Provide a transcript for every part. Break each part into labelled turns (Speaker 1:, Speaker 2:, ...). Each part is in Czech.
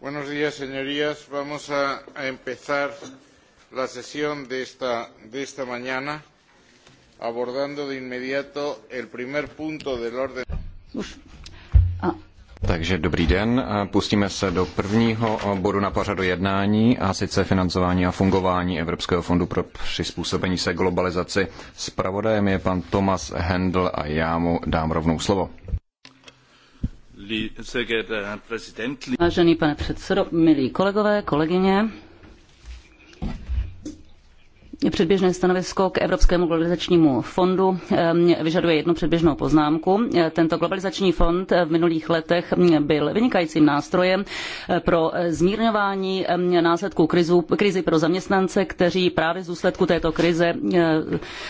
Speaker 1: Buenos días, señorías. Vamos a, a empezar la sesión de esta, de esta mañana abordando de inmediato el primer punto del orden.
Speaker 2: Takže dobrý den, pustíme se do prvního bodu na pořadu jednání a sice financování a fungování Evropského fondu pro přizpůsobení se globalizaci. Spravodajem je pan Tomas Hendl a já mu dám
Speaker 1: rovnou slovo. Eh, Vážený
Speaker 2: pane
Speaker 3: předsedo, milí kolegové, kolegyně, předběžné stanovisko k Evropskému globalizačnímu fondu ehm, vyžaduje jednu předběžnou poznámku. E, tento globalizační fond e, v minulých letech byl vynikajícím nástrojem e, pro zmírňování ehm, následků krizu, krizi pro zaměstnance, kteří právě z důsledku této krize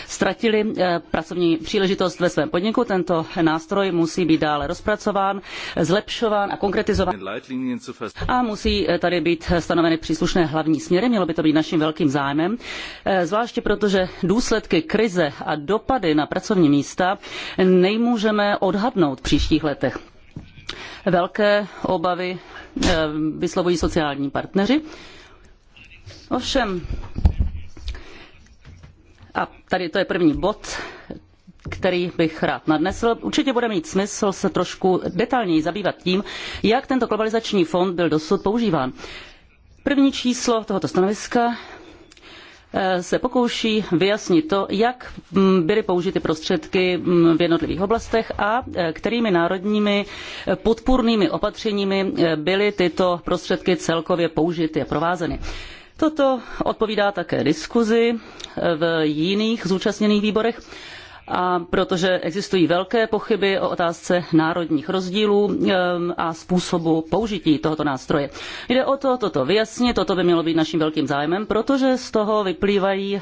Speaker 3: ztratili pracovní příležitost ve svém podniku. Tento nástroj musí být dále rozpracován, zlepšován a konkretizován a musí tady být stanoveny příslušné hlavní směry. Mělo by to být naším velkým zájmem zvláště proto, že důsledky krize a dopady na pracovní místa nemůžeme odhadnout v příštích letech. Velké obavy eh, vyslovují sociální partneři. Ovšem, a tady to je první bod, který bych rád nadnesl. Určitě bude mít smysl se trošku detailněji zabývat tím, jak tento globalizační fond byl dosud používán. První číslo tohoto stanoviska Eh, se pokouší vyjasnit to, jak mm, byly použity prostředky mm, v jednotlivých oblastech a eh, kterými národními eh, podpůrnými opatřeními byly tyto prostředky celkově použity a provázeny. Toto odpovídá také diskuzi v jiných zúčastněných výborech a protože existují velké pochyby o otázce národních rozdílů a způsobu použití tohoto nástroje. Jde o to, toto vyjasnit, toto by mělo být naším velkým zájmem, protože z toho vyplývají e,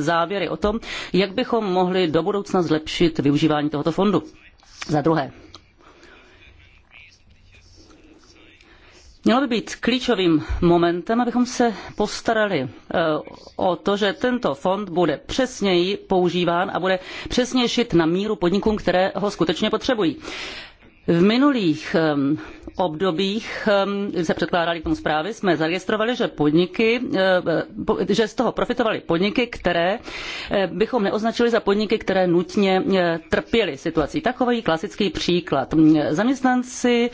Speaker 3: závěry o tom, jak bychom mohli do budoucna zlepšit využívání tohoto fondu. Za druhé, mělo by být klíčovým momentem, abychom se postarali eh, o to, že tento fond bude přesněji používán a bude přesně šit na míru podnikům, které ho skutečně potřebují. V minulých ehm, obdobích ehm, se předkládaly k tomu zprávy, jsme zaregistrovali, že podniky, eh, eh, že z toho profitovaly podniky, které bychom neoznačili za podniky, které nutně trpěly situací. Takový klasický příklad. Zaměstnanci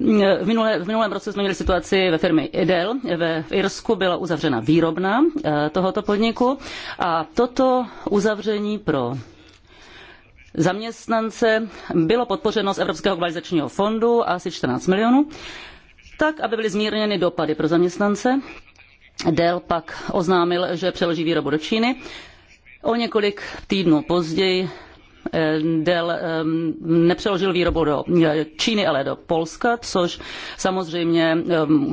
Speaker 3: Eh, v, minulé, v minulém roce jsme měli situaci ve firmě Idel. Ve, v Irsku byla uzavřena výrobna eh, tohoto podniku a toto uzavření pro zaměstnance bylo podpořeno z Evropského globalizačního fondu asi 14 milionů, tak, aby byly zmírněny dopady pro zaměstnance. Dell pak oznámil, že přeloží výrobu do Číny. O několik týdnů později Eh, eh, nepřeložil výrobu do eh, Číny, ale do Polska, což samozřejmě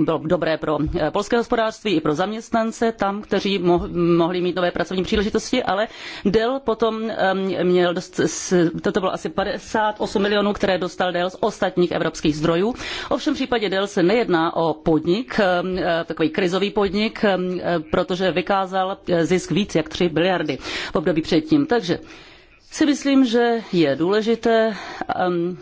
Speaker 3: bylo dobré pro polské hospodářství i pro zaměstnance tam, kteří mohli mít nové pracovní příležitosti, ale Dell potom měl, toto bylo asi 58 milionů, které dostal Dell z ostatních evropských zdrojů. Ovšem v případě Dell se nejedná o podnik, takový krizový podnik, protože vykázal zisk víc jak 3 miliardy v období předtím. Takže si myslím, že je důležité, um,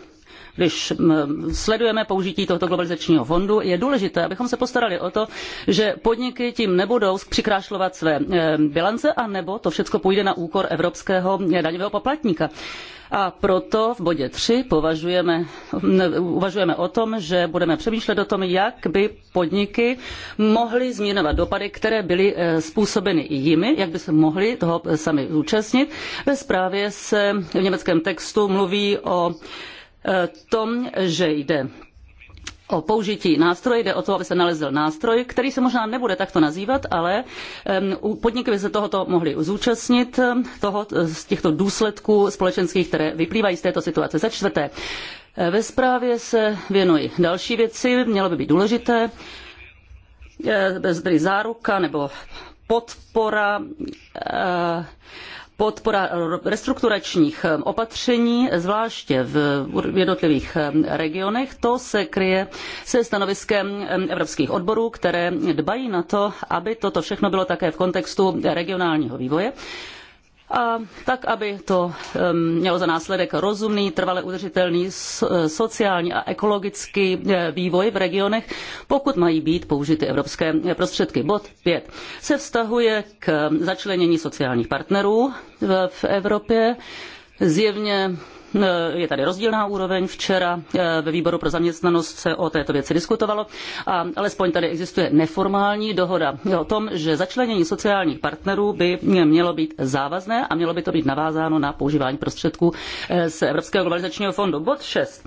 Speaker 3: když um, sledujeme použití tohoto globalizačního fondu, je důležité, abychom se postarali o to, že podniky tím nebudou přikrášlovat své eh, bilance, anebo to všechno půjde na úkor evropského eh, daňového poplatníka. A proto v bodě 3 považujeme, uvažujeme o tom, že budeme přemýšlet o tom, jak by podniky mohly zmírňovat dopady, které byly eh, způsobeny jimi, jak by se mohly toho eh, sami zúčastnit. Ve zprávě se v německém textu mluví o eh, tom, že jde o použití nástroje, jde o to, aby se nalezl nástroj, který se možná nebude takto nazývat, ale podniky by se tohoto mohly zúčastnit, toho, z těchto důsledků společenských, které vyplývají z této situace. Za čtvrté, e, ve zprávě se věnují další věci, mělo by být důležité, e, tedy záruka nebo podpora e, podpora restrukturačních eh, opatření, zvláště v jednotlivých eh, regionech, to se kryje se stanoviskem eh, evropských odborů, které dbají na to, aby toto všechno bylo také v kontextu regionálního vývoje a tak, aby to mělo za následek rozumný, trvale udržitelný e, sociální a ekologický e, vývoj v regionech, pokud mají být použity evropské e, prostředky. Bod 5 se vztahuje k začlenění sociálních partnerů v Evropě. Zjevně Eh, je tady rozdílná úroveň. Včera eh, ve výboru pro zaměstnanost se o této věci diskutovalo a alespoň tady existuje neformální dohoda o tom, že začlenění sociálních partnerů by mělo být závazné a mělo by to být navázáno na používání prostředků eh, z Evropského globalizačního fondu. Bod 6.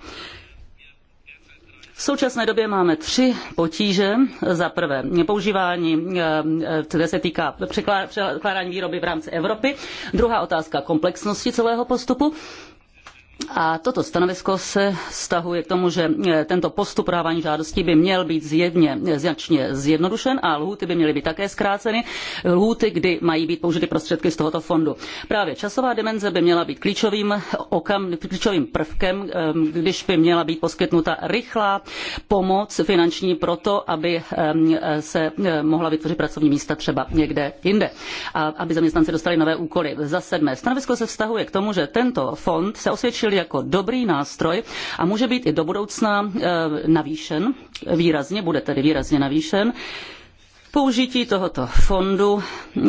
Speaker 3: V současné době máme tři potíže. Za prvé používání, které se týká překládání výroby v rámci Evropy. Druhá otázka komplexnosti celého postupu. A toto stanovisko se stahuje k tomu, že e, tento postup podávání žádostí by měl být zjevně, e, značně zjednodušen a lhůty by měly být také zkráceny, lhůty, kdy mají být použity prostředky z tohoto fondu. Právě časová dimenze by měla být klíčovým, okam, klíčovým prvkem, když by měla být poskytnuta rychlá pomoc finanční to, aby se e, mohla vytvořit pracovní místa třeba někde jinde a aby zaměstnanci dostali nové úkoly. Za sedmé, stanovisko se vztahuje k tomu, že tento fond se osvědčil označil jako dobrý nástroj a může být i do budoucna eh, navýšen, výrazně, bude tedy výrazně navýšen. Použití tohoto fondu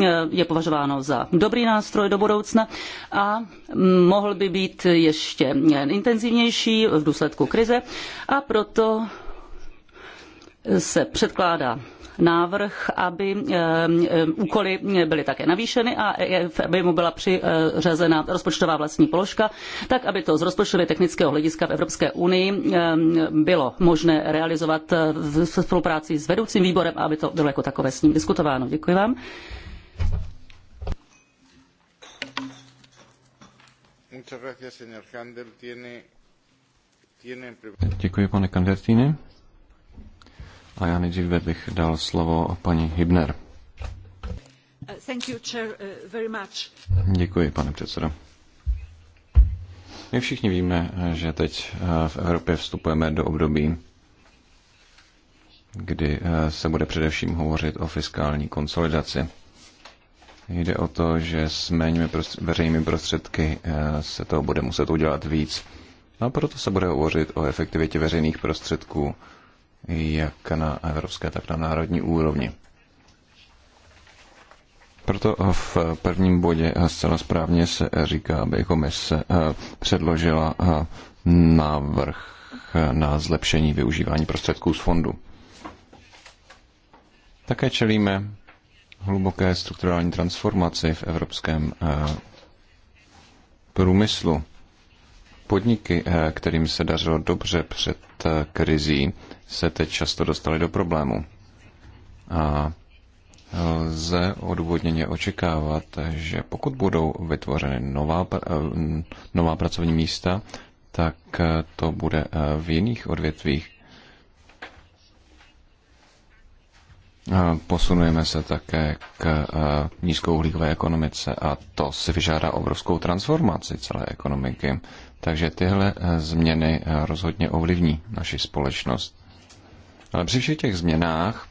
Speaker 3: eh, je považováno za dobrý nástroj do budoucna a mohl by být ještě intenzivnější v důsledku krize a proto se předkládá návrh, aby eh, eh, úkoly byly také navýšeny a eh, aby mu byla přiřazena rozpočtová vlastní položka, tak aby to z rozpočtově technického hlediska v Evropské unii bylo možné realizovat v spolupráci s vedoucím výborem a aby to bylo jako takové s ním diskutováno. Děkuji vám.
Speaker 2: Děkuji, pane Kandertini. A já nejdříve bych dal slovo paní Hibner.
Speaker 1: You, chair,
Speaker 3: uh,
Speaker 2: Děkuji, pane předsedo. My všichni víme, že teď uh, v Evropě vstupujeme do období, kdy uh, se bude především hovořit o fiskální konsolidaci. Jde o to, že s méně veřejnými prostředky se to bude muset udělat víc. No a proto se bude hovořit o efektivitě veřejných prostředků jak na evropské, tak na národní úrovni. Proto v prvním bodě zcela správně se říká, aby komise eh, předložila eh, návrh eh, na zlepšení využívání prostředků z fondu. Také čelíme hluboké strukturální transformaci v evropském průmyslu. Podniky, kterým se dařilo dobře před krizí, se teď často dostali do problému. A lze odůvodněně očekávat, že pokud budou vytvořeny nová, eh, nová pracovní místa, tak eh, to bude eh, v jiných odvětvích. Posunujeme se také k nízkouhlíkové ekonomice a to si vyžádá obrovskou transformaci celé ekonomiky. Takže tyhle změny rozhodně ovlivní naši společnost. Ale při všech těch změnách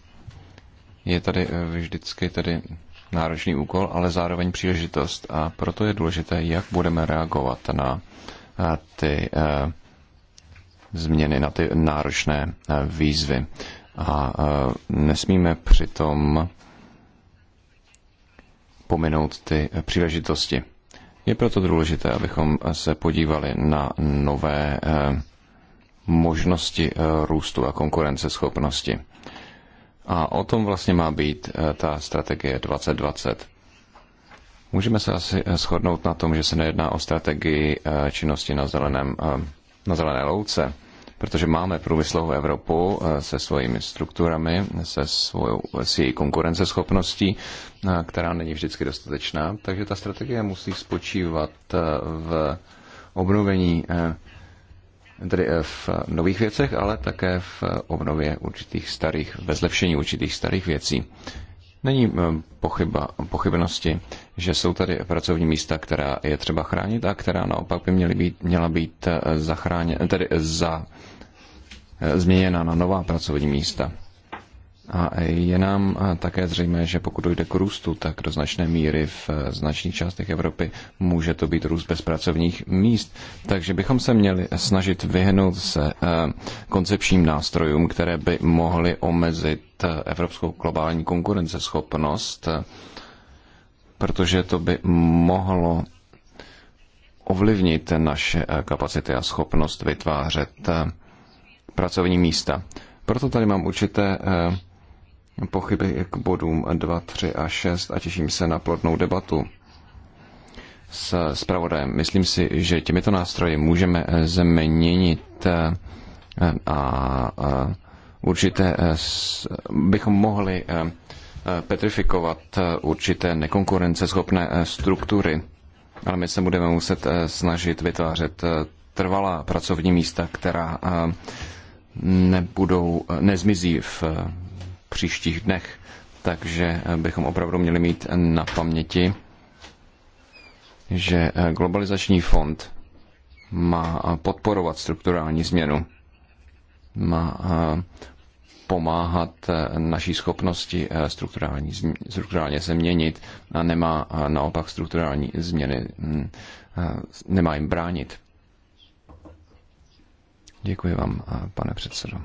Speaker 2: je tady eh, vždycky tedy náročný úkol, ale zároveň příležitost a proto je důležité, jak budeme reagovat na eh, ty eh, změny, na ty náročné výzvy. A nesmíme přitom pominout ty příležitosti. Je proto důležité, abychom se podívali na nové možnosti eh, růstu a konkurenceschopnosti. A o tom vlastně má být eh, ta strategie 2020. Můžeme se asi eh, shodnout na tom, že se nejedná o strategii činnosti na, zeleném, na zelené louce, protože máme průmyslovou Evropu se svými strukturami, se svou, s její konkurenceschopností, která není vždycky dostatečná. Takže ta strategie musí spočívat v obnovení tedy eh, v nových věcech, ale také v eh, obnově určitých starých, ve zlepšení určitých starých věcí. Není eh, pochyba, pochybnosti, že jsou tady pracovní místa, která je třeba chránit a která naopak by měly být, měla být zachráně, tedy za, změněna na nová pracovní místa. A je nám také zřejmé, že pokud dojde k růstu, tak do značné míry v e, značných částech Evropy může to být růst bezpracovních míst. Takže bychom se měli snažit vyhnout se e, koncepčním nástrojům, které by mohly omezit e, evropskou globální konkurenceschopnost, protože to by mohlo ovlivnit naše kapacity a schopnost vytvářet pracovní místa. Proto tady mám určité eh, pochyby k bodům 2, 3 a 6 a těším se na plodnou debatu s zpravodajem. Myslím si, že těmito nástroji můžeme změnit eh, a určité eh, bychom mohli eh, petrifikovat určité nekonkurenceschopné struktury, ale my se budeme muset snažit vytvářet trvalá pracovní místa, která nebudou, nezmizí v příštích dnech. Takže eh, bychom opravdu měli mít na paměti, že eh, globalizační fond má eh, podporovat strukturální změnu, má pomáhat naší schopnosti strukturální, strukturálně se měnit a nemá naopak strukturální změny, mm, nemá jim bránit. Děkuji vám, pane předsedo.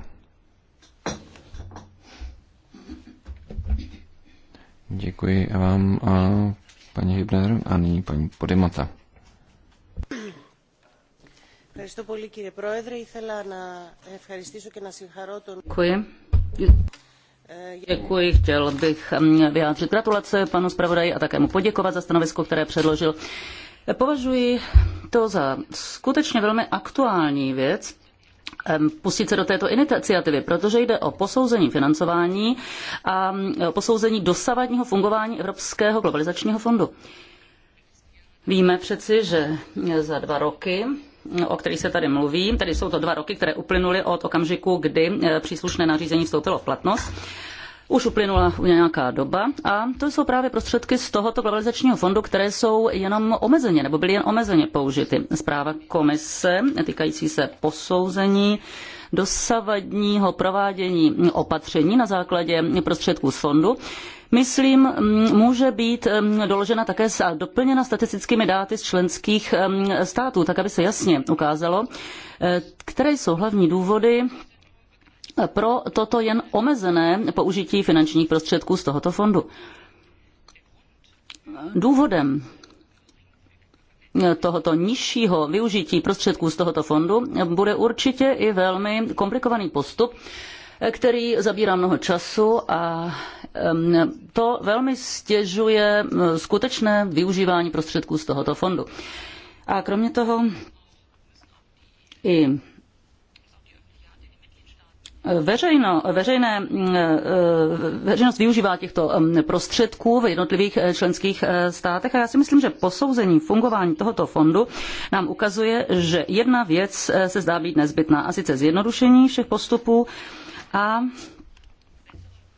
Speaker 2: Děkuji vám a paní Hybner a nyní paní Podimata.
Speaker 3: Děkuji. Děkuji, chtěl bych vyjádřit gratulace panu zpravodaji a také mu poděkovat za stanovisko, které předložil. Považuji to za skutečně velmi aktuální věc, pustit se do této iniciativy, protože jde o posouzení financování a e, posouzení dosavadního fungování Evropského globalizačního fondu. Víme přeci, že e, za dva roky e, o kterých se tady mluví, tedy jsou to dva roky, které uplynuly od okamžiku, kdy příslušné nařízení vstoupilo v platnost. Už uplynula nějaká doba a to jsou právě prostředky z tohoto globalizačního fondu, které jsou jenom omezeně nebo byly jen omezeně použity. Zpráva komise týkající se posouzení dosavadního provádění opatření na základě prostředků z fondu myslím, mm, může být mm, doložena také a doplněna statistickými dáty z členských mm, států, tak aby se jasně ukázalo, eh, které jsou hlavní důvody pro toto jen omezené použití finančních prostředků z tohoto fondu. Důvodem tohoto nižšího využití prostředků z tohoto fondu bude určitě i velmi komplikovaný postup, který zabírá mnoho času a to velmi stěžuje skutečné využívání prostředků z tohoto fondu. A kromě toho i Veřejno, veřejné, eh, veřejnost využívá těchto prostředků v jednotlivých eh, členských eh, státech a já si myslím, že posouzení fungování tohoto fondu nám ukazuje, že jedna věc se zdá být nezbytná, a sice zjednodušení všech postupů a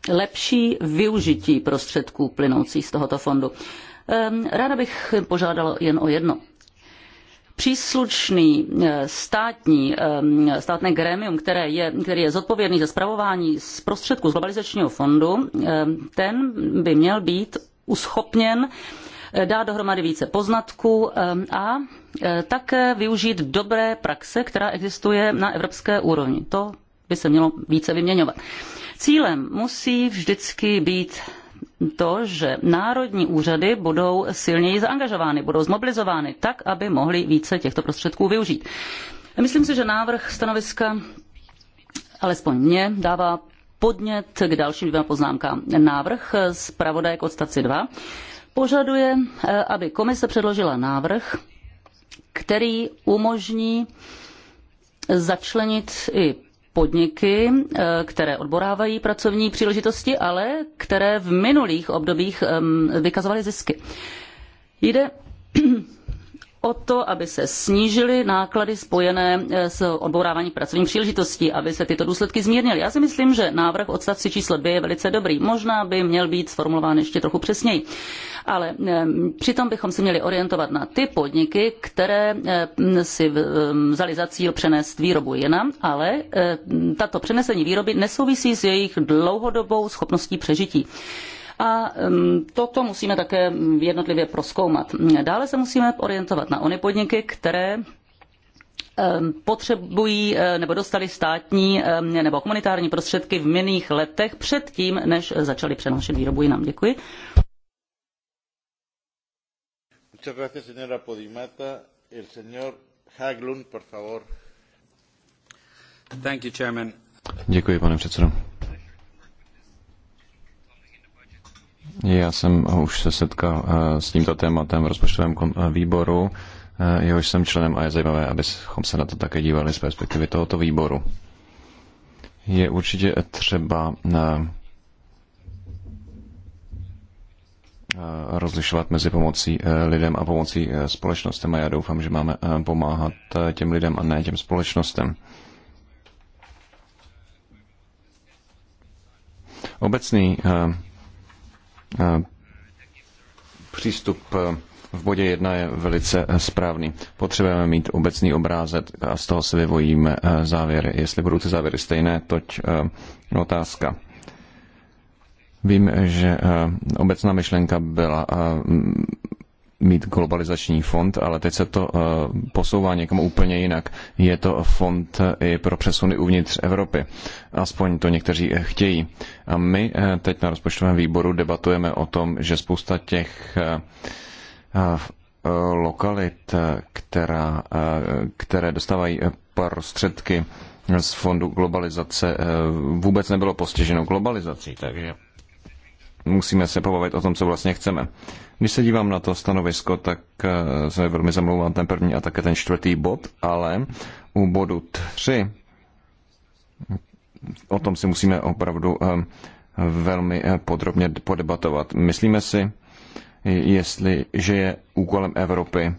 Speaker 3: lepší využití prostředků plynoucích z tohoto fondu. Ráda bych požádala jen o jedno. Příslušný eh, státní, eh, státné grémium, které je, který je zodpovědný za zpravování z prostředků z globalizačního fondu, eh, ten by měl být uschopněn dát dohromady více poznatků a také využít dobré praxe, která existuje na evropské úrovni. To by se mělo více vyměňovat. Cílem musí vždycky být to, že národní úřady budou silněji zaangažovány, budou zmobilizovány tak, aby mohly více těchto prostředků využít. Myslím si, že návrh stanoviska alespoň mě dává podnět k dalším dvěma poznámkám. Návrh zpravodaje k odstavci 2 požaduje, eh, aby komise předložila návrh, který umožní začlenit i podniky, eh, které odborávají pracovní příležitosti, ale které v minulých obdobích vykazovaly zisky. Jde o to, aby se snížily náklady spojené eh, s odbouráváním pracovních příležitostí, aby se tyto důsledky zmírnily. Já si myslím, že návrh odstavci číslo 2 je velice dobrý. Možná by měl být sformulován ještě trochu přesněji. Ale eh, přitom bychom se měli orientovat na ty podniky, které eh, si vzali za cíl přenést výrobu jinam, ale tato přenesení výroby nesouvisí s jejich dlouhodobou schopností přežití a toto musíme také jednotlivě proskoumat. Dále se musíme orientovat na ony podniky, které potřebují e, nebo dostali státní nebo komunitární prostředky v minulých letech předtím, než začali přenášet výrobu jinam. Děkuji.
Speaker 2: Děkuji, pane předsedo. Já jsem už se setkal eh, s tímto tématem v rozpočtovém eh, výboru, eh, jehož jsem členem a je zajímavé, abychom se na to také dívali z perspektivy tohoto výboru. Je určitě třeba rozlišovat mezi pomocí lidem a pomocí společnostem a já doufám, že máme pomáhat těm lidem a ne těm společnostem. Obecný Eh, přístup eh, v bodě jedna je velice eh, správný. Potřebujeme mít obecný obrázek a z toho se vyvojíme závěry. Jestli budou ty závěry stejné, toť otázka. Vím, že obecná myšlenka byla mít globalizační fond, ale teď se to eh, posouvá někam úplně jinak. Je to fond eh, i pro přesuny uvnitř Evropy. Aspoň to někteří eh, chtějí. A my teď na rozpočtovém výboru debatujeme o tom, že spousta těch lokalit, která, které dostávají prostředky z fondu globalizace, vůbec nebylo postiženo globalizací. Takže musíme se pobavit o tom, co vlastně chceme. Když se dívám na to stanovisko, tak eh, se mi velmi zamlouvám ten první a také ten čtvrtý bod, ale u bodu tři o tom si musíme opravdu eh, velmi eh, podrobně podebatovat. Myslíme si, jestli, že je úkolem Evropy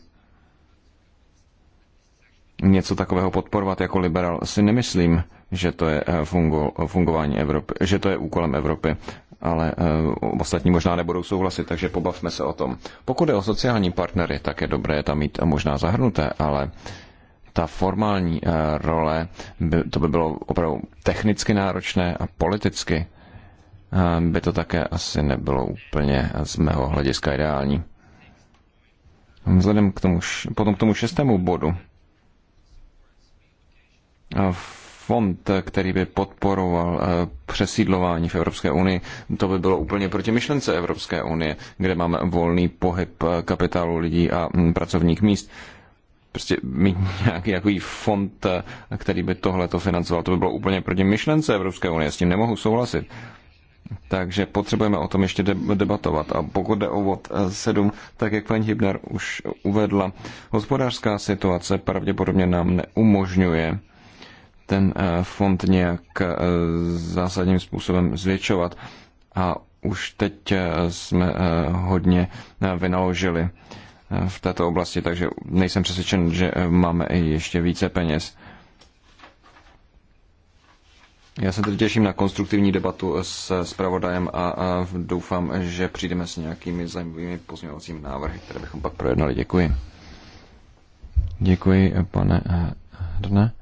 Speaker 2: něco takového podporovat jako liberál, si nemyslím že to je eh, fungo, fungování Evropy, že to je úkolem Evropy, ale eh, ostatní možná nebudou souhlasit, takže pobavme se o tom. Pokud je o sociální partnery, tak je dobré tam mít možná zahrnuté, ale ta formální eh, role, to by bylo opravdu technicky náročné a politicky by to také asi nebylo úplně z mého hlediska ideální. Vzhledem k tomu, potom k tomu šestému bodu, v fond, který by podporoval eh, přesídlování v Evropské unii. To by bylo úplně proti myšlence Evropské unie, kde máme volný pohyb eh, kapitálu lidí a mm, pracovních míst. Prostě mít nějaký takový fond, eh, který by tohle to financoval, to by bylo úplně proti myšlence Evropské unie, s tím nemohu souhlasit. Takže potřebujeme o tom ještě debatovat. A pokud jde o VOD 7, tak jak paní Hibner už uvedla, hospodářská situace pravděpodobně nám neumožňuje ten eh, fond nějak eh, zásadním způsobem zvětšovat. A už teď eh, jsme hodně vynaložili v této oblasti, takže nejsem přesvědčen, že máme i ještě více peněz. Já se tedy těším na konstruktivní debatu s zpravodajem a, a doufám, že přijdeme s nějakými zajímavými pozměňovacími návrhy, které bychom pak projednali. Děkuji. Děkuji, pane Dne.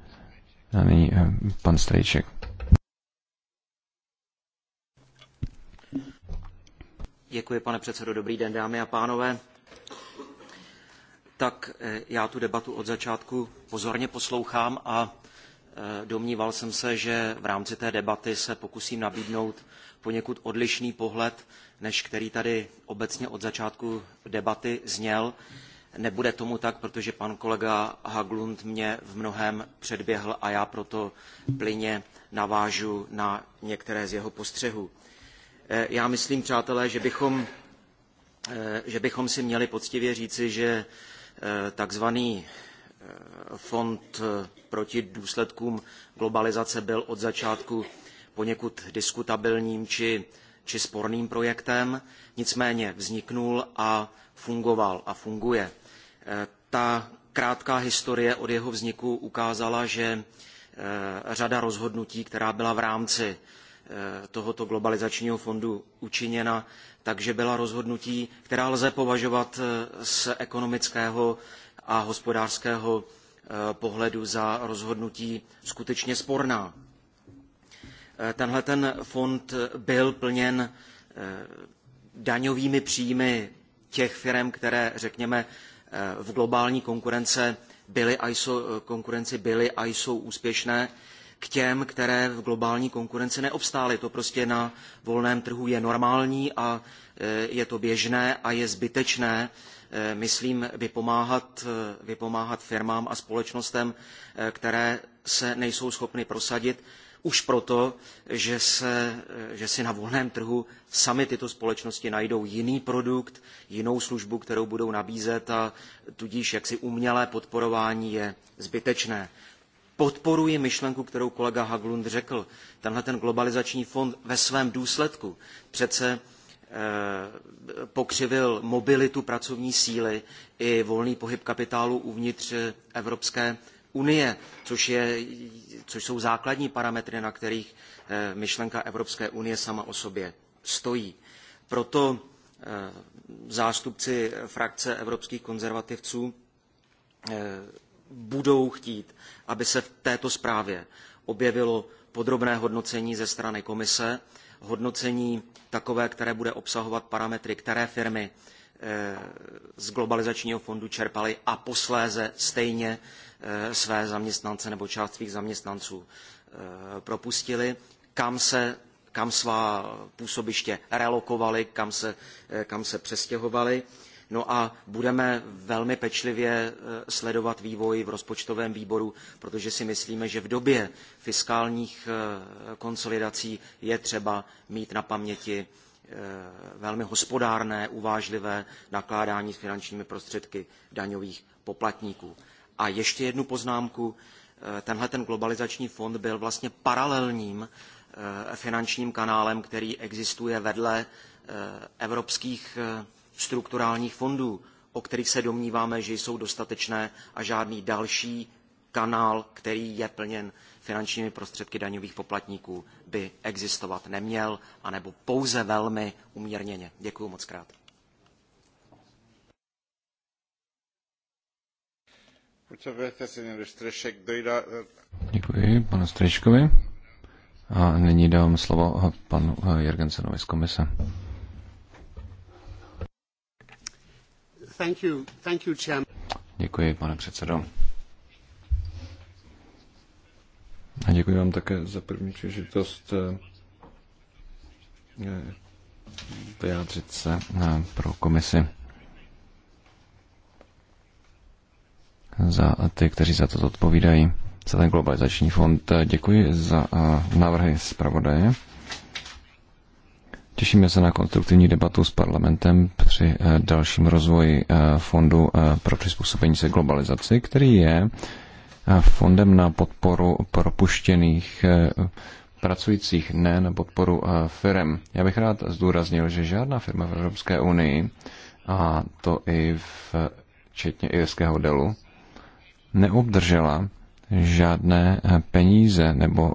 Speaker 2: A nyní eh, pan Strejček.
Speaker 4: Děkuji, pane předsedo. Dobrý den, dámy a pánové. Tak eh, já tu debatu od začátku pozorně poslouchám a eh, domníval jsem se, že v rámci té debaty se pokusím nabídnout poněkud odlišný pohled, než který tady obecně od začátku debaty zněl. Nebude tomu tak, protože pan kolega Haglund mě v mnohem předběhl a já proto plyně navážu na některé z jeho postřehů. Eh, já myslím, přátelé, že bychom, eh, že bychom si měli poctivě říci, že eh, takzvaný fond proti důsledkům globalizace byl od začátku poněkud diskutabilním či, či sporným projektem, nicméně vzniknul a fungoval a funguje. Ta krátká historie od jeho vzniku ukázala, že eh, řada rozhodnutí, která byla v rámci eh, tohoto globalizačního fondu učiněna, takže byla rozhodnutí, která lze považovat eh, z ekonomického a hospodářského pohledu za rozhodnutí skutečně sporná. Tenhle ten fond byl plněn daňovými příjmy těch firm, které, řekněme, v globální konkurence byly a jsou, eh, konkurenci byly a jsou úspěšné k těm, které v globální konkurenci neobstály. To prostě na volném trhu je normální a eh, je to běžné a je zbytečné, eh, myslím, vypomáhat, vypomáhat firmám a společnostem, které se nejsou schopny prosadit už proto, že, se, že si na volném trhu sami tyto společnosti najdou jiný produkt, jinou službu, kterou budou nabízet a tudíž jaksi umělé podporování je zbytečné. Podporuji myšlenku, kterou kolega Haglund řekl. Tenhle ten globalizační fond ve svém důsledku přece eh, pokřivil mobilitu pracovní síly i volný pohyb kapitálu uvnitř eh, Evropské unie, což, je, což jsou základní parametry, na kterých eh, myšlenka Evropské unie sama o sobě stojí. Proto eh, zástupci frakce evropských konzervativců eh, budou chtít, aby se v této zprávě objevilo podrobné hodnocení ze strany komise, hodnocení takové, které bude obsahovat parametry, které firmy Eh, z globalizačního fondu čerpali a posléze stejně eh, své zaměstnance nebo část svých zaměstnanců eh, propustili, kam se kam svá působiště relokovali, kam se, kam se přestěhovali. No a budeme velmi pečlivě sledovat vývoj v rozpočtovém výboru, protože si myslíme, že v době fiskálních konsolidací je třeba mít na paměti Eh, velmi hospodárné, uvážlivé nakládání s finančními prostředky daňových poplatníků. A ještě jednu poznámku. Eh, tenhle ten globalizační fond byl vlastně paralelním eh, finančním kanálem, který existuje vedle evropských strukturálních fondů, o kterých se domníváme, že jsou dostatečné a žádný další kanál, který je plněn finančními prostředky daňových poplatníků by existovat neměl, anebo pouze velmi umírněně. Děkuji moc krát.
Speaker 2: Děkuji panu Strejčkovi. A nyní dám slovo panu Jergensenovi z komise. Děkuji, pane předsedo. A děkuji vám také za první příležitost eh, eh, vyjádřit se eh, pro komisi. Za ty, kteří za to odpovídají, za ten globalizační fond. Děkuji za návrhy zpravodaje. Těšíme se na konstruktivní debatu s parlamentem při dalším rozvoji fondu pro přizpůsobení se globalizaci, který je fondem na podporu propuštěných eh, pracujících, ne na podporu eh, firm. Já bych rád zdůraznil, že žádná firma v Evropské unii, a to i v včetně irského delu, neobdržela žádné eh, peníze nebo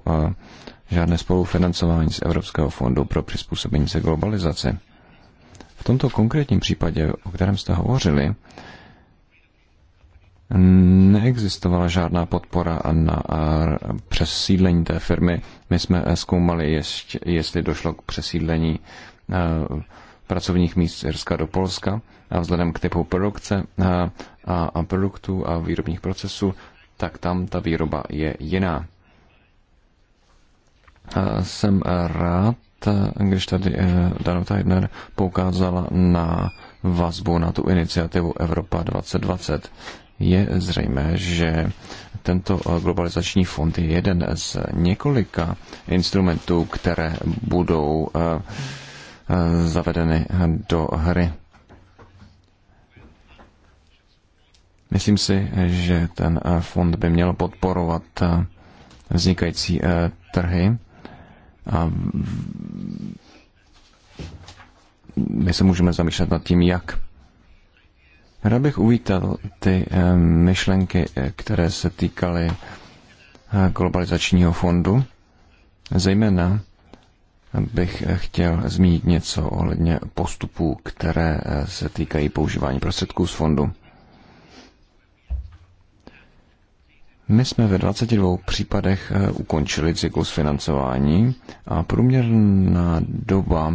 Speaker 2: žádné spolufinancování z Evropského fondu pro přizpůsobení se globalizaci. V tomto konkrétním případě, o kterém jste hovořili, neexistovala žádná podpora na přesídlení té firmy. My jsme eh, zkoumali, ještě, jestli došlo k přesídlení eh, pracovních míst z Jirska do Polska a vzhledem k typu produkce a, eh, a, a produktů a výrobních procesů, tak tam ta výroba je jiná. A jsem rád, když tady Danuta Jedner poukázala na vazbu na tu iniciativu Evropa 2020 je zřejmé, že tento eh, globalizační fond je jeden z několika instrumentů, které budou eh, eh, zavedeny do hry. Myslím si, že ten fond by měl podporovat vznikající trhy a my se můžeme zamýšlet nad tím, jak Rád bych uvítal ty eh, myšlenky, eh, které se týkaly eh, globalizačního fondu. Zejména bych chtěl zmínit něco ohledně postupů, které se týkají používání prostředků z fondu. My jsme ve 22 případech ukončili cyklus financování a průměrná doba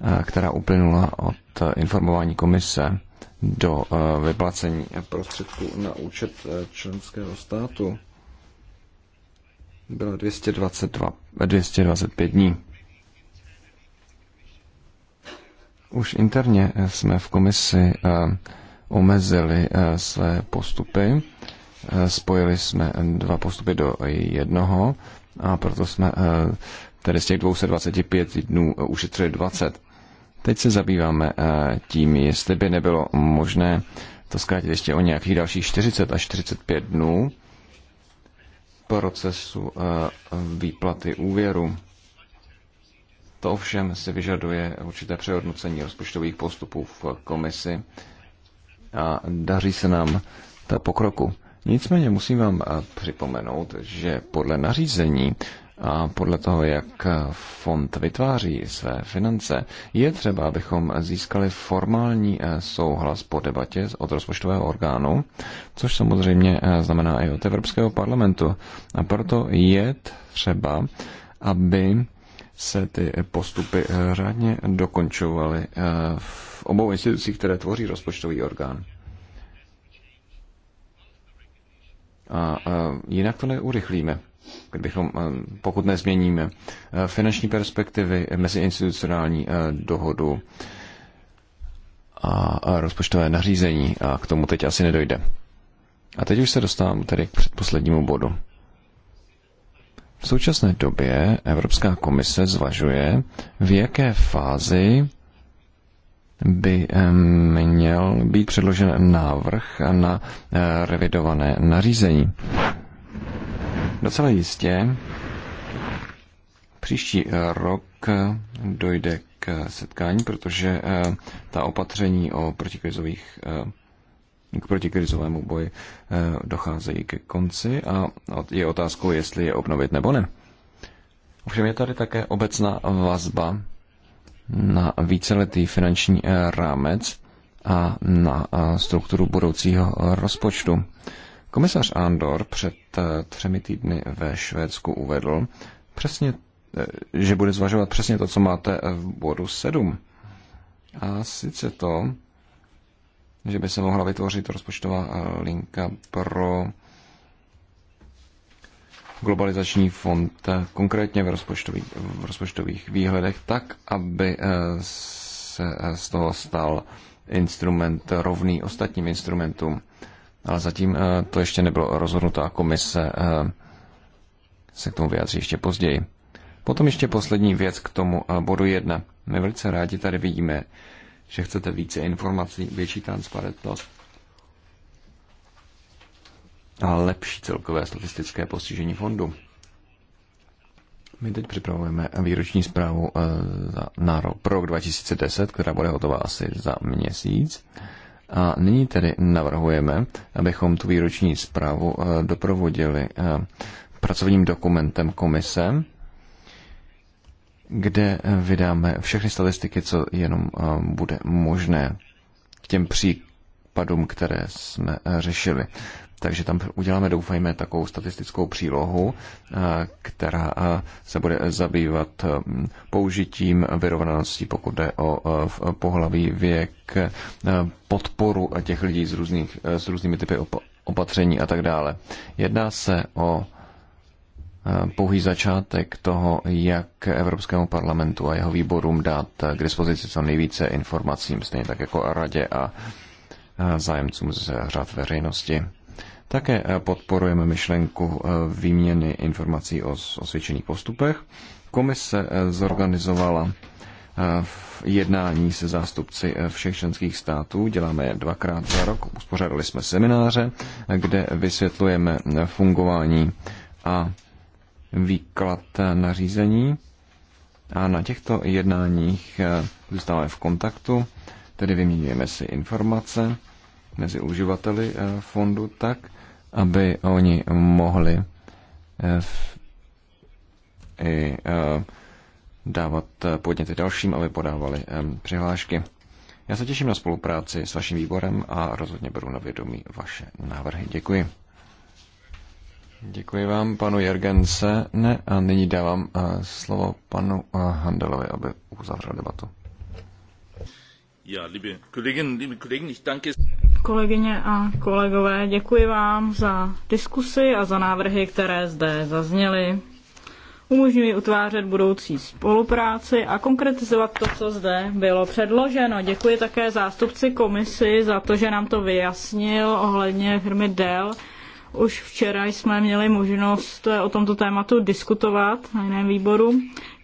Speaker 2: Eh, která uplynula od eh, informování komise do eh, vyplacení prostředků na účet členského státu bylo 222, 225 dní. Už interně jsme v komisi omezili své postupy. Spojili jsme dva postupy do jednoho a proto jsme tedy z těch 225 dnů ušetřili 20. Teď se zabýváme eh, tím, jestli by nebylo možné to zkrátit ještě o nějakých dalších 40 až 45 dnů procesu eh, výplaty úvěru. To ovšem si vyžaduje určité přehodnocení rozpočtových postupů v komisi a daří se nám ta pokroku. Nicméně musím vám eh, připomenout, že podle nařízení a podle toho, jak fond vytváří své finance, je třeba, abychom získali formální eh, souhlas po debatě od rozpočtového orgánu, což samozřejmě eh, znamená i od Evropského parlamentu. A proto je třeba, aby se ty postupy eh, řádně dokončovaly v obou institucích, které tvoří rozpočtový orgán. A jinak to neurychlíme kdybychom, eh, pokud nezměníme eh, finanční perspektivy, eh, meziinstitucionální dohodu a rozpočtové nařízení a k tomu teď asi nedojde. A teď už se dostávám tedy k předposlednímu bodu. V současné době Evropská komise zvažuje, v jaké fázi by měl být předložen návrh na revidované nařízení. Docela jistě příští eh, rok eh, dojde k eh, setkání, protože ta opatření o protikrizových k protikrizovému boji docházejí ke konci a je otázkou, jestli je obnovit nebo ne. Ovšem je tady také obecná vazba na víceletý finanční rámec a na strukturu budoucího rozpočtu. Komisař Andor před eh, třemi týdny ve Švédsku uvedl přesně, eh, že bude zvažovat přesně to, co máte v bodu 7. A sice to, že by se mohla vytvořit rozpočtová eh, linka pro globalizační fond, konkrétně v rozpočtových, v rozpočtových výhledech, tak, aby se z toho stal instrument rovný ostatním instrumentům ale zatím eh, to ještě nebylo rozhodnuto a komise eh, se k tomu vyjádří ještě později. Potom ještě poslední věc k tomu eh, bodu 1. My velice rádi tady vidíme, že chcete více informací, větší transparentnost a lepší celkové statistické postižení fondu. My teď připravujeme výroční zprávu za, na rok, pro rok 2010, která bude hotová asi za měsíc. A nyní tedy navrhujeme, abychom tu výroční zprávu eh, doprovodili eh, pracovním dokumentem komise, kde eh, vydáme všechny statistiky, co jenom bude možné k těm případům, které jsme řešili. Takže tam uděláme, doufejme, takovou statistickou přílohu, eh, která eh, se bude zabývat hm, použitím vyrovnaností, pokud jde o eh, pohlaví, věk, podporu těch lidí s, různých, s různými typy opatření a tak dále. Jedná se o pouhý začátek toho, jak Evropskému parlamentu a jeho výborům dát k dispozici co nejvíce informacím, stejně tak jako radě a zájemcům z řad veřejnosti. Také eh, podporujeme myšlenku eh, výměny informací o osvědčených postupech. Komise eh, zorganizovala v jednání se zástupci všech členských států. Děláme je dvakrát za rok. Uspořádali jsme semináře, kde vysvětlujeme fungování a výklad nařízení. A na těchto jednáních zůstáváme v kontaktu, tedy vyměňujeme si informace mezi uživateli fondu tak, aby oni mohli eh, i eh, dávat eh, podněty dalším, aby podávali přihlášky. Já se těším na spolupráci s vaším výborem a rozhodně beru na vědomí vaše návrhy. Děkuji. Děkuji vám, panu Jergense. Ne, a nyní dávám slovo panu Handelovi, aby uzavřel debatu.
Speaker 1: Ja, liebe liebe Kollegen, ich danke
Speaker 5: kolegyně a kolegové, děkuji vám za diskusy a za návrhy, které zde zazněly. Umožňují utvářet budoucí spolupráci a konkretizovat to, co zde bylo předloženo. Děkuji také zástupci komisy za to, že nám to vyjasnil ohledně firmy Dell. Už včera jsme měli možnost o tomto tématu diskutovat na jiném výboru.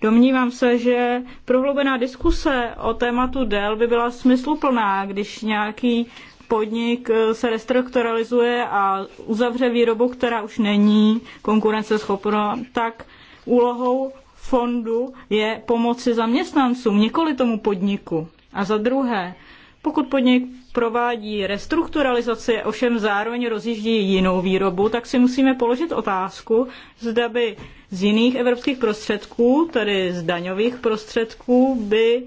Speaker 5: Domnívám se, že prohloubená diskuse o tématu del by byla smysluplná, když nějaký podnik eh, se restrukturalizuje a uzavře výrobu, která už není konkurenceschopná, tak úlohou fondu je pomoci zaměstnancům, nikoli tomu podniku. A za druhé, pokud podnik provádí restrukturalizaci, ovšem zároveň rozjíždí jinou výrobu, tak si musíme položit otázku, zda by z jiných evropských prostředků, tedy z daňových prostředků, by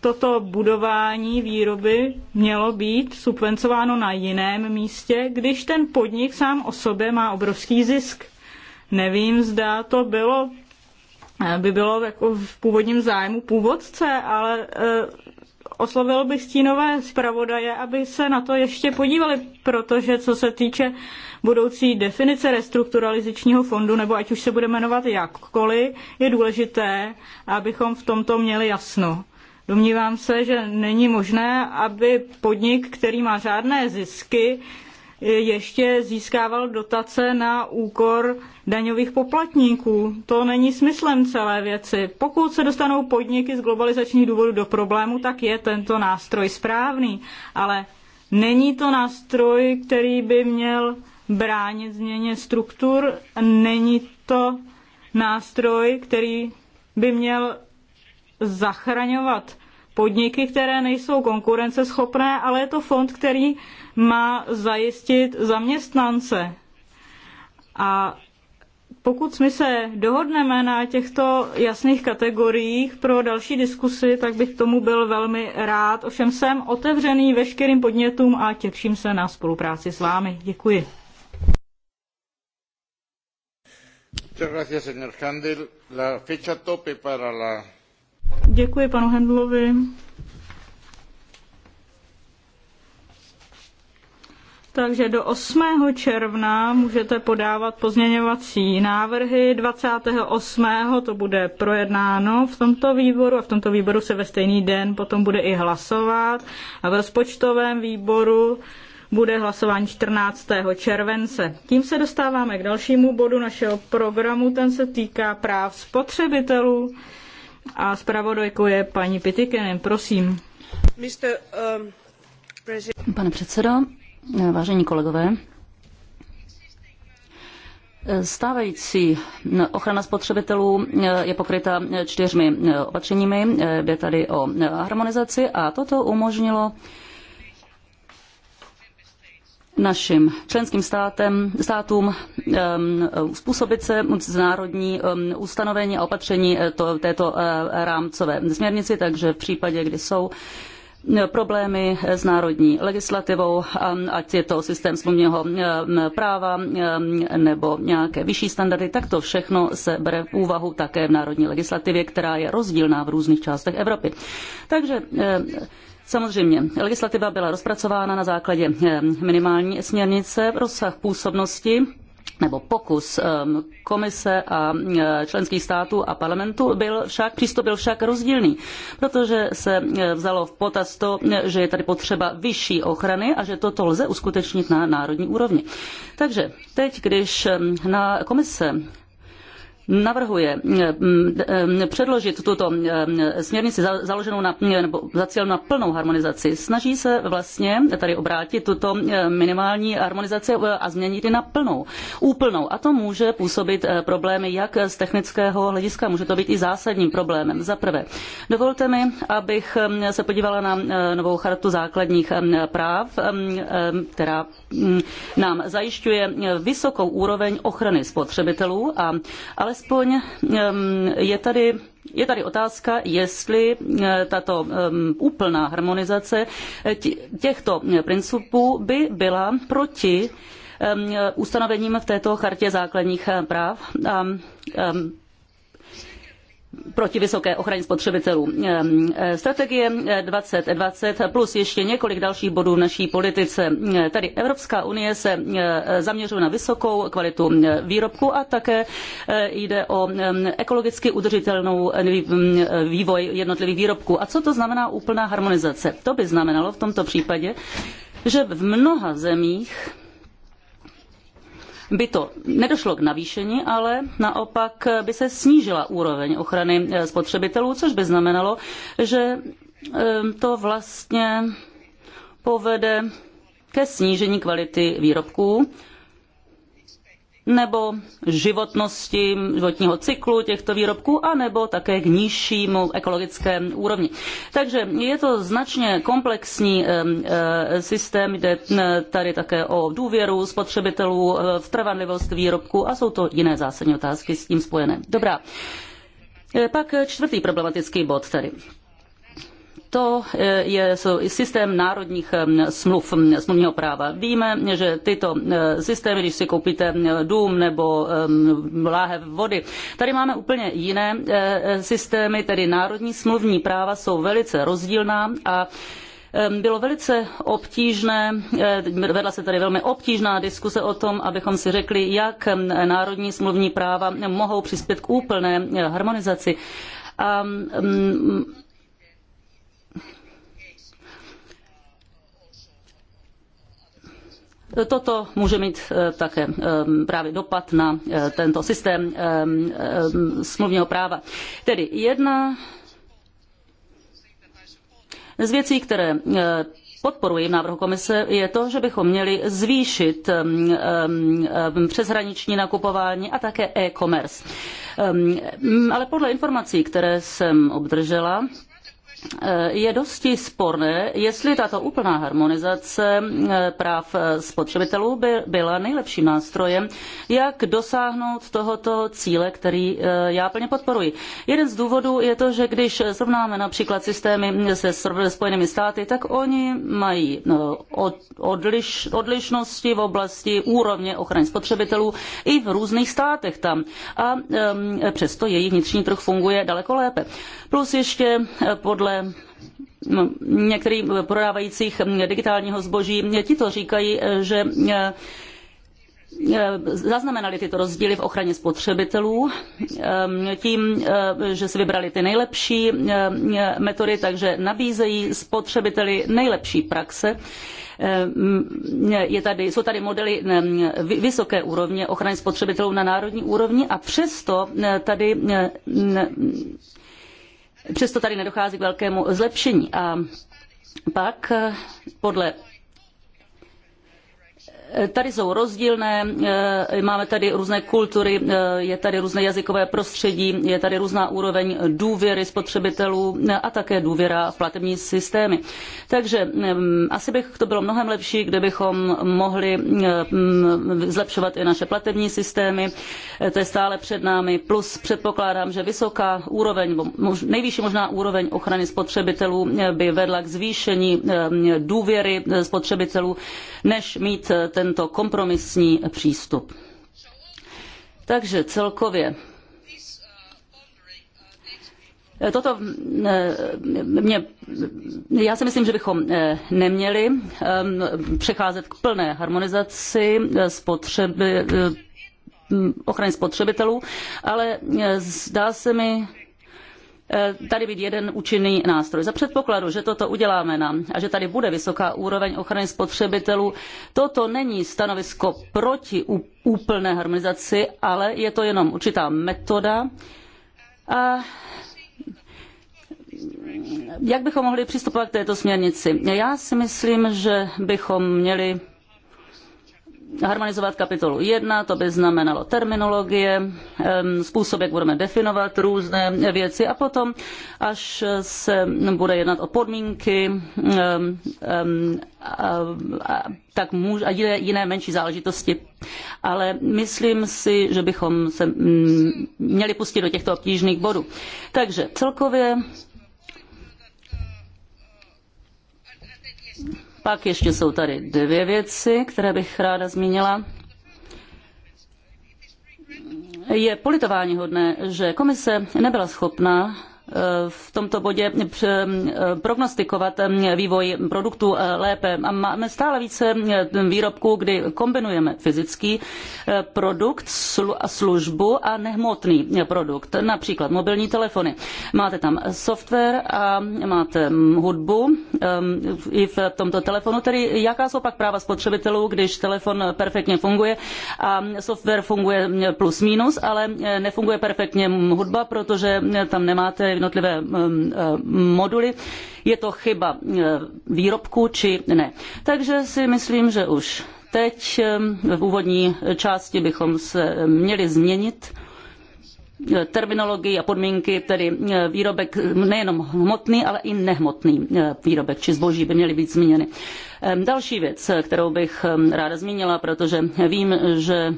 Speaker 5: toto budování výroby mělo být subvencováno na jiném místě, když ten podnik sám o sobě má obrovský zisk. Nevím, zda to bylo, eh, by bylo jako v původním zájmu původce, ale eh, oslovil bych stínové zpravodaje, aby se na to ještě podívali, protože co se týče budoucí definice restrukturalizačního fondu, nebo ať už se bude jmenovat jakkoliv, je důležité, abychom v tomto měli jasno. Domnívám se, že není možné, aby podnik, který má řádné zisky, ještě získával dotace na úkor daňových poplatníků. To není smyslem celé věci. Pokud se dostanou podniky z globalizačních důvodů do problému, tak je tento nástroj správný. Ale není to nástroj, který by měl bránit změně struktur, není to nástroj, který by měl zachraňovat podniky, které nejsou konkurenceschopné, ale je to fond, který má zajistit zaměstnance. A pokud my se dohodneme na těchto jasných kategoriích pro další diskusy, tak bych tomu byl velmi rád. Ovšem jsem otevřený veškerým podnětům a těším se na spolupráci s vámi. Děkuji. Děkuji panu Hendlovi. Takže do 8. června můžete podávat pozměňovací návrhy. 28. to bude projednáno v tomto výboru a v tomto výboru se ve stejný den potom bude i hlasovat. A v rozpočtovém výboru bude hlasování 14. července. Tím se dostáváme k dalšímu bodu našeho programu. Ten se týká práv spotřebitelů. A zpravodajkou je paní Pitikenen. Prosím. Mr.
Speaker 3: Um, Pane předsedo, vážení kolegové, Stávající ochrana spotřebitelů je pokryta čtyřmi opatřeními. Jde tady o harmonizaci a toto umožnilo našim členským státem, státům způsobit um, se z národní um, ustanovení a opatření eh, to, této eh, rámcové směrnici, takže v případě, kdy jsou problémy s národní legislativou, um, ať je to systém smluvního um, práva um, nebo nějaké vyšší standardy, tak to všechno se bere v úvahu také v národní legislativě, která je rozdílná v různých částech Evropy. Takže Samozřejmě, legislativa byla rozpracována na základě minimální směrnice, rozsah působnosti nebo pokus ehm, komise a eh, členských států a parlamentu byl však, přístup byl však rozdílný, protože se eh, vzalo v potaz to, eh, že je tady potřeba vyšší ochrany a že toto lze uskutečnit na národní úrovni. Takže teď, když ehm, na komise navrhuje eh, eh, předložit tuto eh, směrnici založenou na, nebo zacílenou na plnou harmonizaci, snaží se vlastně tady obrátit tuto minimální harmonizaci a změnit ji na plnou, úplnou. A to může působit problémy jak z technického hlediska, může to být i zásadním problémem. Za prvé, dovolte mi, abych se podívala na novou chartu základních práv, která mm, nám zajišťuje vysokou úroveň ochrany spotřebitelů a ale alespoň je tady je tady otázka, jestli eh, tato úplná harmonizace eh, těchto principů by byla proti ustanovením v této chartě základních eh, práv. A proti vysoké ochraně spotřebitelů. Ehm, ehm, strategie 2020 plus ještě několik dalších bodů v naší politice. Ehm, tady Evropská unie se zaměřuje na vysokou kvalitu výrobku a také jde o ekologicky udržitelnou vývoj jednotlivých výrobků. A co to znamená úplná harmonizace? To by znamenalo v tomto případě, že v mnoha zemích by to nedošlo k navýšení, ale naopak by se snížila úroveň ochrany eh, spotřebitelů, což by znamenalo, že eh, to vlastně povede ke snížení kvality výrobků nebo životnosti životního cyklu těchto výrobků, anebo také k nižšímu ekologické úrovni. Takže je to značně komplexní eh, eh, systém, jde eh, tady také o důvěru spotřebitelů v trvanlivost výrobků a jsou to jiné zásadní otázky s tím spojené. Dobrá. Pak čtvrtý problematický bod tady to eh, je systém národních eh, smluv, mm, smluvního práva. Víme, že tyto eh, systémy, když si koupíte dům nebo láhev vody, tady máme úplně jiné systémy, tedy národní smluvní práva jsou velice rozdílná a bylo velice obtížné, vedla se tady velmi obtížná diskuse o tom, abychom si řekli, jak národní smluvní práva mohou přispět k úplné harmonizaci. A mm, Toto může mít eh, také eh, právě dopad na eh, tento systém smluvního práva. Tedy jedna z věcí, které podporuji v návrhu komise, je to, že bychom měli zvýšit přeshraniční nakupování a také e-commerce. Ale podle informací, které jsem obdržela, Eh, je dosti sporné, jestli tato úplná harmonizace eh, práv eh, spotřebitelů by byla nejlepším nástrojem, jak dosáhnout tohoto cíle, který já plně podporuji. Jeden z důvodů je to, že když srovnáme například systémy se Spojenými státy, tak oni mají no, odliš, odlišnosti v oblasti úrovně ochrany spotřebitelů i v různých státech tam. A přesto jejich vnitřní trh funguje daleko lépe. Plus ještě podle podle no, některých prodávajících digitálního zboží, tito to říkají, že eh, eh, zaznamenali tyto rozdíly v ochraně spotřebitelů eh, tím, že si vybrali ty nejlepší metody, takže nabízejí spotřebiteli nejlepší praxe. Tady, jsou tady modely vysoké úrovně ochrany spotřebitelů na národní úrovni a přesto tady Přesto tady nedochází k velkému zlepšení. A pak eh, podle tady jsou rozdílné, eh, máme tady různé kultury, eh, je tady různé jazykové prostředí, je tady různá úroveň důvěry spotřebitelů eh, a také důvěra v platební systémy. Takže mm, asi bych to bylo mnohem lepší, kdybychom mohli mm, zlepšovat i naše platební systémy. To je stále před námi. Plus předpokládám, že vysoká úroveň, nejvyšší možná úroveň ochrany spotřebitelů by vedla k zvýšení důvěry spotřebitelů, než mít ten tento kompromisní přístup. Takže celkově Toto eh, mě, já si myslím, že bychom eh, neměli eh, přecházet k plné harmonizaci spotřeby, ochrany spotřebitelů, ale zdá se mi, Eh, tady být jeden účinný nástroj. Za předpokladu, že toto uděláme nám a že tady bude vysoká úroveň ochrany spotřebitelů, toto není stanovisko proti úplné harmonizaci, ale je to jenom určitá metoda. A jak bychom mohli přistupovat k této směrnici? Já si myslím, že bychom měli harmonizovat kapitolu 1, to by znamenalo terminologie, způsob, jak budeme definovat různé věci a potom, až se bude jednat o podmínky, tak a jiné, jiné menší záležitosti. Ale myslím si, že bychom se mm, měli pustit do těchto obtížných bodů. Takže celkově pak ještě jsou tady dvě věci, které bych ráda zmínila. Je politování hodné, že komise nebyla schopná Eh, v tomto bodě eh, prognostikovat eh, vývoj produktů lépe. A máme stále více výrobků, kdy kombinujeme fyzický produkt a službu a nehmotný produkt, například mobilní telefony. Máte tam software a máte mm, hudbu ehm, i v tomto telefonu, tedy jaká jsou pak práva spotřebitelů, když telefon perfektně funguje a software funguje mm, plus minus, ale nefunguje perfektně mm, hudba, protože tam nemáte jednotlivé mm, eh, moduly. Je to chyba eh, výrobku či ne. Takže si myslím, že už teď eh, v úvodní části bychom se měli změnit terminologii a podmínky, tedy výrobek nejenom hmotný, ale i nehmotný výrobek či zboží by měly být změněny. Další věc, kterou bych ráda zmínila, protože vím, že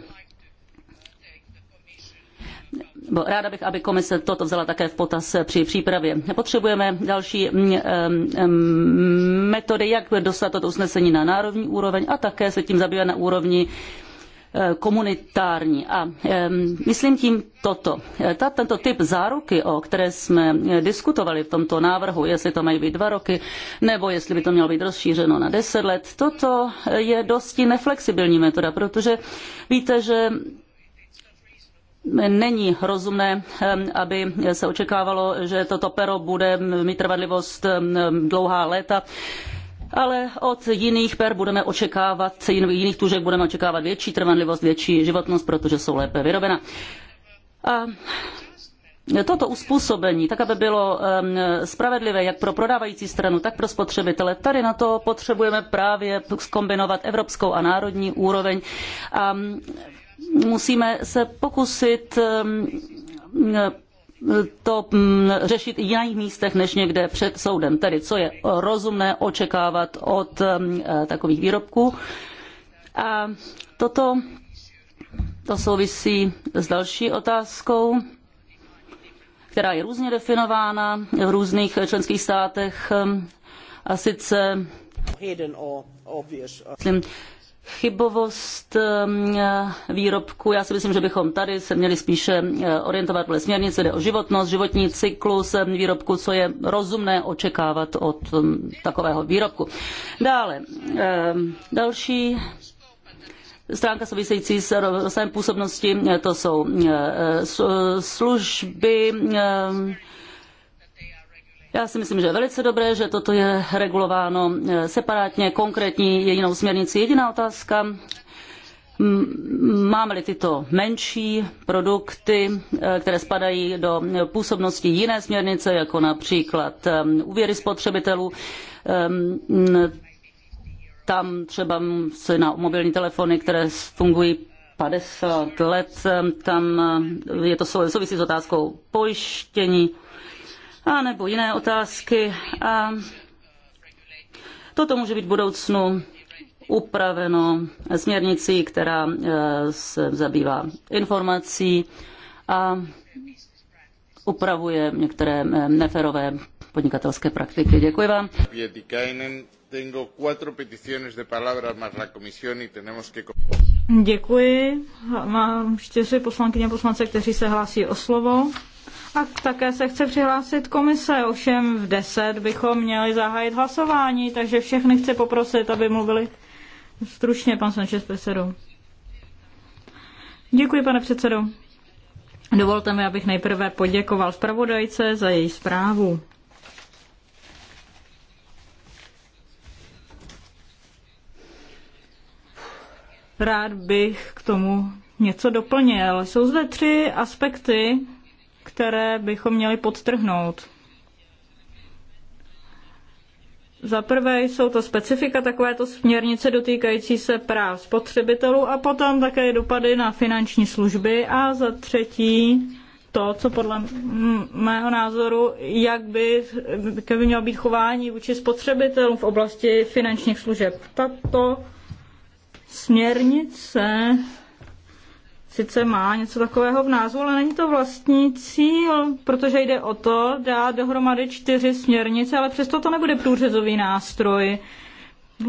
Speaker 3: Ráda bych, aby komise toto vzala také v potaz při přípravě. Potřebujeme další mm, mm, mm, metody, jak dostat toto usnesení na národní úroveň a také se tím zabývat na úrovni eh, komunitární. A myslím tím toto. Eh, ta, tento typ záruky, o které jsme eh, diskutovali v tomto návrhu, jestli to mají být dva roky, nebo jestli by to mělo být rozšířeno na deset let, toto je dosti neflexibilní metoda, protože víte, že není rozumné, ehm, aby se očekávalo, že toto pero bude mít trvanlivost ehm, dlouhá léta ale od jiných per budeme očekávat, jiných tužek budeme očekávat větší trvanlivost, větší životnost, protože jsou lépe vyrobena. A toto uspůsobení, tak aby bylo ehm, spravedlivé jak pro prodávající stranu, tak pro spotřebitele, tady na to potřebujeme právě skombinovat evropskou a národní úroveň. A musíme se pokusit um, to um, řešit i na jiných místech než někde před soudem. Tedy co je rozumné očekávat od um, eh, takových výrobků. A toto to souvisí s další otázkou, která je různě definována v různých členských státech. A sice, chybovost ehm, výrobku. Já si myslím, že bychom tady se měli spíše eh, orientovat podle směrnice, jde o životnost, životní cyklus ehm, výrobku, co je rozumné očekávat od ehm, takového výrobku. Dále, další stránka související s rozsahem působnosti, eh, to jsou eh, služby, já si myslím, že je velice dobré, že toto je regulováno eh, separátně, konkrétní, je jinou směrnici. Jediná otázka, mm, máme-li tyto menší produkty, eh, které spadají do eh, působnosti jiné směrnice, jako například úvěry spotřebitelů, mm, tam třeba se na mobilní telefony, které fungují 50 let, tam je to souvisí s otázkou pojištění a nebo jiné otázky. A toto může být v budoucnu upraveno směrnicí, která e, se zabývá informací a upravuje některé e, neferové podnikatelské praktiky. Děkuji vám.
Speaker 5: Děkuji. Mám čtyři poslankyně poslance, kteří se hlásí o slovo. A také se chce přihlásit komise, ovšem v 10 bychom měli zahájit hlasování, takže všechny chci poprosit, aby mluvili stručně, pan Sanchez Pesero. Děkuji, pane předsedo. Dovolte mi, abych nejprve poděkoval zpravodajce za její zprávu. Rád bych k tomu něco doplnil. Jsou zde tři aspekty, které bychom měli podtrhnout. Za prvé jsou to specifika takovéto směrnice dotýkající se práv spotřebitelů a potom také dopady na finanční služby a za třetí to, co podle mého názoru, jak by, jak by mělo být chování vůči spotřebitelům v oblasti finančních služeb. Tato směrnice sice má něco takového v názvu, ale není to vlastní cíl, protože jde o to dát dohromady čtyři směrnice, ale přesto to nebude průřezový nástroj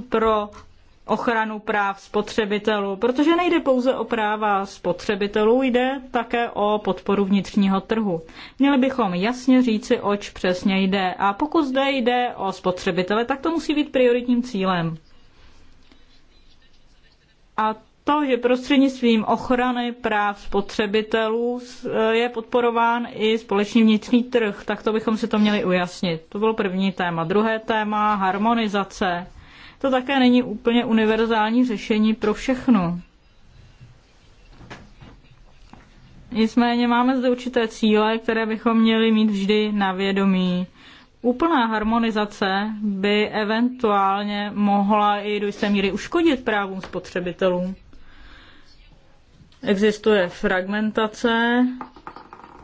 Speaker 5: pro ochranu práv spotřebitelů, protože nejde pouze o práva spotřebitelů, jde také o podporu vnitřního trhu. Měli bychom jasně říci, oč přesně jde. A pokud zde jde o spotřebitele, tak to musí být prioritním cílem. A to, že prostřednictvím ochrany práv spotřebitelů eh, je podporován i společný vnitřní trh, tak to bychom si to měli ujasnit. To bylo první téma. Druhé téma, harmonizace. To také není úplně univerzální řešení pro všechno. Nicméně máme zde určité cíle, které bychom měli mít vždy na vědomí. Úplná harmonizace by eventuálně mohla i do jisté míry uškodit právům spotřebitelů existuje fragmentace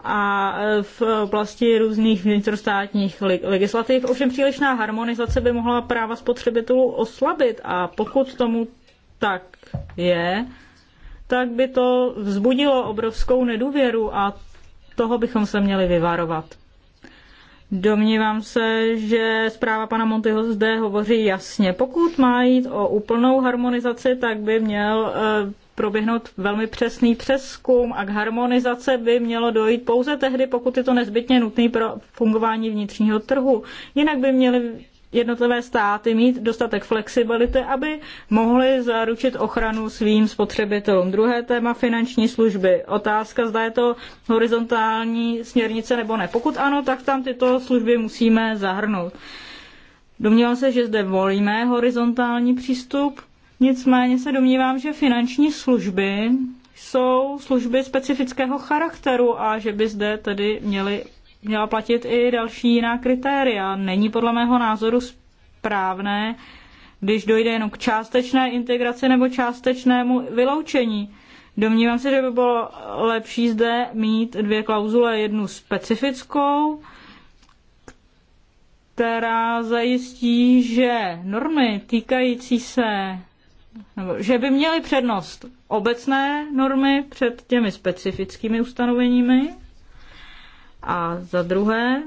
Speaker 5: a e, v oblasti různých vnitrostátních legislativ. Ovšem přílišná harmonizace by mohla práva spotřebitelů oslabit a pokud tomu tak je, tak by to vzbudilo obrovskou nedůvěru a toho bychom se měli vyvarovat. Domnívám se, že zpráva pana Montyho zde hovoří jasně. Pokud má jít o úplnou harmonizaci, tak by měl e, proběhnout velmi přesný přeskum a k harmonizace by mělo dojít pouze tehdy, pokud je to nezbytně nutné pro fungování vnitřního trhu. Jinak by měly jednotlivé státy mít dostatek flexibility, aby mohly zaručit ochranu svým spotřebitelům. Druhé téma finanční služby. Otázka, zda je to horizontální směrnice nebo ne. Pokud ano, tak tam tyto služby musíme zahrnout. Domnívám se, že zde volíme horizontální přístup, Nicméně se domnívám, že finanční služby jsou služby specifického charakteru a že by zde tedy měly, měla platit i další jiná kritéria. Není podle mého názoru správné, když dojde jenom k částečné integraci nebo částečnému vyloučení. Domnívám se, že by bylo lepší zde mít dvě klauzule, jednu specifickou, která zajistí, že normy týkající se nebo že by měly přednost obecné normy před těmi specifickými ustanoveními a za druhé,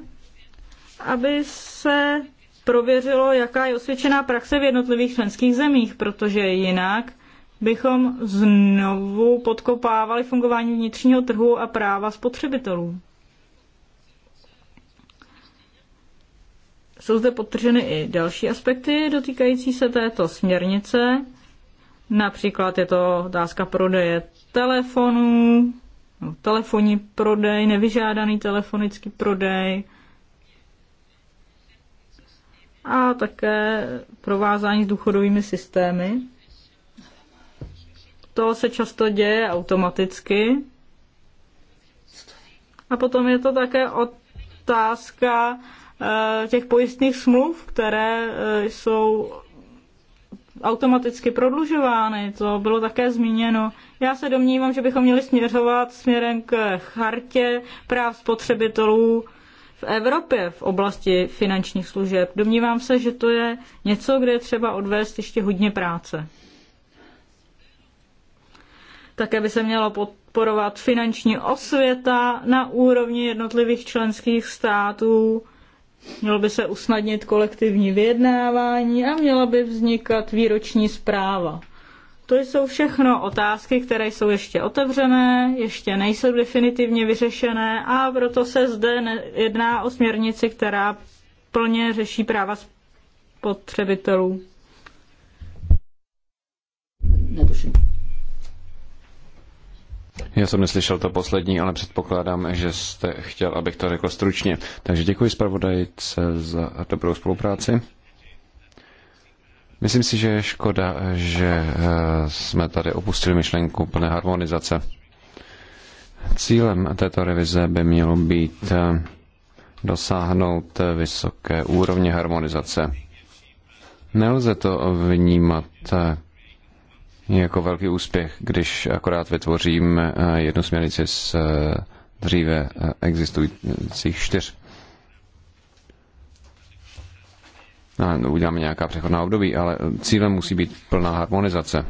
Speaker 5: aby se prověřilo, jaká je osvědčená praxe v jednotlivých členských zemích, protože jinak bychom znovu podkopávali fungování vnitřního trhu a práva spotřebitelů. Jsou zde podtrženy i další aspekty dotýkající se této směrnice, Například je to otázka prodeje telefonů, no, telefonní prodej, nevyžádaný telefonický prodej a také provázání s důchodovými systémy. To se často děje automaticky. A potom je to také otázka eh, těch pojistných smluv, které eh, jsou automaticky prodlužovány, to bylo také zmíněno. Já se domnívám, že bychom měli směřovat směrem k chartě práv spotřebitelů v Evropě v oblasti finančních služeb. Domnívám se, že to je něco, kde je třeba odvést ještě hodně práce. Také by se mělo podporovat finanční osvěta na úrovni jednotlivých členských států, Mělo by se usnadnit kolektivní vyjednávání a měla by vznikat výroční zpráva. To jsou všechno otázky, které jsou ještě otevřené, ještě nejsou definitivně vyřešené a proto se zde jedná o směrnici, která plně řeší práva spotřebitelů. Netuším.
Speaker 2: Já jsem neslyšel to poslední, ale předpokládám, že jste chtěl, abych to řekl stručně. Takže děkuji zpravodajce za dobrou spolupráci. Myslím si, že je škoda, že eh, jsme tady opustili myšlenku plné harmonizace. Cílem této revize by mělo být eh, dosáhnout vysoké úrovně harmonizace. Nelze to vnímat eh, jako velký úspěch, když akorát vytvořím eh, jednu směrnici z eh, dříve eh, existujících čtyř. A no, no, uděláme nějaká přechodná období, ale cílem musí být plná harmonizace.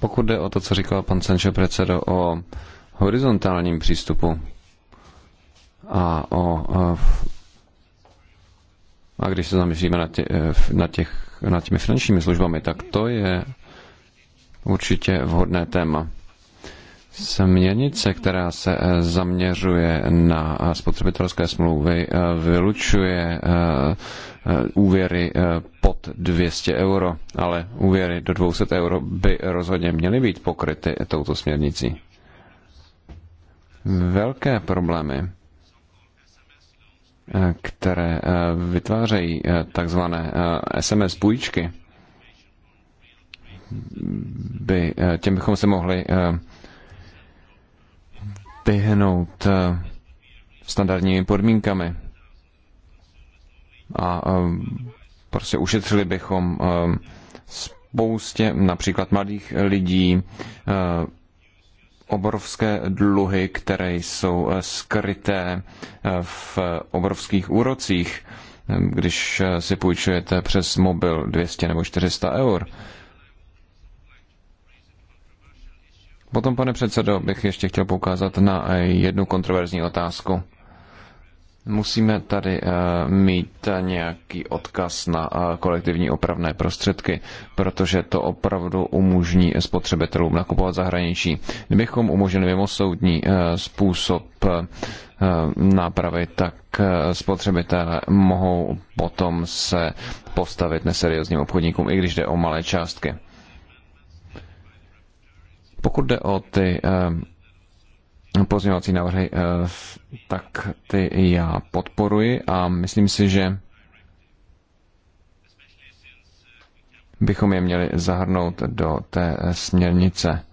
Speaker 2: Pokud jde o to, co říkal pan Sancho Precedo o horizontálním přístupu a o a když se zamýšlíme na tě, na těch nad těmi finančními službami, tak to je určitě vhodné téma. Směrnice, která se eh, zaměřuje na eh, spotřebitelské smlouvy, eh, vylučuje úvěry pod 200 euro, ale úvěry do 200 euro by rozhodně měly být pokryty touto směrnicí. Velké problémy Eh, které eh, vytvářejí eh, takzvané SMS půjčky, by, těm bychom se mohli vyhnout standardními podmínkami. A prostě ušetřili bychom spoustě například mladých lidí, obrovské dluhy, které jsou eh, skryté eh, v obrovských úrocích, eh, když si půjčujete přes mobil 200 nebo 400 eur. Potom, pane předsedo, bych ještě chtěl poukázat na jednu kontroverzní otázku. Musíme tady eh, mít nějaký odkaz na eh, kolektivní opravné prostředky, protože to opravdu umožní spotřebitelům nakupovat zahraničí. Kdybychom umožnili mimosoudní eh, způsob nápravy, tak spotřebitelé mohou potom se postavit neseriózním obchodníkům, i když jde o malé částky. Pokud jde o ty pozměňovací návrhy, eh, tak ty já podporuji a myslím si, že bychom je měli zahrnout do té směrnice.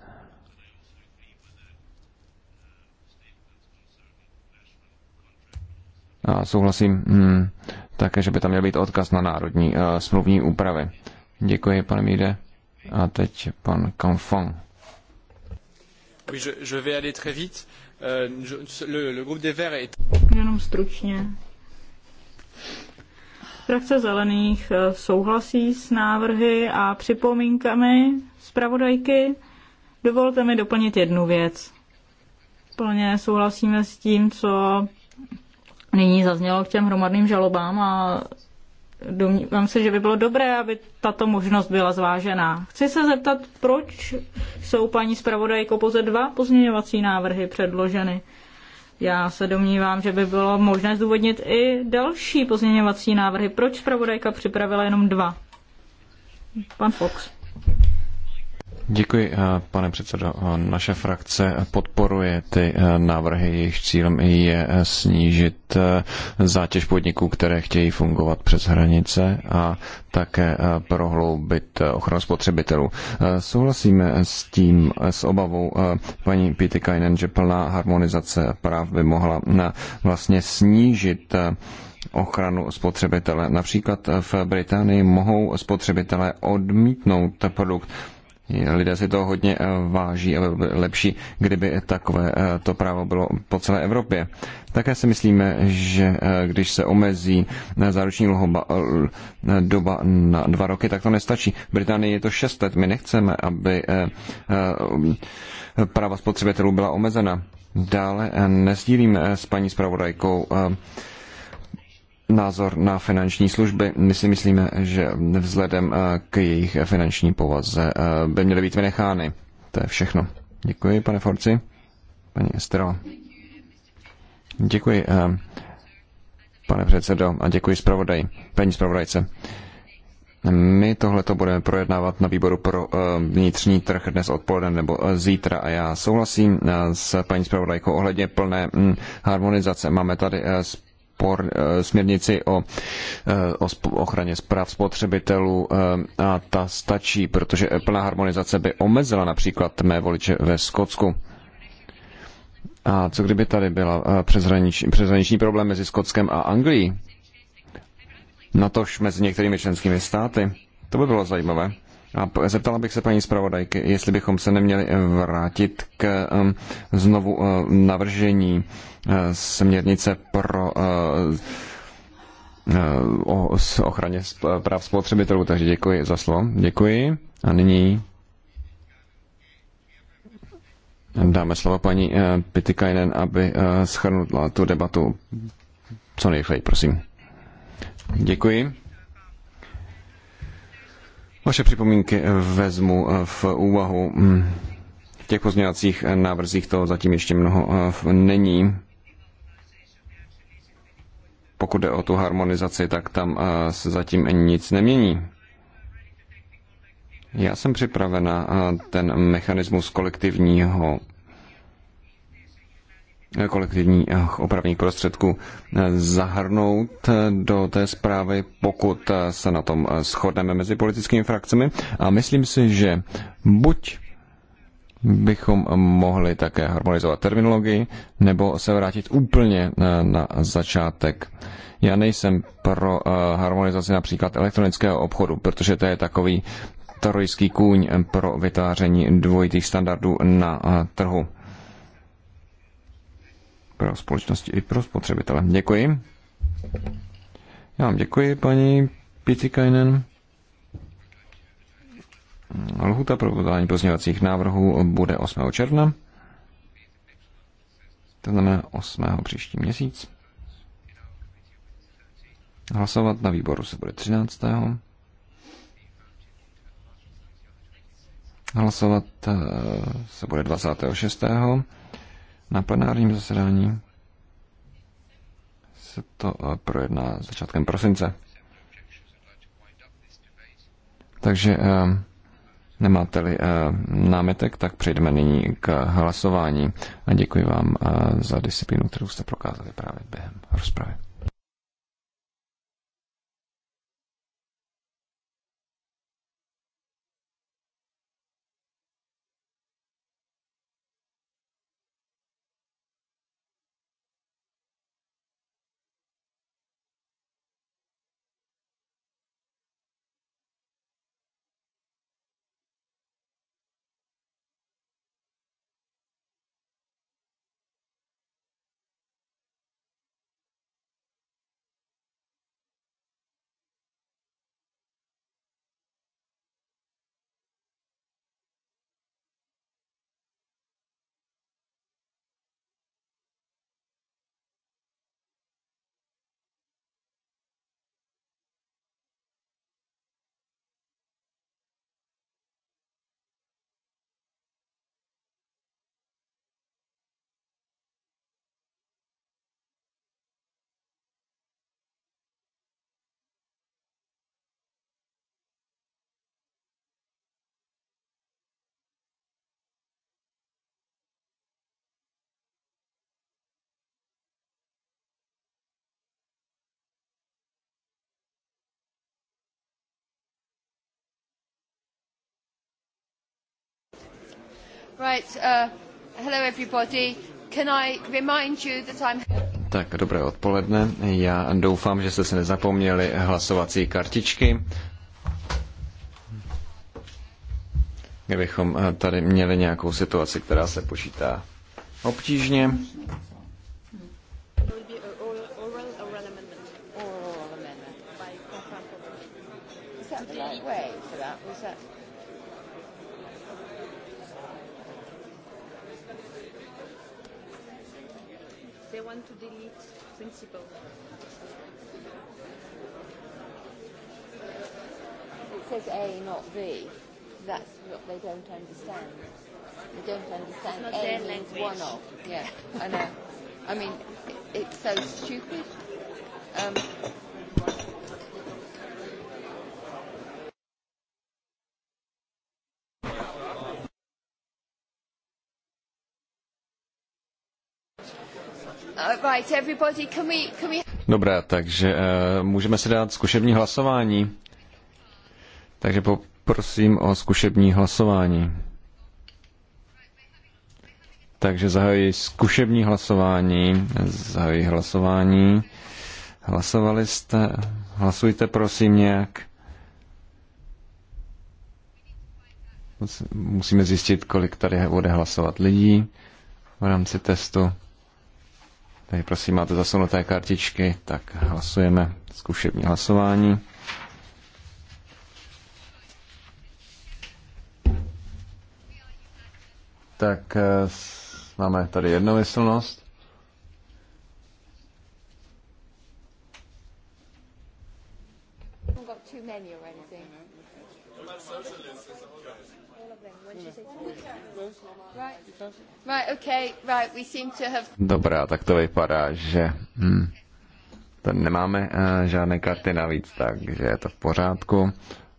Speaker 2: A souhlasím hmm, také, že by tam měl být odkaz na národní uh, smluvní úpravy. Děkuji, pane Míde. A teď pan Kamfong. Oui, je, je vais aller très vite. Euh, je,
Speaker 1: le, le groupe des Verts est...
Speaker 5: Jenom stručně. Frakce zelených eh, souhlasí s návrhy a připomínkami zpravodajky. Dovolte mi doplnit jednu věc. Plně souhlasíme s tím, co nyní zaznělo k těm hromadným žalobám a Domnívám se, že by bylo dobré, aby tato možnost byla zvážená. Chci se zeptat, proč jsou paní zpravodajko pouze dva pozměňovací návrhy předloženy. Já se domnívám, že by bylo možné zdůvodnit i další pozměňovací návrhy. Proč zpravodajka připravila jenom dva? Pan Fox.
Speaker 2: Děkuji, eh, pane předsedo. Eh, naše frakce podporuje ty eh, návrhy, jejich cílem je snížit zátěž podniků, které chtějí fungovat přes hranice a také prohloubit ochranu spotřebitelů. Souhlasíme s tím, s obavou paní Pitikainen, že plná harmonizace práv by mohla vlastně snížit ochranu spotřebitele. Například v Británii mohou spotřebitelé odmítnout produkt Lidé si to hodně eh, váží a bylo by lepší, kdyby takové eh, to právo bylo po celé Evropě. Také si myslíme, že eh, když se omezí záruční lhoba, doba na dva roky, tak to nestačí. V Británii je to šest let. My nechceme, aby práva spotřebitelů byla omezena. Dále nesdílíme s paní zpravodajkou názor na finanční služby. My si myslíme, že vzhledem eh, k jejich finanční povaze eh, by měly být vynechány. To je všechno. Děkuji, pane Forci. Paní Estero. Děkuji, eh, pane předsedo, a děkuji zpravodaj, paní zpravodajce. My tohleto budeme projednávat na výboru pro vnitřní trh dnes odpoledne nebo zítra a já souhlasím s paní zpravodajkou ohledně plné hm, harmonizace. Máme tady spor, eh, směrnici o, eh, o ochraně zpráv spotřebitelů eh, a ta stačí, protože plná harmonizace by omezila například mé voliče ve Skotsku. A co kdyby tady byla přeshraniční, přeshraniční problém mezi Skotskem a Anglií? Natož mezi některými členskými státy. To by bylo zajímavé. A zeptala bych se paní zpravodajky, jestli bychom se neměli eh, vrátit k ehm, znovu eh, navržení eh, směrnice pro o ochraně práv spotřebitelů, takže děkuji za slovo. Děkuji. A nyní dáme slovo paní Pitikainen, aby schrnula tu debatu co nejrychleji, prosím. Děkuji. Vaše připomínky vezmu eh, v úvahu. Hmm. V těch pozměňovacích eh, návrzích to zatím ještě mnoho eh, není. Pokud jde o tu harmonizaci, tak tam se zatím nic nemění. Já jsem připravena ten mechanismus kolektivního kolektivních eh, opravných prostředků eh, zahrnout eh, do té zprávy, pokud se na tom shodneme mezi politickými frakcemi. A myslím si, že buď bychom mohli také harmonizovat terminologii, nebo se vrátit úplně na začátek. Já nejsem pro harmonizaci například elektronického obchodu, protože to je takový trojský kůň pro vytváření dvojitých standardů na trhu pro společnosti i pro spotřebitele. Děkuji. Já vám děkuji, paní Pitikainen. Lhuta pro podání pozměňovacích návrhů bude 8. června, to znamená 8. příští měsíc. Hlasovat na výboru se bude 13. Hlasovat eh, se bude 26. Na plenárním zasedání se to eh, projedná začátkem prosince. Takže eh, nemáte-li eh, námetek, tak přejdeme nyní k hlasování. A děkuji vám za disciplínu,
Speaker 1: kterou jste prokázali právě během rozpravy.
Speaker 4: Right, uh, hello everybody. Can I remind you that I'm...
Speaker 2: Tak, dobré odpoledne. Já doufám, že jste se nezapomněli hlasovací kartičky. Kdybychom eh, tady měli nějakou situaci, která se počítá obtížně.
Speaker 4: It says A, not B. That's what they don't
Speaker 1: understand. They don't understand. A means language. one of. Yeah, I know. I mean, it, it's so stupid. Um,
Speaker 2: Dobré, takže eh, můžeme si dát zkušební hlasování. Takže poprosím o zkušební hlasování. Takže zahajuji zkušební hlasování. Zahajuji hlasování. Hlasovali jste? Hlasujte prosím nějak. Musíme zjistit, kolik tady bude hlasovat lidí v rámci testu. Tady prosím, máte zasunuté kartičky, tak hlasujeme zkušební hlasování. Tak eh, máme tady jednomyslnost.
Speaker 1: Dobrá, tak to
Speaker 2: vypadá, že hm, to nemáme uh, žádné karty navíc, takže je to v pořádku.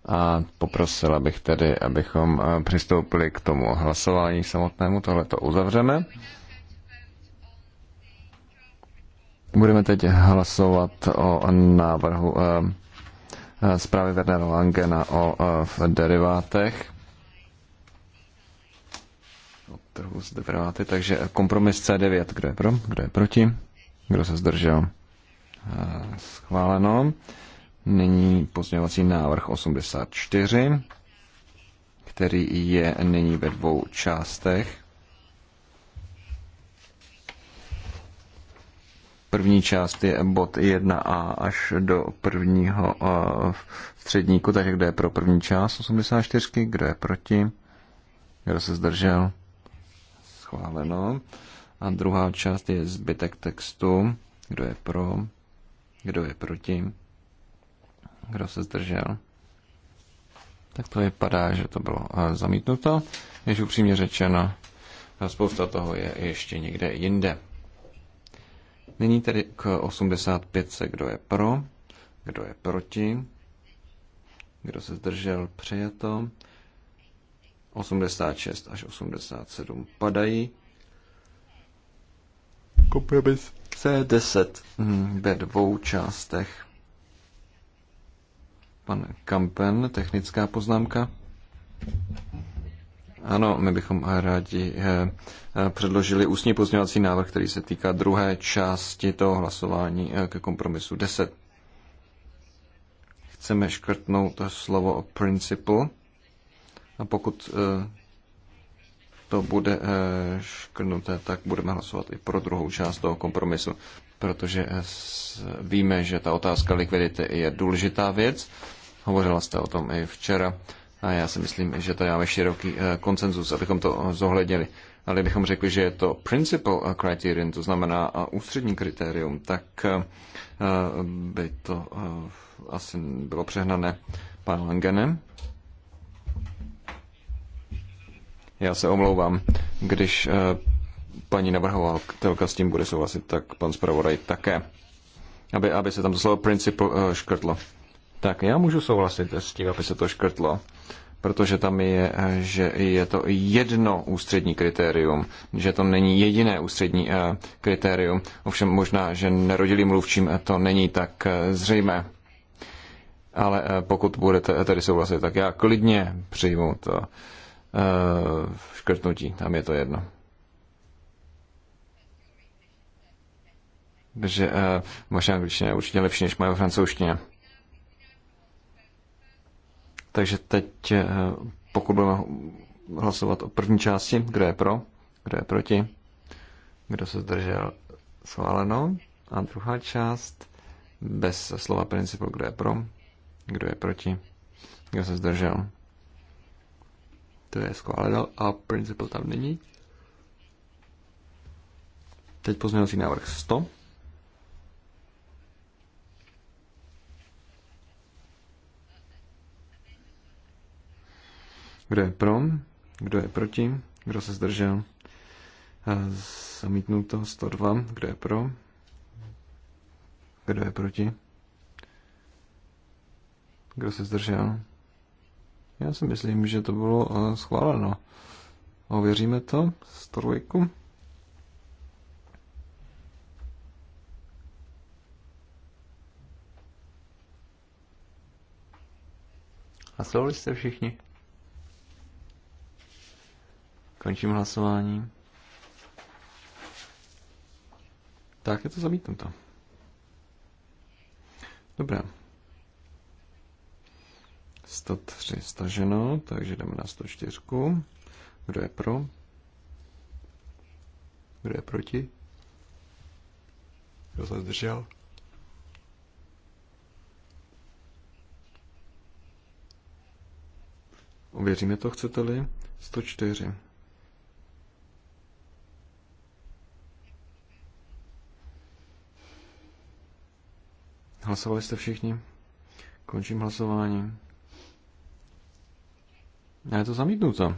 Speaker 2: A poprosila bych tedy, abychom uh, přistoupili k tomu hlasování samotnému. Tohle to uzavřeme. Budeme teď hlasovat o návrhu uh, zprávy Wernera Langena o uh, derivátech trhu s Takže kompromis C9. Kdo je pro? Kdo je proti? Kdo se zdržel? Eh, schváleno. Nyní pozměňovací návrh 84, který je nyní ve dvou částech. První část je bod 1a až do prvního eh, středníku, takže kdo je pro první část 84, kdo je proti, kdo se zdržel, schváleno. A druhá část je zbytek textu. Kdo je pro? Kdo je proti? Kdo se zdržel? Tak to vypadá, že to bylo eh, zamítnuto. Když upřímně řečeno, spousta toho je ještě někde jinde. Nyní tedy k 85 se kdo je pro, kdo je proti, kdo se zdržel, přijato. 86 až 87 padají. Kompromis C10 hmm, ve dvou částech. Pan Kampen, technická poznámka. Ano, my bychom rádi eh, eh, předložili ústní pozměňovací návrh, který se týká druhé části toho hlasování eh, ke kompromisu 10. Chceme škrtnout slovo o principle a pokud eh, to bude eh, škrnuté, tak budeme hlasovat i pro druhou část toho kompromisu, protože eh, víme, že ta otázka likvidity je důležitá věc. Hovořila jste o tom i včera a já si myslím, že to máme široký konsenzus, abychom to zohlednili. Ale kdybychom řekli, že je to principal criterion, to znamená ústřední kritérium, tak by to asi bylo přehnané. panem Langenem? Já se omlouvám, když eh, paní navrhovatelka s tím bude souhlasit, tak pan zpravodaj také. Aby, aby se tam to slovo principle eh, škrtlo. Tak já můžu souhlasit s tím, aby se to škrtlo, protože tam je, eh, že je to jedno ústřední kritérium, že to není jediné ústřední kritérium. Ovšem možná, že nerodilý mluvčím to není tak zřejmé. Ale pokud budete tedy souhlasit, tak já klidně přijmu to Eh, škrtnutí, tam je to jedno. Takže uh, vaše angličtina je určitě lepší než moje francouzština. Takže teď, uh, pokud budeme hlasovat o první části, kdo je pro, kdo je proti, kdo se zdržel, schváleno. A druhá část, bez slova principu, kdo je pro, kdo je proti, kdo se zdržel, to je schváleno a principle tam není. Teď pozměňovací návrh 100. Kdo je pro? Kdo je proti? Kdo se zdržel? Zamítnuto 102. Kdo je pro? Kdo je proti? Kdo se zdržel? Já si myslím, že to bylo eh, schváleno. Ověříme to z trojku. Hlasovali jste všichni? Končím hlasování. Tak je to zamítnuto. Dobrá. 103 staženo, takže jdeme na 104. Kdo je pro? Kdo je proti? Kdo se zdržel? Ověříme to, chcete-li? 104. Hlasovali jste všichni? Končím hlasování. A je to zamítnuto.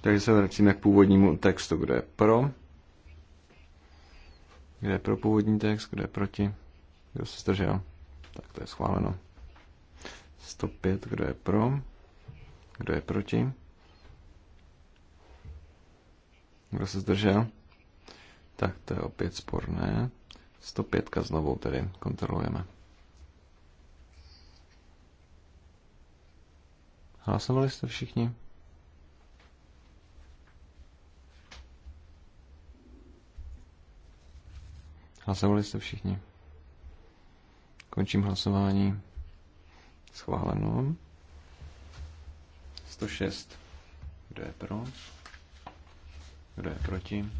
Speaker 2: Takže se vracíme k původnímu textu, kde je pro. Kde je pro původní text, kde je proti. Kdo se zdržel? Tak to je schváleno. 105, kdo je pro? Kdo je proti? Kdo se zdržel? Tak to je opět sporné. 105 znovu tedy kontrolujeme. Hlasovali jste všichni? Hlasovali jste všichni? Končím hlasování. Schváleno. 106. Kdo je pro? Kdo je proti?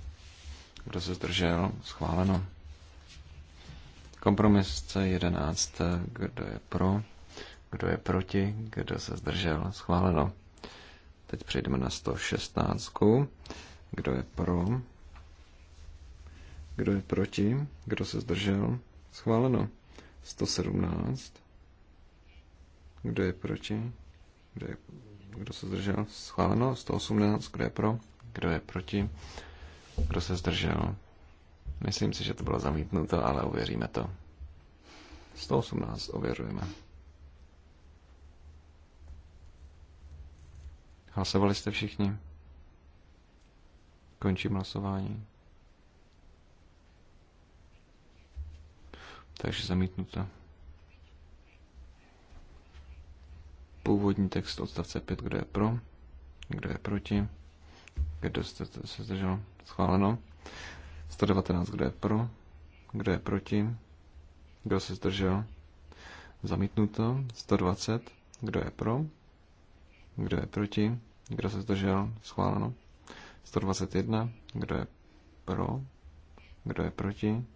Speaker 2: Kdo se zdržel? Schváleno. Kompromis C11, kdo je pro, kdo je proti, kdo se zdržel, schváleno. Teď přejdeme na 116. Kdo je pro? Kdo je proti? Kdo se zdržel? Schváleno. 117. Kdo je proti? Kdo, je, kdo se zdržel? Schváleno. 118. Kdo je pro? Kdo je proti? Kdo se zdržel? Myslím si, že to bylo zamítnuto, ale uvěříme to. 118 ověřujeme. Hlasovali jste všichni? Končím hlasování. Takže zamítnuto. Původní text odstavce 5, kdo je pro, kdo je proti, kdo jste se zdržel, schváleno. 119, kdo je pro, kdo je proti, kdo se zdržel, zamítnuto, 120, kdo je pro, kdo je proti, kdo se zdržel, schváleno, 121, kdo je pro, kdo je proti,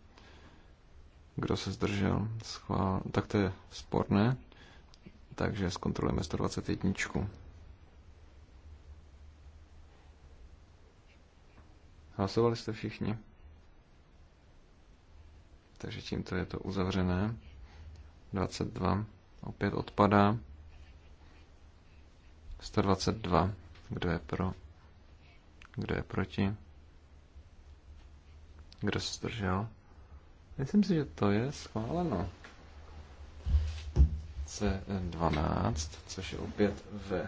Speaker 2: kdo se zdržel, schváleno, tak to je sporné, takže zkontrolujeme 121. Hlasovali jste všichni? Takže tímto je to uzavřené. 22 opět odpadá. 122. Kdo je pro? Kdo je proti? Kdo se zdržel? Myslím si, že to je schváleno. C12, což je opět v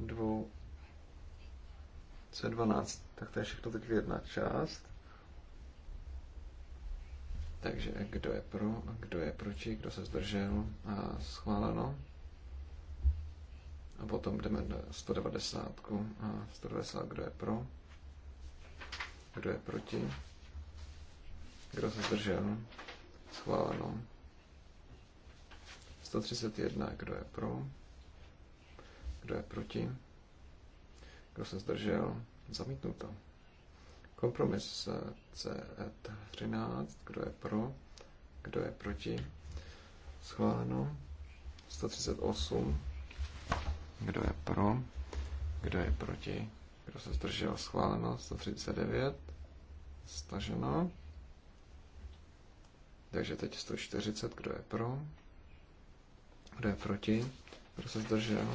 Speaker 2: dvou C12. Tak to je všechno teď jedna část. Takže kdo je pro, kdo je proti, kdo se zdržel, a schváleno. A potom jdeme na 190. A 190, kdo je pro, kdo je proti, kdo se zdržel, schváleno. 131, kdo je pro, kdo je proti, kdo se zdržel, zamítnuto. Kompromis C13, e kdo je pro, kdo je proti, schváleno. 138, kdo je pro, kdo je proti, kdo se zdržel, schváleno. 139, staženo. Takže teď 140, kdo je pro, kdo je proti, kdo se zdržel,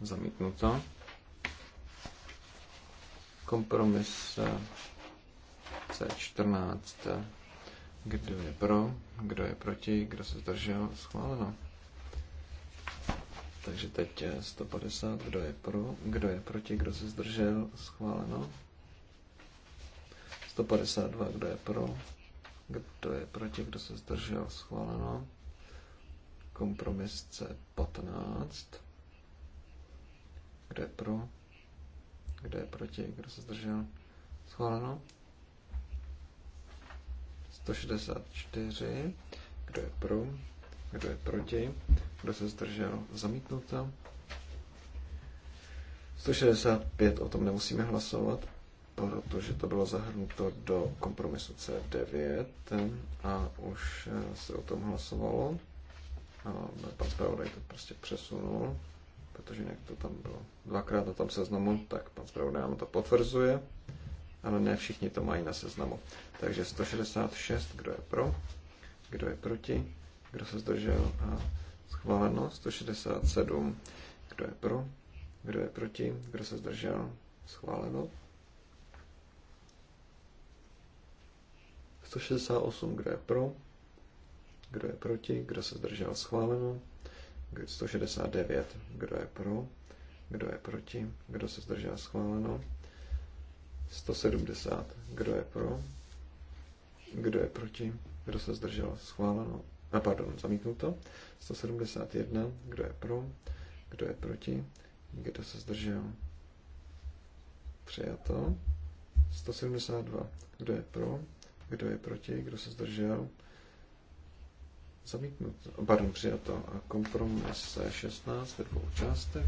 Speaker 2: zamítnuto. Kompromis eh, C14. Kdo je pro, kdo je proti, kdo se zdržel, schváleno. Takže teď 150, eh, kdo je pro, kdo je proti, kdo se zdržel, schváleno. 152, kdo je pro, kdo je proti, kdo se zdržel, schváleno. Kompromis C15. Kdo je pro? Kdo je proti? Kdo se zdržel? Schváleno. 164. Kdo je pro? Kdo je proti? Kdo se zdržel? Zamítnuto. 165 o tom nemusíme hlasovat, protože to bylo zahrnuto do kompromisu C9 a už eh, se o tom hlasovalo. A pan zpravodaj to prostě přesunul protože nějak to tam bylo dvakrát na tom seznamu, tak pan zpravodaj nám to potvrzuje, ale ne všichni to mají na seznamu. Takže 166, kdo je pro, kdo je proti, kdo se zdržel a schváleno, 167, kdo je pro, kdo je proti, kdo se zdržel, schváleno. 168, kdo je pro, kdo je proti, kdo se zdržel, schváleno. 169. Kdo je pro? Kdo je proti? Kdo se zdržel? Schváleno. 170. Kdo je pro? Kdo je proti? Kdo se zdržel? Schváleno. A pardon, zamítnuto. 171. Kdo je pro? Kdo je proti? Kdo se zdržel? Přijato. 172. Kdo je pro? Kdo je proti? Kdo se zdržel? zamítnut, pardon, přijato a kompromis 16 ve dvou částech.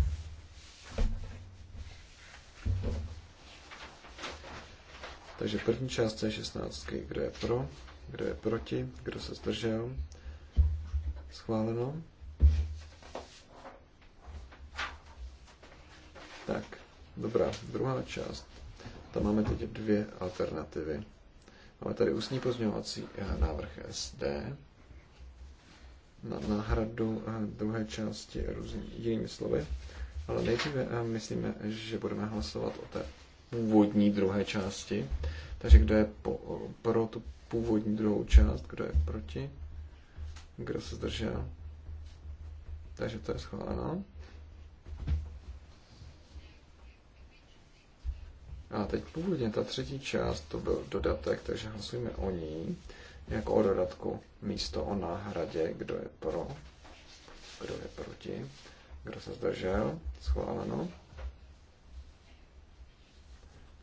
Speaker 2: Takže první část je 16. Kdo je pro, kdo je proti, kdo se zdržel. Schváleno. Tak, dobrá, druhá část. Tam máme teď dvě alternativy. Máme tady ústní pozměňovací eh, návrh SD na náhradu eh, druhé části různými jinými slovy. Ale nejdříve eh, myslíme, že budeme hlasovat o té původní druhé části. Takže kdo je po, pro tu původní druhou část, kdo je proti, kdo se zdržel. Takže to je schváleno. A teď původně ta třetí část, to byl dodatek, takže hlasujeme o ní. Jak o dodatku místo o náhradě, kdo je pro, kdo je proti, kdo se zdržel, schváleno.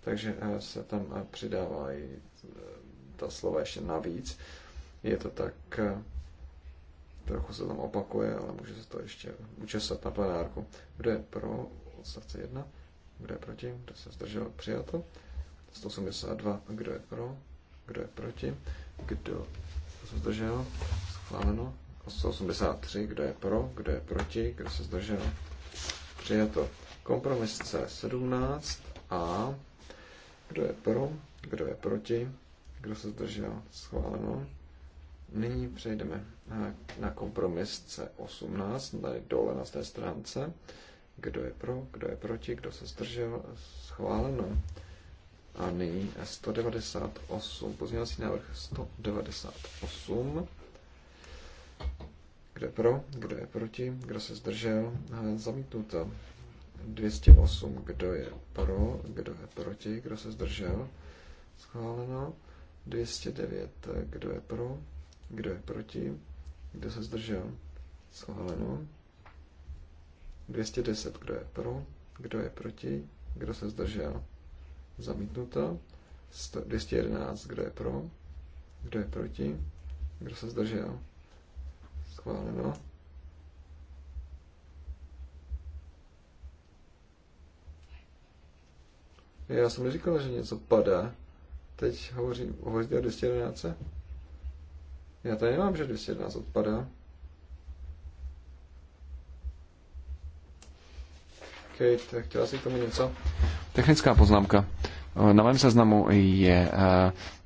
Speaker 2: Takže eh, se tam eh, přidávají eh, ta slova ještě navíc. Je to tak, trochu se tam opakuje, ale může se to ještě učesat na plenárku. Kdo je pro odstavce 1? Kdo je proti? Kdo se zdržel? Přijato. 182. Kdo je pro? Kdo je proti? Kdo se zdržel? Schváleno. 183. Kdo je pro? Kdo je proti? Kdo se zdržel? Přijato. Kompromis C17 a kdo je pro? Kdo je proti? Kdo se zdržel? Schváleno. Nyní přejdeme eh, na kompromis C18, tady dole na té stránce. Kdo je pro, kdo je proti, kdo se zdržel, schváleno. A nyní 198, pozměňovací návrh 198. Kdo je pro, kdo je proti, kdo se zdržel, eh, zamítnuto. 208, kdo je pro, kdo je proti, kdo se zdržel, schváleno. 209, kdo je pro, kdo je proti, kdo se zdržel, schváleno. 210, kdo je pro, kdo je proti, kdo se zdržel, zamítnuto. 211, kdo je pro, kdo je proti, kdo se zdržel, schváleno. Já jsem neříkal, že něco padá. Teď hovoří, hovoříte o 211? Já tady nemám, že 211 odpadá. Kate, chtěla si k tomu něco? Technická poznámka. Na mém seznamu je,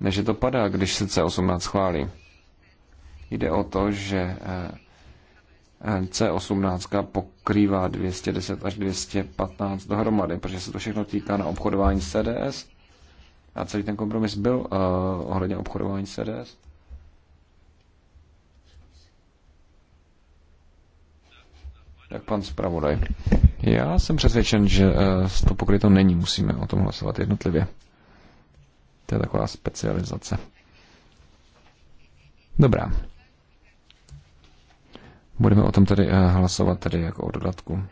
Speaker 2: eh, že to padá, když se C18 schválí. Jde o to, že eh, C18 pokrývá 210 až 215 dohromady, protože se to všechno týká na obchodování CDS. A celý ten kompromis byl uh, ohledně obchodování CDS. Tak pan zpravodaj. Já jsem přesvědčen, že eh, to pokryto není. Musíme o tom hlasovat jednotlivě. To je taková specializace. Dobrá. Budeme o tom tedy eh, hlasovat tedy jako o dodatku.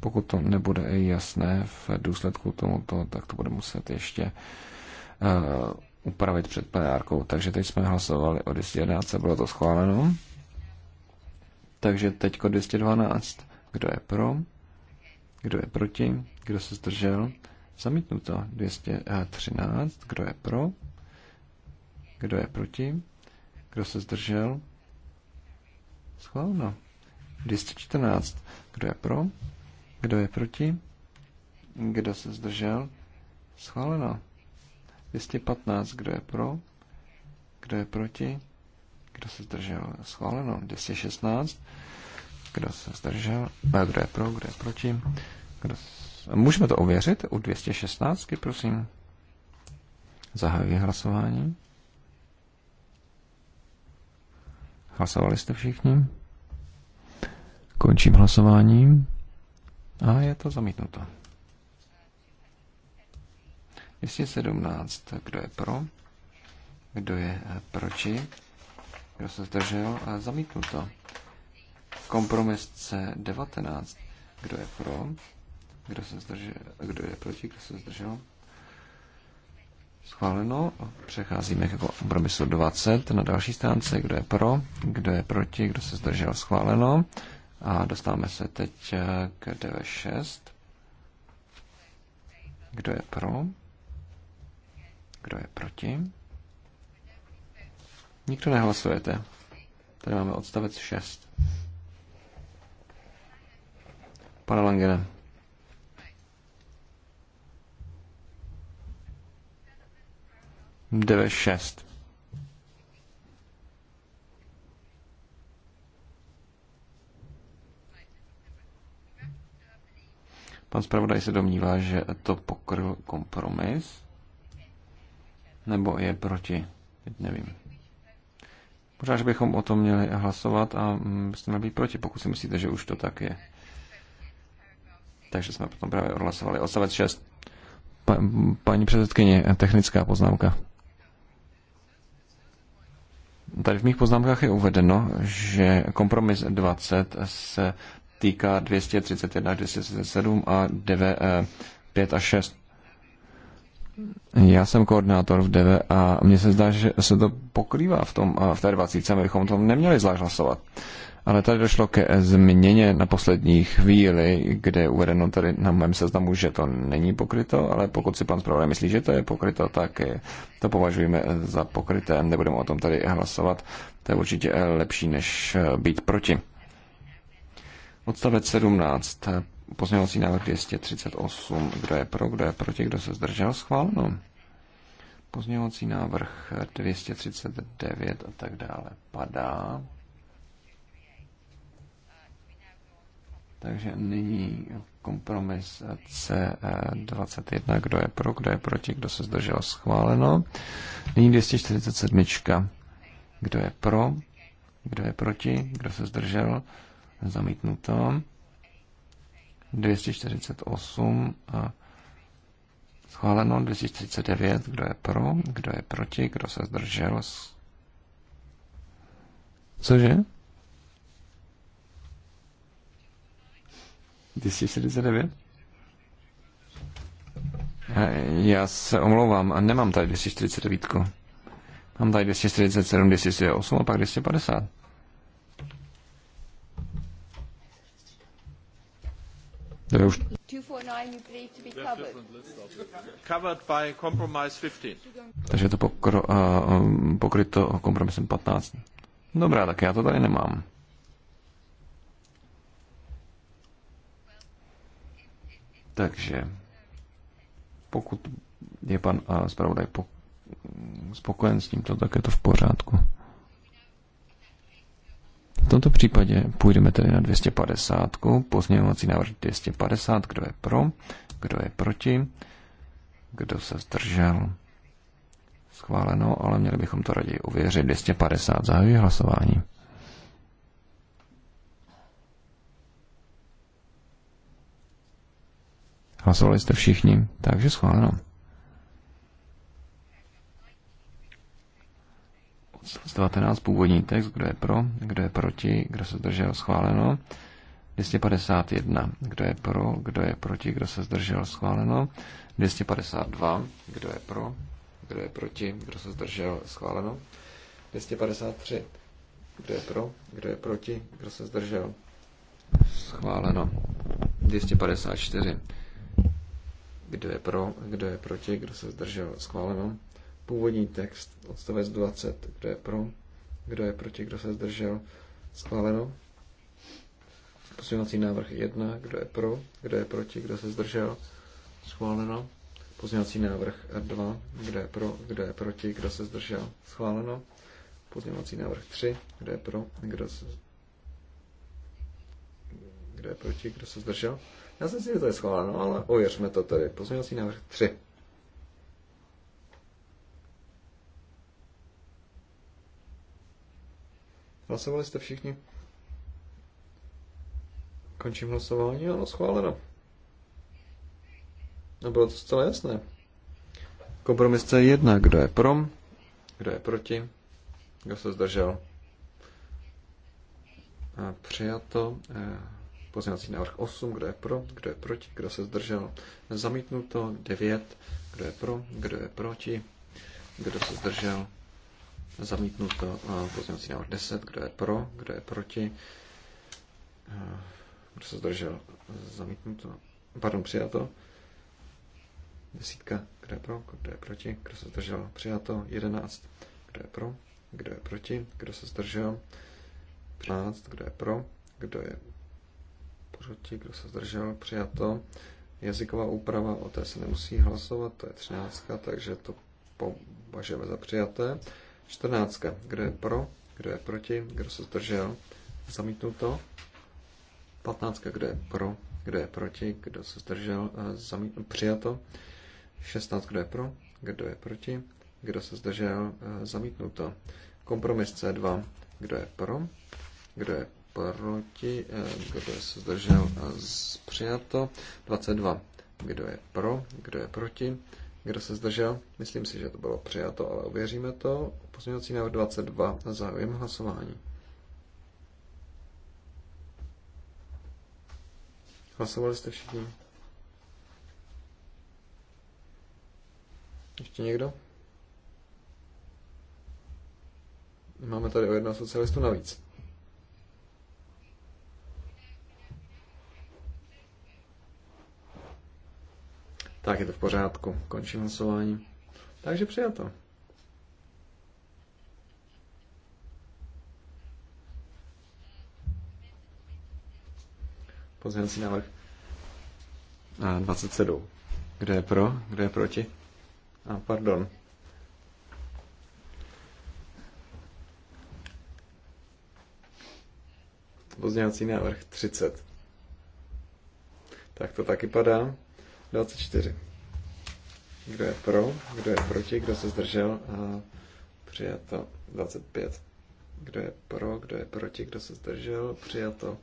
Speaker 2: Pokud to nebude jasné v důsledku tomuto, tak to bude muset ještě uh, upravit před plenárkou. Takže teď jsme hlasovali o 211, bylo to schváleno. Takže teďko 212. Kdo je pro? Kdo je proti? Kdo se zdržel? Zamítnuto 213. Kdo je pro? Kdo je proti? Kdo se zdržel? Schválno. 214. Kdo je pro? Kdo je proti? Kdo se zdržel? Schváleno. 215. Kdo je pro? Kdo je proti? Kdo se zdržel? Schváleno. 216. Kdo se zdržel? a kdo je pro, kdo je proti? Kdo se... Můžeme to ověřit u 216, prosím. Zahajuji hlasování. Hlasovali jste všichni? Končím hlasování. A je to zamítnuto. 217. Kdo je pro? Kdo je eh, proti? Kdo se zdržel? Eh, zamítnuto. Kompromis C19. Kdo je pro? Kdo se zdržel? Kdo je proti? Kdo se zdržel? Schváleno. Přecházíme k kompromisu 20 na další stránce. Kdo je pro? Kdo je proti? Kdo se zdržel? Schváleno. A dostáváme se teď eh, k DV6. Kdo je pro? Kdo je proti? Nikdo nehlasujete. Tady máme odstavec 6 pana Langena. Deve šest. Pan zpravodaj se domnívá, že to pokryl kompromis, nebo je proti, teď nevím. Možná, že bychom o tom měli hlasovat a byste měli být proti, pokud si myslíte, že už to tak je. Takže jsme potom právě odhlasovali odstavec 6. Pa, paní předsedkyně, technická poznámka. Tady v mých poznámkách je uvedeno, že kompromis 20 se týká 231, 237 a 9, 5 eh, a 6. Já jsem koordinátor v DV a mně se zdá, že se to pokrývá v, tom, eh, v té 20, bychom to neměli zvlášť hlasovat. Ale tady došlo ke změně na poslední chvíli, kde je uvedeno tady na mém seznamu, že to není pokryto, ale pokud si pan zpravodaj myslí, že to je pokryto, tak to považujeme za pokryté. Nebudeme o tom tady hlasovat. To je určitě lepší, než eh, být proti. Odstavec 17. Pozměňovací návrh 238. Kdo je pro, kdo je proti, kdo se zdržel? Schváleno. Pozměňovací návrh 239 a tak dále padá. Takže nyní kompromis C21, kdo je pro, kdo je proti, kdo se zdržel schváleno. Nyní 247, kdo je pro, kdo je proti, kdo se zdržel zamítnuto. 248 schváleno 249, kdo je pro, kdo je proti, kdo se zdržel. Cože? 249? Já se omlouvám a nemám tady 249. Mám tady 247, 248 a pak 250. To je už... Takže je to pokro, uh, pokryto kompromisem 15. Dobrá, tak já to tady nemám. Takže pokud je pan zpravodaj spokojen s tímto, tak je to v pořádku. V tomto případě půjdeme tedy na 250, pozměňovací návrh 250, kdo je pro, kdo je proti, kdo se zdržel. Schváleno, ale měli bychom to raději uvěřit. 250 Zahajuji hlasování. Hlasovali jste všichni, takže schváleno. Z 19, původní text, kdo je pro, kdo je proti, kdo se zdržel, schváleno. 251, kdo je pro, kdo je proti, kdo se zdržel, schváleno. 252, kdo je pro, kdo je proti, kdo se zdržel, schváleno. 253, kdo je pro, kdo je proti, kdo se zdržel, schváleno. 254, kdo je pro, kdo je proti, kdo se zdržel, schváleno. Původní text, odstavec 20, kdo je pro, kdo je proti, kdo se zdržel, schváleno. Pozměňovací návrh 1, kdo je pro, kdo je proti, kdo se zdržel, schváleno. Pozměňovací návrh 2, kdo je pro, kdo je proti, kdo se zdržel, schváleno. Pozměňovací návrh 3, kdo je pro, kdo se kdo je proti, kdo se zdržel. Já jsem si, že to je schováno, ale ověřme to tedy. Pozměňovací návrh 3. Hlasovali jste všichni? Končím hlasování, ano, schváleno. No bylo to zcela jasné. Kompromis C1, kdo je pro, kdo je proti, kdo se zdržel. A přijato. Eh. Pozměňovací návrh 8, kdo je pro, kdo je proti, kdo se zdržel. Zamítnuto 9, kdo je pro, kdo je proti, kdo se zdržel. Zamítnuto pozměňovací návrh 10, kdo je pro, kdo je proti, kdo se zdržel. Zamítnuto, pardon, přijato. Desítka, kdo je pro, kdo je proti, kdo se zdržel. Přijato 11, kdo je pro, kdo je proti, kdo se zdržel. 15, kdo je pro, kdo je proti, kdo se zdržel, přijato. Jazyková úprava, o té se nemusí hlasovat, to je 13, takže to považujeme za přijaté. 14. Kdo je pro, kdo je proti, kdo se zdržel, zamítnuto. 15. Kdo je pro, kdo je proti, kdo se zdržel, eh, zamít, přijato. 16. Kdo je pro, kdo je proti, kdo se zdržel, eh, zamítnuto. Kompromis C2. Kdo je pro, kdo je proti, eh, kdo se zdržel, eh, přijato. 22, kdo je pro, kdo je proti, kdo se zdržel. Myslím si, že to bylo přijato, ale uvěříme to. Pozměňovací návrh 22, zahajujeme hlasování. Hlasovali jste všichni? Ještě někdo? Máme tady o jednoho socialistu navíc. Tak je to v pořádku. Končím hlasování. Takže přijato. Pozměňovací návrh a 27. Kdo je pro? Kdo je proti? A pardon. Pozměňovací návrh 30. Tak to taky padá. 24. Kdo je pro, kdo je proti, kdo se zdržel a přijato 25. Kdo je pro, kdo je proti, kdo se zdržel, přijato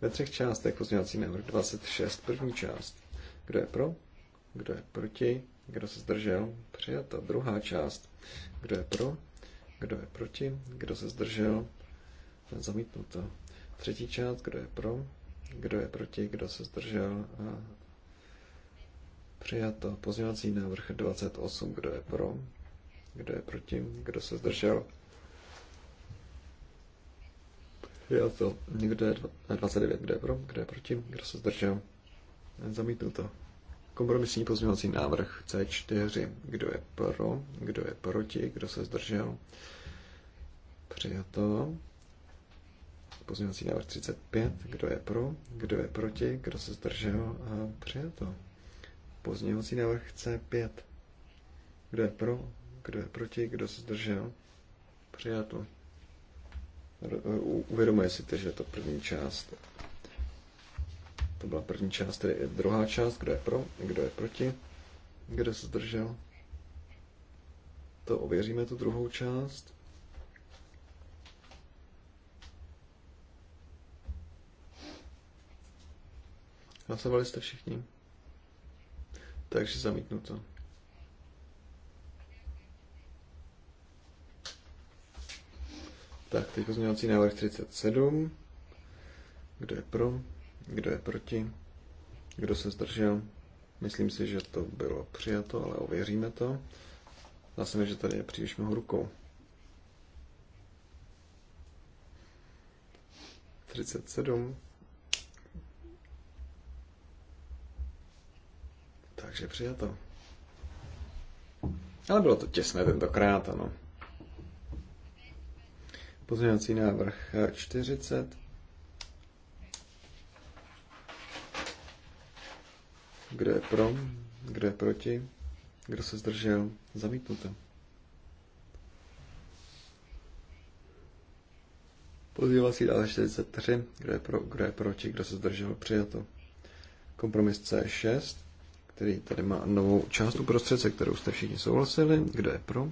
Speaker 2: ve třech částech pozměňovací návrh 26, první část. Kdo je pro, kdo je proti, kdo se zdržel, přijato druhá část. Kdo je pro, kdo je proti, kdo se zdržel, zamítnuto. Třetí část, kdo je pro, kdo je proti, kdo se zdržel a Přijato. Pozměňovací návrh 28. Kdo je pro? Kdo je proti? Kdo se zdržel? Přijato. Kdo je 29? Kdo je pro? Kdo je proti? Kdo se zdržel? Zamítnuto. Kompromisní pozměňovací návrh C4. Kdo je pro? Kdo je proti? Kdo se zdržel? Přijato. Pozměňovací návrh 35. Kdo je pro? Kdo je proti? Kdo se zdržel? A přijato. Pozměňovací návrh C5. Kdo je pro? Kdo je proti? Kdo se zdržel? Přijato. Uvědomuje si to, že je to první část. To byla první část, tedy je druhá část. Kdo je pro? Kdo je proti? Kdo se zdržel? To ověříme, tu druhou část. Hlasovali jste všichni? Takže zamítnu to. Tak, teď pozměňovací návrh 37. Kdo je pro? Kdo je proti? Kdo se zdržel? Myslím si, že to bylo přijato, ale ověříme to. Zdá se mi, že tady je příliš mnoho rukou. 37. Takže přijato. Ale bylo to těsné tentokrát, ano. Pozměňovací návrh 40. Kdo je pro? Kdo je proti? Kdo se zdržel? Zamítnuto. Pozdělací návrh 43. Kdo je, pro, kdo je proti? Kdo se zdržel? Přijato. Kompromis C6 který tady má novou část uprostřed, se kterou jste všichni souhlasili. Kdo je pro?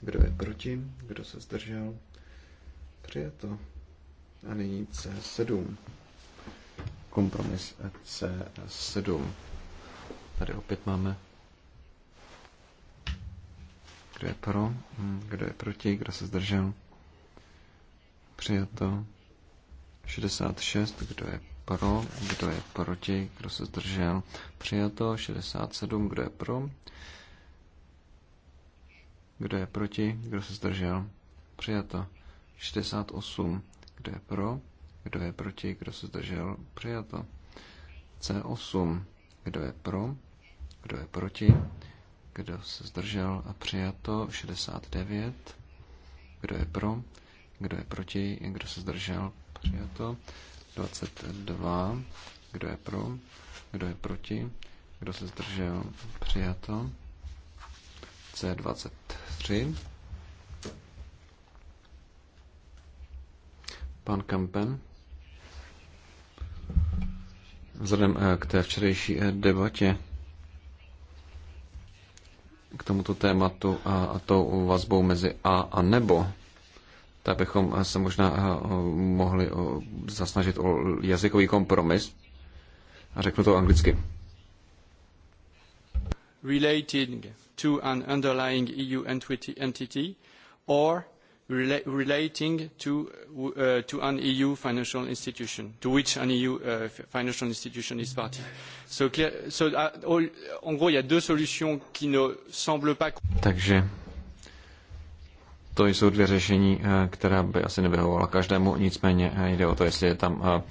Speaker 2: Kdo je proti? Kdo se zdržel? Přijato. A nyní C7. Kompromis C7. Tady opět máme kdo je pro, hm, kdo je proti, kdo se zdržel. Přijato 66, kdo je pro, kdo je proti, kdo se zdržel. Přijato 67, kdo je pro, kdo je proti, kdo se zdržel. Přijato 68, kdo je pro, kdo je proti, kdo se zdržel. Přijato C8, kdo je pro, kdo je proti, kdo se zdržel a přijato 69, kdo je pro, kdo je proti, kdo se zdržel, přijato 22. Kdo je pro? Kdo je proti? Kdo se zdržel? Přijato. C23. Pan Kampen. Vzhledem eh, k té včerejší eh, debatě k tomuto tématu a, a tou vazbou mezi a a nebo, tak bychom eh, se možná eh, eh, mohli zasnažit o jazykový kompromis. A řeknu to anglicky.
Speaker 1: Relating to an underlying EU entity or relating to, uh, to an EU financial institution,
Speaker 2: to which an EU uh, financial institution is party. So, clear, so, uh, all, en gros, il y a deux solutions qui ne semblent pas... Takže to jsou dvě řešení, eh, která by asi nevyhovovala každému, nicméně eh, jde o to, jestli je tam eh,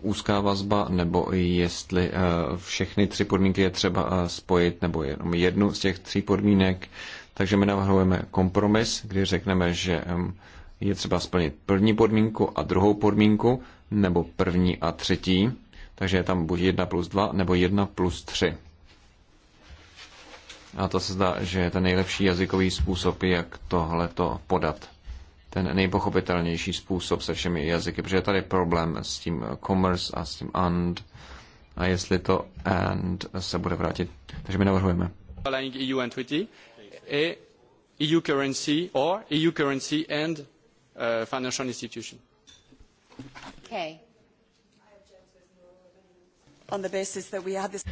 Speaker 2: úzká vazba, nebo jestli všechny tři podmínky je třeba spojit, nebo jenom jednu z těch tří podmínek. Takže my navrhujeme kompromis, kdy řekneme, že je třeba splnit první podmínku a druhou podmínku, nebo první a třetí. Takže je tam buď 1 plus 2, nebo 1 plus 3. A to se zdá, že je ten nejlepší jazykový způsob, jak tohle to podat. Ten nejpochopitelnější způsob se všemi jazyky, protože tady je tady problém s tím commerce a s tím and. A jestli to and se bude vrátit. Takže my navrhujeme.
Speaker 1: EU entity, EU currency or EU currency and uh, financial institution. Okay.
Speaker 4: On the basis that we had this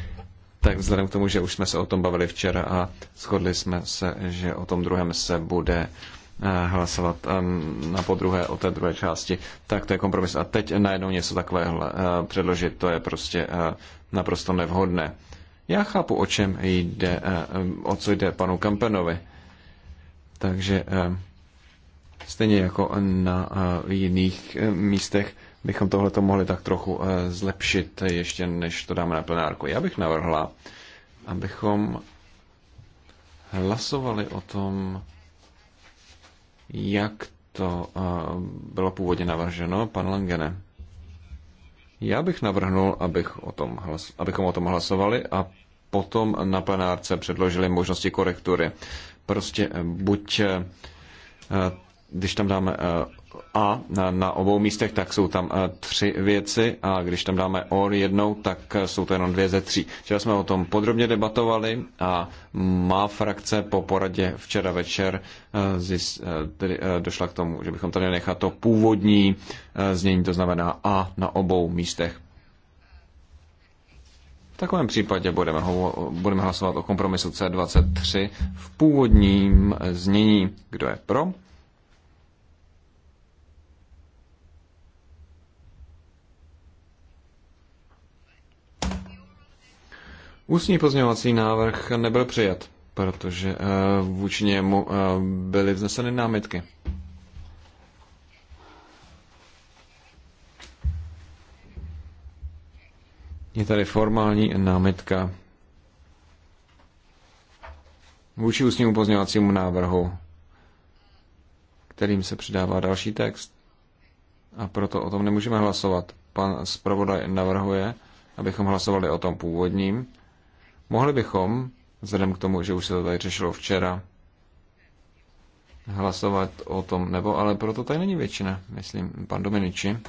Speaker 2: tak vzhledem k tomu, že už jsme se o tom bavili včera a shodli jsme se, že o tom druhém se bude eh, hlasovat ehm, na podruhé o té druhé části, tak to je kompromis. A teď najednou něco takového eh, předložit, to je prostě eh, naprosto nevhodné. Já chápu, o čem jde, o co jde panu Kampenovi. Takže stejně jako na jiných místech bychom tohle to mohli tak trochu eh, zlepšit, ještě než to dáme na plenárku. Já bych navrhla, abychom hlasovali o tom, jak to eh, bylo původně navrženo, pan Langene. Já bych navrhnul, abych o tom hlas, abychom o tom hlasovali a potom na plenárce předložili možnosti korektury. Prostě eh, buď, když tam dáme a na obou místech, tak jsou tam eh, tři věci a když tam dáme or jednou, tak eh, jsou to jenom dvě ze tří. Včera jsme o tom podrobně debatovali a má frakce po poradě včera večer eh, zjist, tedy došla k tomu, že bychom tady nechat to původní znění, to znamená a na obou místech. V takovém případě budeme, ho, budeme hlasovat o kompromisu C23 v původním znění. Kdo je pro? Ústní pozměňovací návrh nebyl přijat, protože eh, vůči němu eh, byly vzneseny námitky. Je tady formální námitka vůči ústnímu pozměňovacímu návrhu, kterým se přidává další text. A proto o tom nemůžeme hlasovat. Pan zpravodaj navrhuje, abychom hlasovali o tom původním, Mohli bychom, vzhledem k tomu, že už se to tady řešilo včera, hlasovat o tom, nebo ale proto tady není většina, myslím, pan Dominici.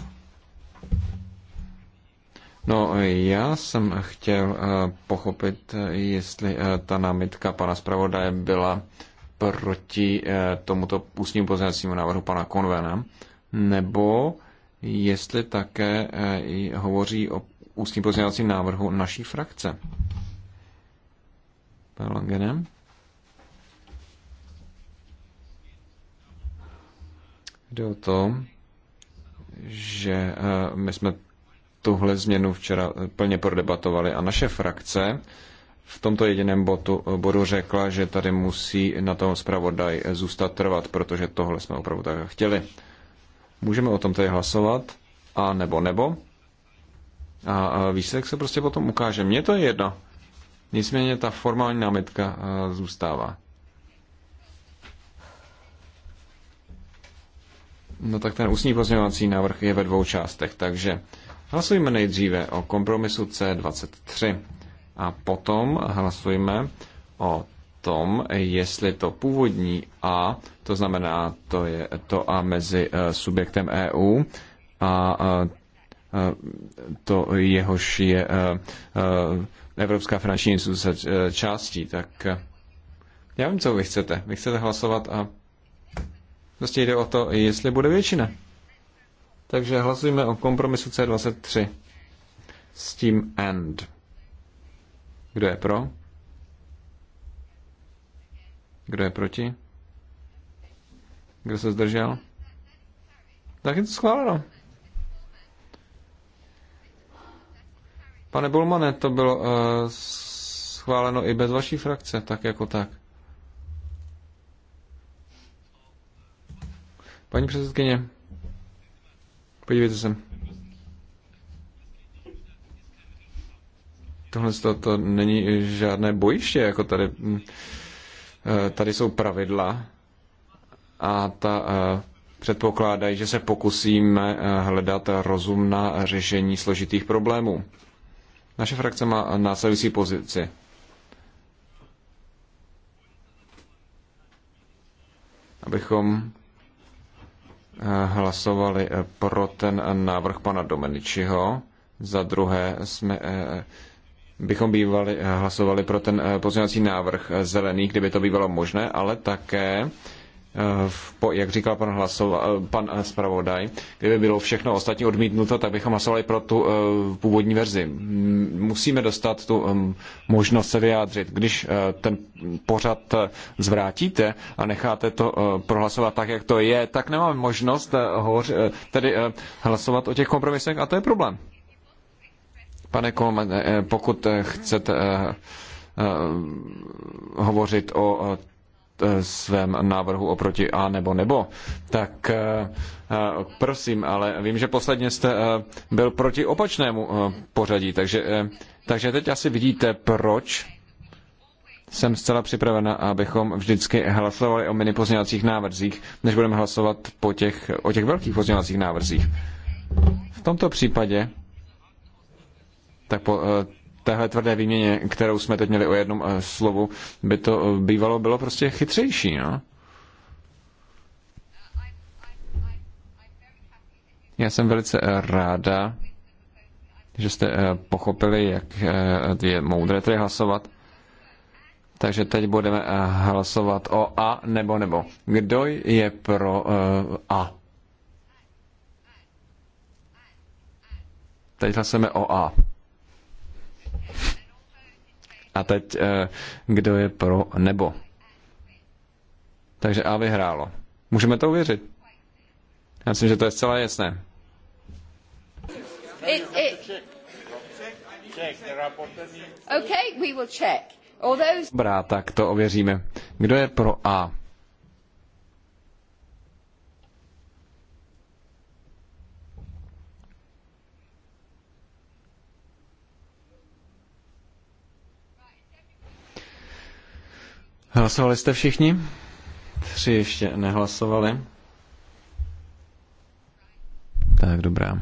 Speaker 2: No, já jsem chtěl eh, pochopit, eh, jestli eh, ta námitka pana zpravodaje byla proti tomuto ústnímu pozornacímu návrhu pana Konvena, nebo jestli také hovoří o ústním pozornacím návrhu naší frakce. Pane Langene. Jde o to, že eh, my jsme tuhle změnu včera eh, plně prodebatovali a naše frakce v tomto jediném bodu, eh, bodu řekla, že tady musí na tom zpravodaj zůstat trvat, protože tohle jsme opravdu tak chtěli. Můžeme o tom tady hlasovat a nebo nebo. A výsledek se prostě potom ukáže. Mně to je jedno. Nicméně ta formální námitka eh, zůstává. No tak ten ústní pozměňovací návrh je ve dvou částech, takže hlasujeme nejdříve o kompromisu C23 a potom hlasujeme o tom, jestli to původní A, to znamená to je to A mezi eh, subjektem EU a eh, to jehož je Evropská finanční instituce eh, částí, tak eh, já vím, co vy chcete. Vy chcete hlasovat a prostě jde o to, jestli bude většina. Takže hlasujeme o kompromisu C23 s tím AND. Kdo je pro? Kdo je proti? Kdo se zdržel? Tak je to schváleno. Pane Bulmane, to bylo uh, schváleno i bez vaší frakce, tak jako tak. Paní předsedkyně, podívejte se. Tohle to, to není žádné bojiště, jako tady. Mm, eh, tady jsou pravidla a ta eh, předpokládají, že se pokusíme hledat rozumná řešení složitých problémů. Naše frakce má následující pozici. Abychom eh, hlasovali eh, pro ten návrh pana Domeničiho. Za druhé jsme eh, bychom bývali hlasovali pro ten pozměňovací návrh zelený, kdyby to bývalo možné, ale také Eh, po, jak říkal pan, hlasov, eh, pan eh, zpravodaj, kdyby bylo všechno ostatní odmítnuto, tak bychom hlasovali pro tu původní verzi. Musíme dostat tu možnost se vyjádřit. Když ten pořad zvrátíte a necháte to prohlasovat tak, jak to je, tak nemáme možnost hoř, tedy hlasovat o těch kompromisech a to je problém. Pane Kolme, pokud chcete hovořit o Eh, svém návrhu oproti a nebo nebo. Tak eh, eh, prosím, ale vím, že posledně jste byl proti opačnému pořadí, takže, takže teď asi vidíte, proč jsem zcela připravena, abychom vždycky hlasovali o mini pozměňovacích návrzích, než budeme hlasovat po těch, o těch velkých pozměňovacích návrzích. V tomto případě tak po téhle tvrdé výměně, kterou jsme teď měli o jednom eh, slovu, by to eh, bývalo bylo prostě chytřejší, no? Já jsem velice eh, ráda, že jste pochopili, jak je moudré tady hlasovat. Takže teď budeme hlasovat o A nebo nebo. Kdo je pro A? Teď hlasujeme o A. A teď, eh, kdo je pro nebo. Takže A vyhrálo. Můžeme to uvěřit. Já myslím, že to je zcela jasné.
Speaker 1: It, it... Okay, we will check.
Speaker 4: All those...
Speaker 2: Dobrá, tak to ověříme. Kdo je pro A? Hlasovali jste všichni? Tři ještě nehlasovali. Tak, dobrá.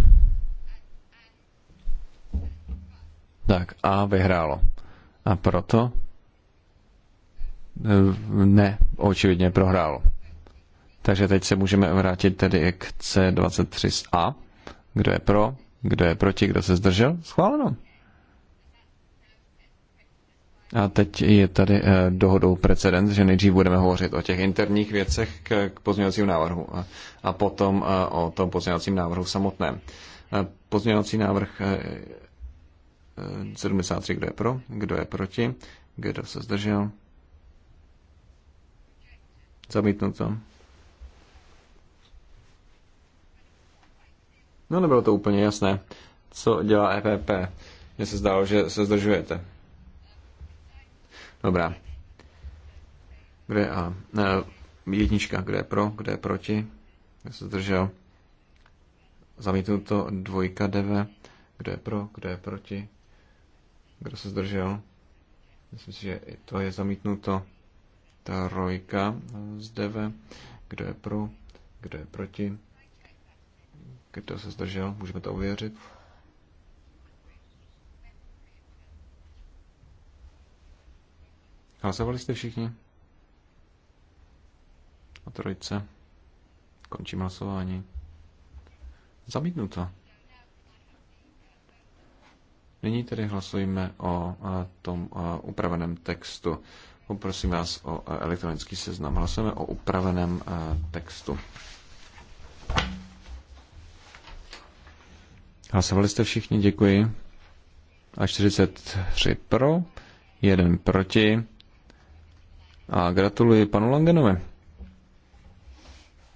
Speaker 2: Tak, A vyhrálo. A proto eh, ne, očividně prohrálo. Takže teď se můžeme vrátit tedy k C23 z A. Kdo je pro, kdo je proti, kdo se zdržel? Schváleno. A teď je tady eh, dohodou precedens, že nejdřív budeme hovořit o těch interních věcech k, k pozměňovacímu návrhu a potom eh, o tom pozměňovacím návrhu samotném. Eh, pozměňovací návrh 73, kdo je pro, kdo je proti, kdo se zdržel. Zamítnuto. No nebylo to úplně jasné, co dělá EPP. Mně se zdálo, že se zdržujete. Dobrá. Kde a? Ne, jednička, kde je pro, kde je proti? Kde se zdržel? Zamítnuto dvojka DV. Kde je pro, kde je proti? Kdo se zdržel? Myslím si, že i to je zamítnuto. Ta rojka z DV. Kdo je pro, kdo je proti? Kdo se zdržel? Můžeme to uvěřit. Hlasovali jste všichni? O trojce. Končím hlasování. Zamítnuto. Nyní tedy hlasujeme o tom upraveném textu. Poprosím vás o elektronický seznam. Hlasujeme o upraveném textu. Hlasovali jste všichni, děkuji. A 43 pro, 1 proti. A gratuluji panu Langenovi.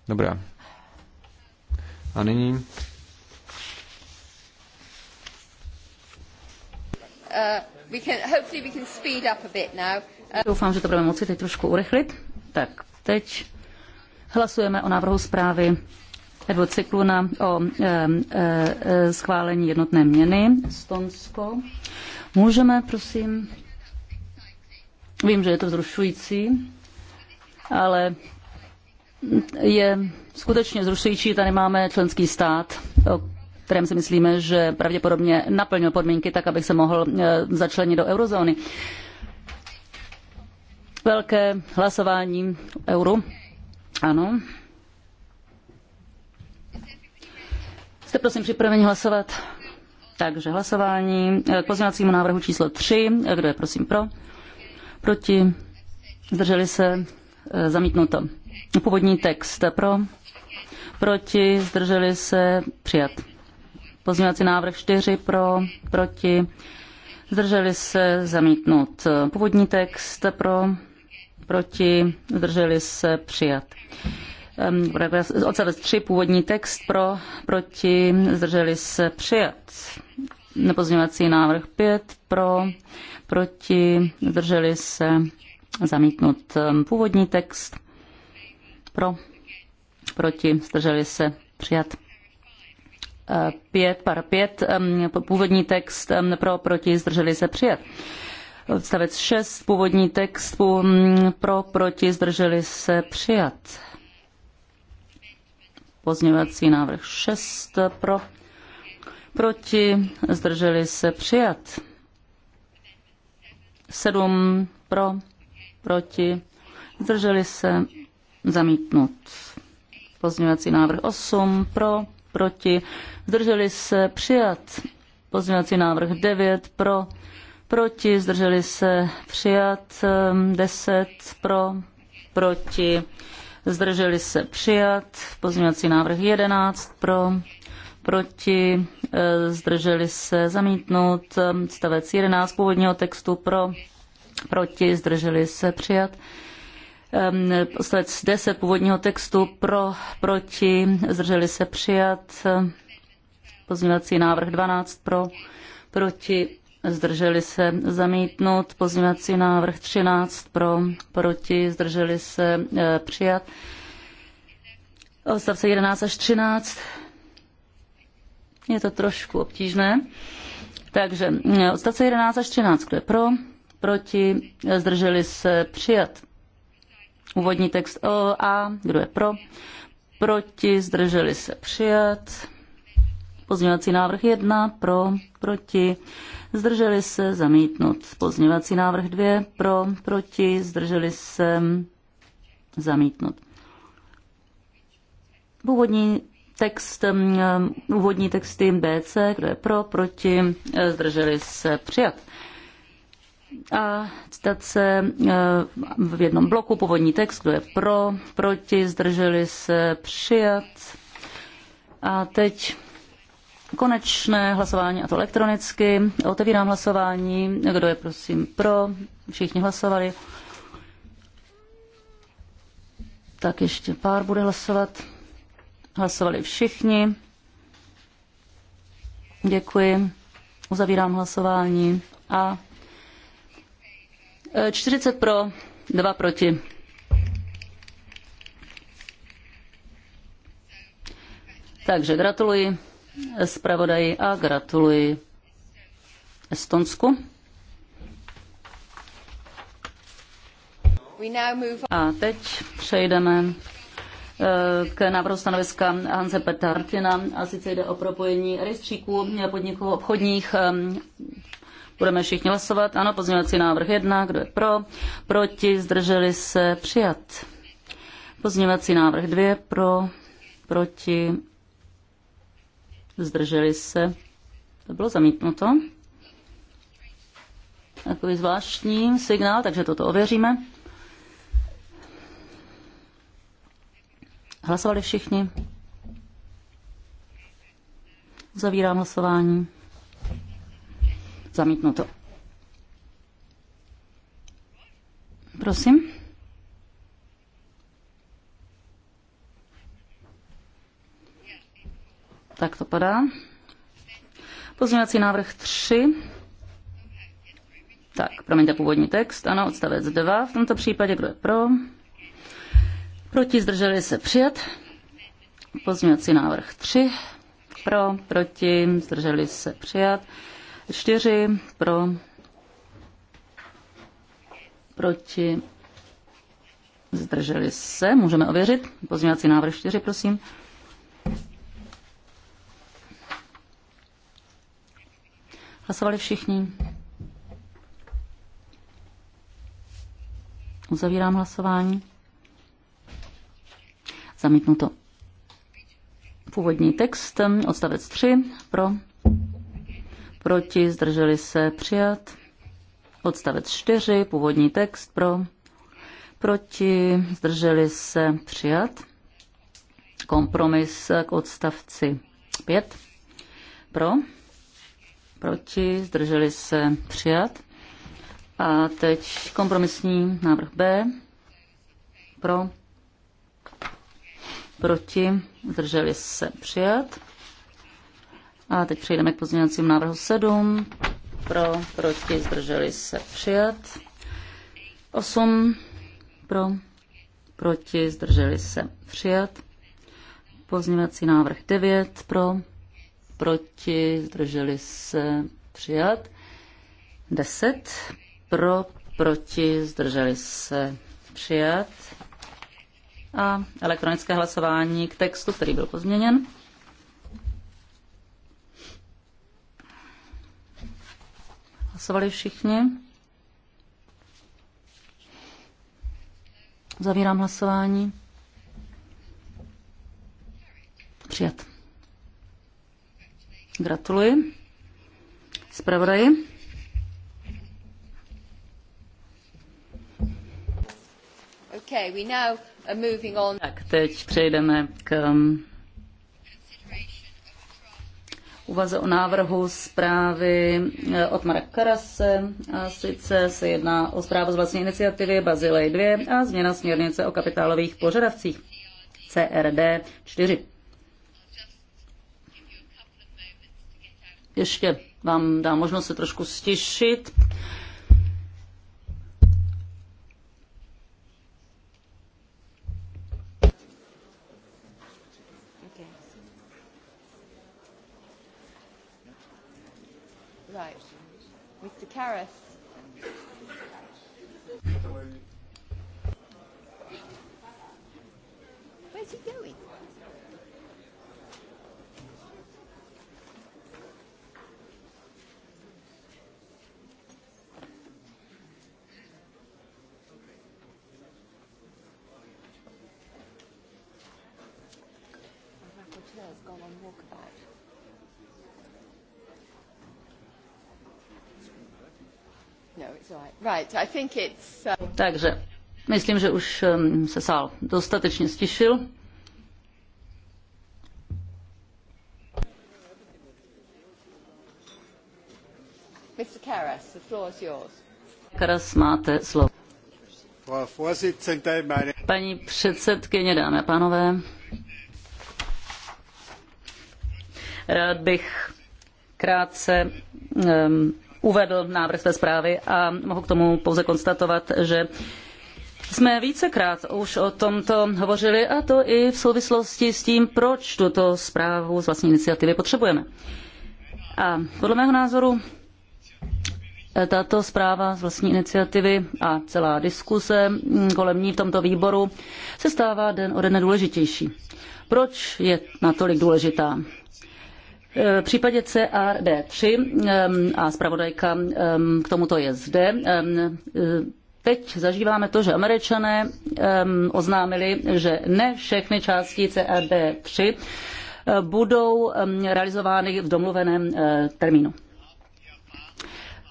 Speaker 2: Dobrá. A nyní...
Speaker 4: Uh, can, uh...
Speaker 3: Doufám, že to budeme moci teď trošku urychlit. Tak teď hlasujeme o návrhu zprávy Edvo Cikluna o e, e, schválení jednotné měny Stonsko. Můžeme, prosím, Vím, že je to vzrušující, ale je skutečně zrušující. Tady máme členský stát, o kterém si myslíme, že pravděpodobně naplnil podmínky tak, abych se mohl e, začlenit do eurozóny. Velké hlasování euru. Ano. Jste prosím připraveni hlasovat? Takže hlasování k pozměňovacímu návrhu číslo 3. Kdo je prosím pro? proti, zdrželi se, e, zamítnuto. Původní text pro, proti, zdrželi se, přijat. Pozměňovací návrh 4 pro, proti, zdrželi se, zamítnut. Původní text pro, proti, zdrželi se, přijat. Odstavec 3, původní text pro, proti, zdrželi se, přijat. Nepozměňovací návrh 5 pro, proti, zdrželi se, zamítnout původní text, pro, proti, zdrželi se, přijat. Pět, par pět, původní text, pro, proti, zdrželi se, přijat. Odstavec šest původní text, pro, proti, zdrželi se, přijat. Pozměňovací návrh šest pro, proti, zdrželi se, přijat. 7 pro, proti, zdrželi se, zamítnut. Pozměňovací návrh 8 pro, proti, zdrželi se, přijat. Pozměňovací návrh 9 pro, proti, zdrželi se, přijat. 10 ehm, pro, proti, zdrželi se, přijat. Pozměňovací návrh 11 pro, proti, e, zdrželi se zamítnout, e, stavec 11 původního textu pro, proti, zdrželi se přijat. E, stavec 10 původního textu pro, proti, zdrželi se přijat. Pozměňovací návrh 12 pro, proti, zdrželi se zamítnout. Pozměňovací návrh 13 pro, proti, zdrželi se přijat. Odstavce 11 až 13 je to trošku obtížné. Takže eh, odstavce 11 až 13, kdo je pro, proti, zdrželi se přijat. Úvodní text O A, kdo je pro, proti, zdrželi se přijat. Pozměňovací návrh 1 pro, proti, zdrželi se zamítnut. Pozměňovací návrh 2 pro, proti, zdrželi se zamítnut. Původní text, úvodní texty BC, kdo je pro, proti, e, zdrželi se přijat. A citace e, v jednom bloku, původní text, kdo je pro, proti, zdrželi se přijat. A teď konečné hlasování, a to elektronicky. Otevírám hlasování. Kdo je prosím pro? Všichni hlasovali. Tak ještě pár bude hlasovat. Hlasovali všichni. Děkuji. Uzavírám hlasování. A 40 e, pro, 2 proti. Takže gratuluji e, zpravodaji a gratuluji Estonsku. A teď přejdeme Eh, k návrhu stanoviska Hanze Petartina a sice jde o propojení rejstříků podniků obchodních. Eh, budeme všichni hlasovat. Ano, pozměňovací návrh 1. Kdo je pro? Proti? Zdrželi se? Přijat. Pozměňovací návrh 2. Pro? Proti? Zdrželi se? To bylo zamítnuto. Takový zvláštní signál, takže toto ověříme. Hlasovali všichni? Zavírám hlasování. Zamítnuto. Prosím. Tak to padá. Pozměňovací návrh 3. Tak, promiňte původní text, ano, odstavec 2. V tomto případě kdo je pro? Proti zdrželi se přijat. Pozměňovací návrh 3. Pro, proti, zdrželi se přijat. 4. Pro, proti, zdrželi se. Můžeme ověřit. Pozměňovací návrh 4, prosím. Hlasovali všichni. Uzavírám hlasování. Zamítnuto. Původní text, um, odstavec 3, pro, proti, zdrželi se, přijat. Odstavec 4, původní text, pro, proti, zdrželi se, přijat. Kompromis k odstavci 5, pro, proti, zdrželi se, přijat. A teď kompromisní návrh B, pro, proti, zdrželi se přijat. A teď přejdeme k pozměňovacím návrhu 7, pro, proti, zdrželi se přijat. 8, pro, proti, zdrželi se přijat. Pozměňovací návrh 9, pro, proti, zdrželi se přijat. 10, pro, proti, zdrželi se přijat a elektronické hlasování k textu, který byl pozměněn. Hlasovali všichni. Zavírám hlasování. Přijat. Gratuluji. Zpravodaji.
Speaker 4: Okay, we now tak
Speaker 3: teď přejdeme k um, uvaze o návrhu zprávy eh, od Mara Karase. A sice se jedná o zprávu z vlastní iniciativy Bazilej 2 a změna směrnice o kapitálových požadavcích CRD 4. Ještě vám dám možnost se trošku stišit.
Speaker 4: tariffs.
Speaker 1: Uh,
Speaker 3: Takže myslím, že už um, se sál dostatečně stišil.
Speaker 1: Karas, Karas, máte slovo. Paní
Speaker 3: předsedkyně, dámy a pánové, rád bych krátce um, uvedl návrh své zprávy a mohu k tomu pouze konstatovat, že jsme vícekrát už o tomto hovořili a to i v souvislosti s tím, proč tuto zprávu z vlastní iniciativy potřebujeme. A podle mého názoru tato zpráva z vlastní iniciativy a celá diskuse kolem ní v tomto výboru se stává den ode dne důležitější. Proč je natolik důležitá? V případě CRD3 a zpravodajka k tomuto je zde, e, teď zažíváme to, že američané oznámili, že ne všechny části CRD3 e, budou realizovány v domluveném e, termínu.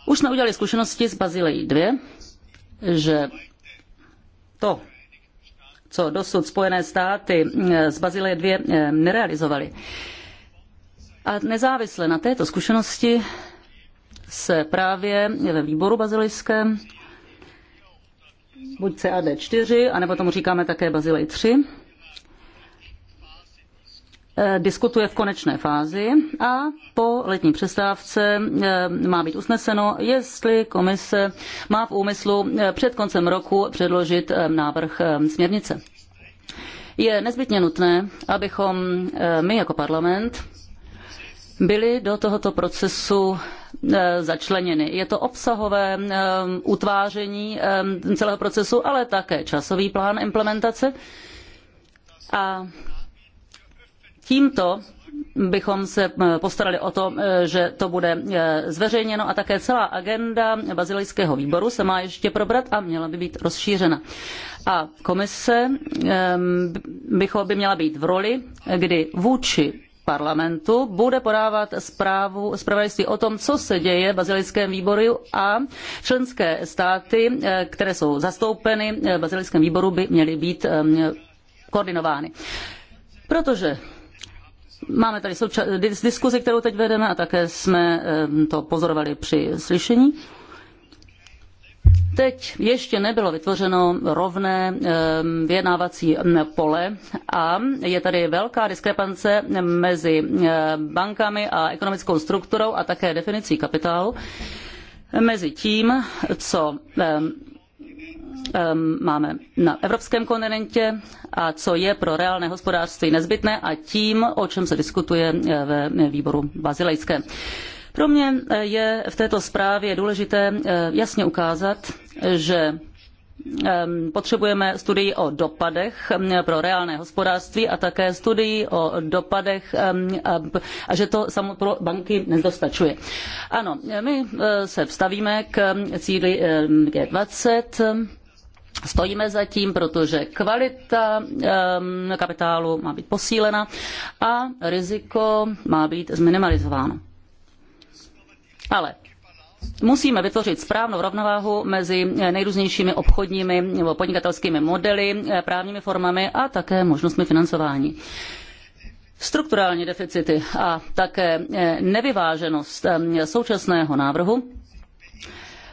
Speaker 3: Už jsme udělali zkušenosti s Bazilejí 2, že to, co dosud Spojené státy z Bazileje 2 nerealizovaly, a nezávisle na této zkušenosti se právě ve výboru bazilejském buď CAD 4, anebo tomu říkáme také Bazilej 3, eh, diskutuje v konečné fázi a po letní přestávce eh, má být usneseno, jestli komise má v úmyslu eh, před koncem roku předložit návrh směrnice. Je nezbytně nutné, abychom my jako parlament byly do tohoto procesu e, začleněny. Je to obsahové e, utváření e, celého procesu, ale také časový plán implementace. A tímto bychom se postarali o to, že to bude zveřejněno a také celá agenda bazilejského výboru se má ještě probrat a měla by být rozšířena. A komise bychom by měla být v roli, kdy vůči parlamentu bude podávat zprávu zpravodajství o tom, co se děje v bazilickém výboru a členské státy, eh, které jsou zastoupeny eh, v bazilickém výboru, by měly být ehm, koordinovány. Protože máme tady souča- diskuzi, kterou teď vedeme a také jsme ehm, to pozorovali při slyšení. Teď ještě nebylo vytvořeno rovné vyjednávací pole a je tady velká diskrepance mezi bankami a ekonomickou strukturou a také definicí kapitálu mezi tím, co máme na evropském kontinentě a co je pro reálné hospodářství nezbytné a tím, o čem se diskutuje e, ve výboru bazilejské. Pro mě eh, je v této zprávě důležité eh, jasně ukázat, že ehm, potřebujeme studii o dopadech ehm, pro reálné hospodářství a také studii o dopadech ehm, a že to samo pro banky nedostačuje. Ano, my eh, se vstavíme k cíli G20, stojíme za tím, protože kvalita kapitálu má být posílena a riziko má být zminimalizováno. Ale Musíme vytvořit správnou rovnováhu mezi nejrůznějšími obchodními nebo podnikatelskými modely, právními formami a také možnostmi financování. Strukturální deficity a také eh, nevyváženost eh, současného návrhu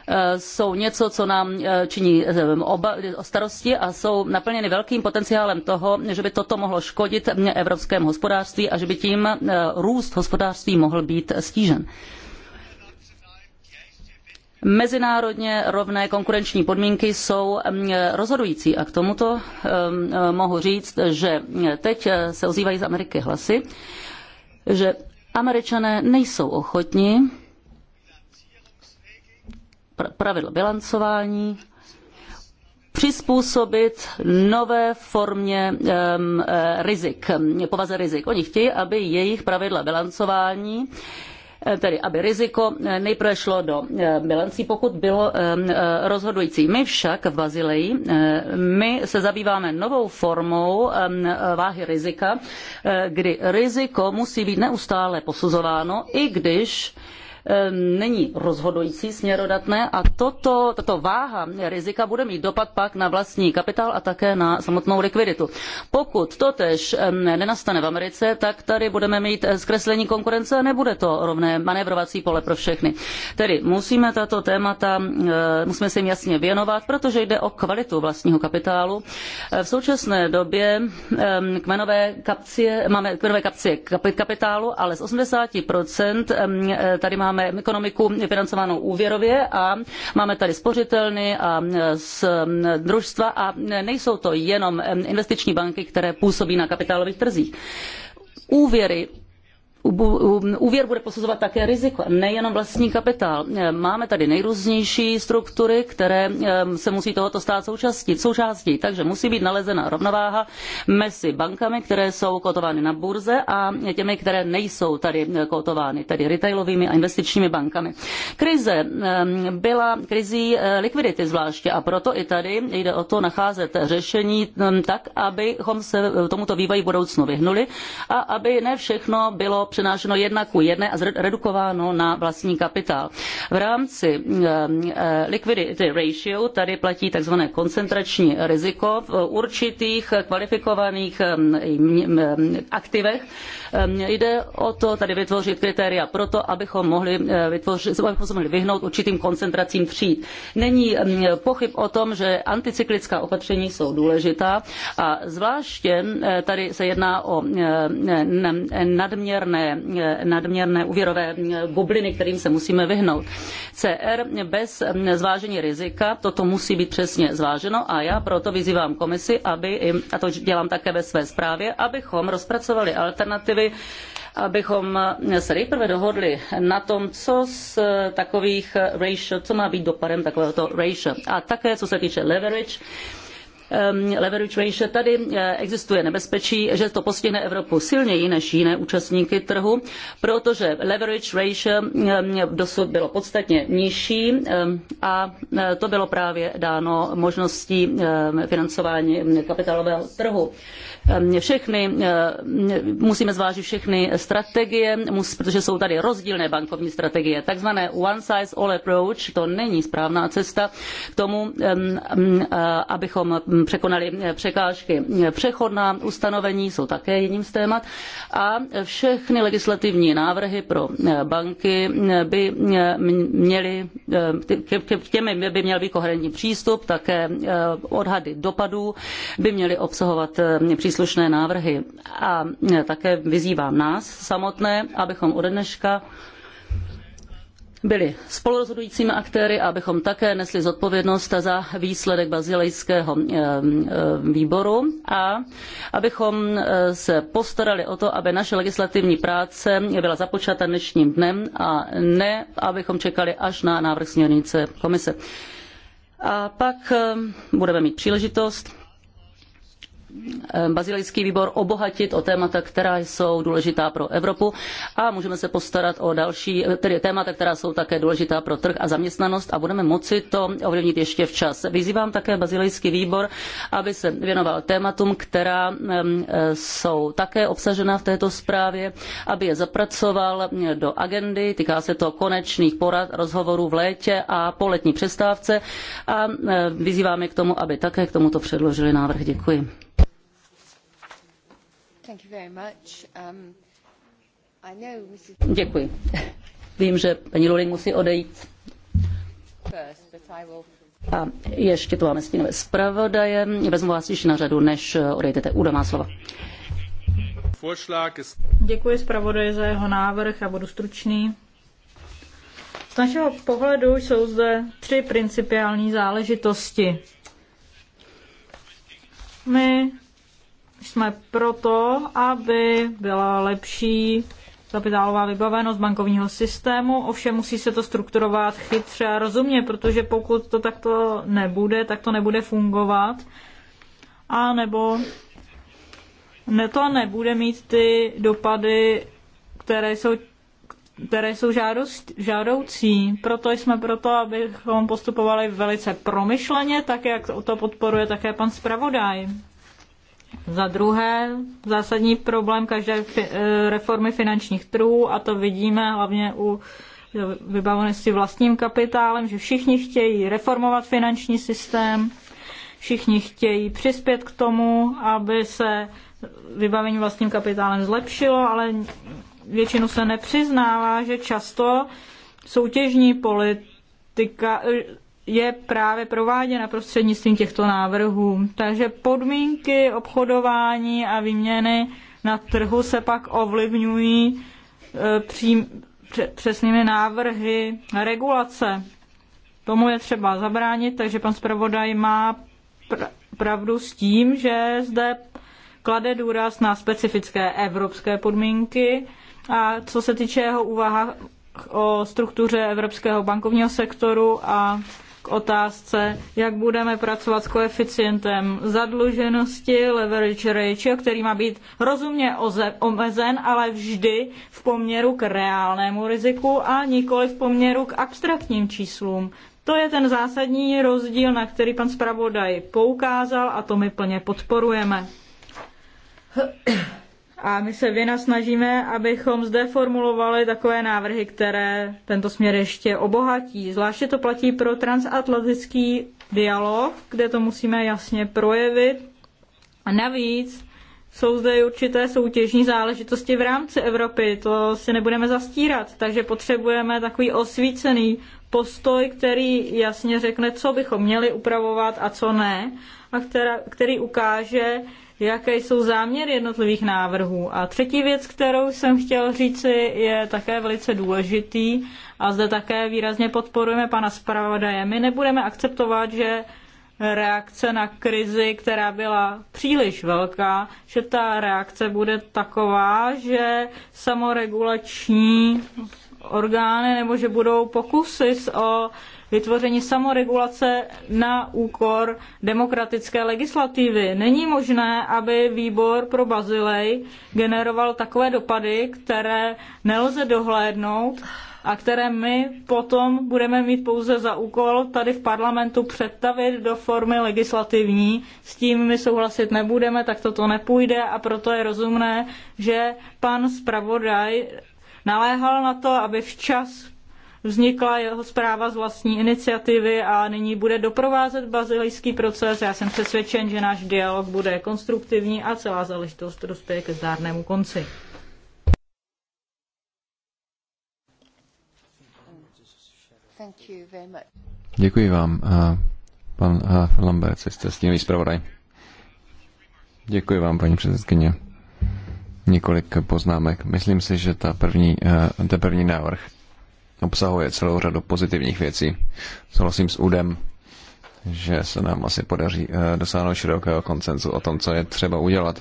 Speaker 3: eh, jsou něco, co nám činí oba, starosti a jsou naplněny velkým potenciálem toho, že by toto mohlo škodit evropskému hospodářství a že by tím růst hospodářství mohl být stížen. Mezinárodně rovné konkurenční podmínky jsou mm, rozhodující a k tomuto mm, mohu říct, že teď se ozývají z Ameriky hlasy, že Američané nejsou ochotni pravidla bilancování přizpůsobit nové formě um, rizik, povaze rizik. Oni chtějí, aby jejich pravidla bilancování Eh, tedy aby riziko eh, nejprve šlo do eh, bilancí, pokud bylo rozhodující. My však v Bazileji, my se zabýváme novou formou ehm, váhy rizika, kdy riziko musí být neustále posuzováno, i když Eh, není rozhodující směrodatné a toto, tato váha rizika bude mít dopad pak na vlastní kapitál a také na samotnou likviditu. Pokud totež eh, nenastane v Americe, tak tady budeme mít eh, zkreslení konkurence a nebude to rovné manévrovací pole pro všechny. Tedy musíme tato témata, musíme se jim jasně věnovat, protože jde o kvalitu vlastního kapitálu. V současné době kmenové kapcie, máme kmenové kapcie kapitálu, ale z 80% tady máme máme ekonomiku financovanou úvěrově a máme tady spořitelny a e, družstva a nejsou to jenom e, investiční banky, které působí na kapitálových trzích. Úvěry úvěr bude posuzovat také riziko, nejenom vlastní kapitál. E, máme tady nejrůznější struktury, které e, se musí tohoto stát součástí, součástí takže musí být nalezena rovnováha mezi bankami, které jsou kotovány na burze a těmi, které nejsou tady e, kotovány, tedy retailovými a investičními bankami. Krize byla krizí likvidity zvláště a proto i tady jde o to nacházet řešení tak, abychom se tomuto vývoji v budoucnu vyhnuli a aby ne všechno bylo přenášeno jedna ku jedné a redukováno na vlastní kapitál. V rámci mm, eh, liquidity ratio tady platí takzvané koncentrační riziko v určitých kvalifikovaných mm, mm, aktivech. Jde o to tady vytvořit kritéria pro to, abychom mohli, eh, vytvořit, abychom se mohli vyhnout určitým koncentracím tříd. Není pochyb o tom, že anticyklická opatření jsou důležitá a zvláště eh, tady se jedná o nadměrné nadměrné úvěrové bubliny, kterým se musíme vyhnout. CR bez zvážení rizika, toto musí být přesně zváženo a já proto vyzývám komisi, aby, a to dělám také ve své zprávě, abychom rozpracovali alternativy, abychom se nejprve dohodli na tom, co z takových ratio, co má být dopadem takovéhoto ratio. A také, co se týče leverage, Ehm, leverage ratio, tady eh, existuje nebezpečí, že to postihne Evropu silněji než jiné účastníky trhu, protože leverage ratio ehm, dosud bylo podstatně nižší ehm, a eh, to bylo právě dáno možností financování kapitálového trhu. Všechny, musíme zvážit všechny strategie, protože jsou tady rozdílné bankovní strategie. Takzvané one size all approach, to není správná cesta k tomu, abychom překonali překážky. Přechodná ustanovení jsou také jedním z témat a všechny legislativní návrhy pro banky by měly, k těmi by měl být koherentní přístup, také odhady dopadů by měly obsahovat příslušné návrhy. A také vyzývám nás samotné, abychom ode dneška byli spolurozhodujícími aktéry a abychom také nesli zodpovědnost za výsledek bazilejského eh, eh, výboru a abychom eh, se postarali o to, aby naše legislativní práce byla započata dnešním dnem a ne, abychom čekali až na návrh směrnice komise. A pak budeme mít příležitost Eh, bazilický výbor obohatit o témata, která jsou důležitá pro Evropu a můžeme se postarat o další tedy témata, která jsou také důležitá pro trh a zaměstnanost a budeme moci to ovlivnit ještě včas. Vyzývám také bazilický výbor, aby se věnoval tématům, která eh, jsou také obsažena v této zprávě, aby je zapracoval do agendy, týká se to konečných porad, rozhovorů v létě a po letní přestávce a eh, vyzýváme k tomu, aby také k tomuto předložili návrh. Děkuji.
Speaker 1: Um, Děkuji.
Speaker 3: Vím, že paní Luling musí odejít. A ještě tu máme stínové zpravodaje. Vezmu vás již na řadu, než odejdete. Uda má slova.
Speaker 5: Děkuji zpravodaji za jeho návrh a budu stručný. Z našeho pohledu jsou zde tři principiální záležitosti. My jsme proto, aby byla lepší kapitálová vybavenost bankovního systému, ovšem musí se to strukturovat chytře a rozumně, protože pokud to takto nebude, tak to nebude fungovat. A nebo ne, to nebude mít ty dopady, které jsou, které jsou žádost, žádoucí. Proto jsme proto, abychom postupovali velice promyšleně, tak jak to podporuje také pan zpravodaj. Za druhé, zásadní problém každé fi- eh, reformy finančních trhů, a to vidíme hlavně u vybavenosti vlastním kapitálem, že všichni chtějí reformovat finanční systém, všichni chtějí přispět k tomu, aby se vybavení vlastním kapitálem zlepšilo, ale většinu se nepřiznává, že často soutěžní politika, je právě prováděna prostřednictvím těchto návrhů. Takže podmínky obchodování a výměny na trhu se pak ovlivňují e, přím, přesnými návrhy regulace. Tomu je třeba zabránit, takže pan zpravodaj má pravdu s tím, že zde klade důraz na specifické evropské podmínky a co se týče jeho úvah o struktuře evropského bankovního sektoru a k otázce, jak budeme pracovat s koeficientem zadluženosti, leverage ratio, který má být rozumně omezen, ale vždy v poměru k reálnému riziku a nikoli v poměru k abstraktním číslům. To je ten zásadní rozdíl, na který pan zpravodaj poukázal a to my plně podporujeme. A my se věna snažíme, abychom zde formulovali takové návrhy, které tento směr ještě obohatí. Zvláště to platí pro transatlantický dialog, kde to musíme jasně projevit. A navíc jsou zde určité soutěžní záležitosti v rámci Evropy, to si nebudeme zastírat, takže potřebujeme takový osvícený postoj, který jasně řekne, co bychom měli upravovat a co ne, a která, který ukáže, jaké jsou záměry jednotlivých návrhů. A třetí věc, kterou jsem chtěl říci, je také velice důležitý a zde také výrazně podporujeme pana zpravodaje. My nebudeme akceptovat, že reakce na krizi, která byla příliš velká, že ta reakce bude taková, že samoregulační orgány nebo že budou pokusy o vytvoření samoregulace na úkor demokratické legislativy. Není možné, aby výbor pro Bazilej generoval takové dopady, které nelze dohlédnout a které my potom budeme mít pouze za úkol tady v parlamentu představit do formy legislativní. S tím my souhlasit nebudeme, tak toto nepůjde a proto je rozumné, že pan zpravodaj naléhal na to, aby včas Vznikla jeho zpráva z vlastní iniciativy a nyní bude doprovázet bazilejský proces. Já jsem přesvědčen, že náš dialog bude konstruktivní a celá záležitost dospěje ke zdárnému konci.
Speaker 2: Děkuji vám. Eh, pan eh, Lambert, jste stínový zpravodaj. Děkuji vám, paní předsedkyně. Několik poznámek. Myslím si, že ta první, eh, ten první návrh obsahuje celou řadu pozitivních věcí. Souhlasím s údem, že se nám asi podaří eh, dosáhnout širokého koncenzu o tom, co je třeba udělat.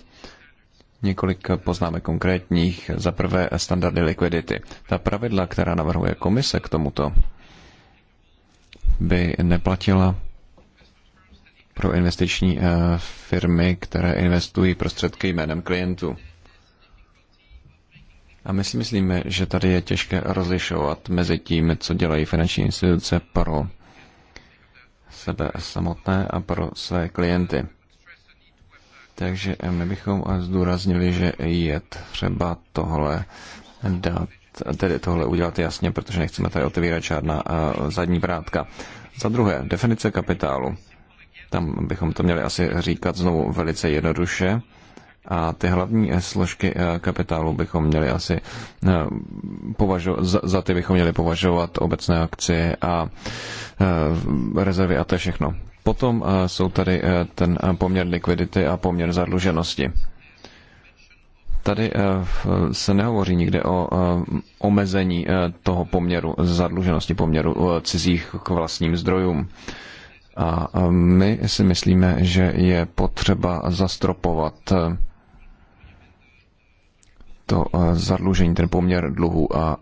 Speaker 2: Několik poznámek konkrétních. Za prvé standardy likvidity. Ta pravidla, která navrhuje komise k tomuto, by neplatila pro investiční eh, firmy, které investují prostředky jménem klientů. A my si myslíme, že tady je těžké rozlišovat mezi tím, co dělají finanční instituce pro sebe samotné a pro své klienty. Takže my bychom zdůraznili, že je třeba tohle dát, tedy tohle udělat jasně, protože nechceme tady otevírat žádná eh, zadní vrátka. Za druhé, definice kapitálu. Tam bychom to měli asi říkat znovu velice jednoduše a ty hlavní eh, složky eh, kapitálu bychom měli asi eh, považovat, za, za ty bychom měli považovat obecné akcie a rezervy a to je všechno. Potom jsou tady ten poměr likvidity a poměr zadluženosti. Tady se nehovoří nikde o omezení toho poměru zadluženosti, poměru cizích k vlastním zdrojům. A my si myslíme, že je potřeba zastropovat to eh, zadlužení, ten poměr dluhu a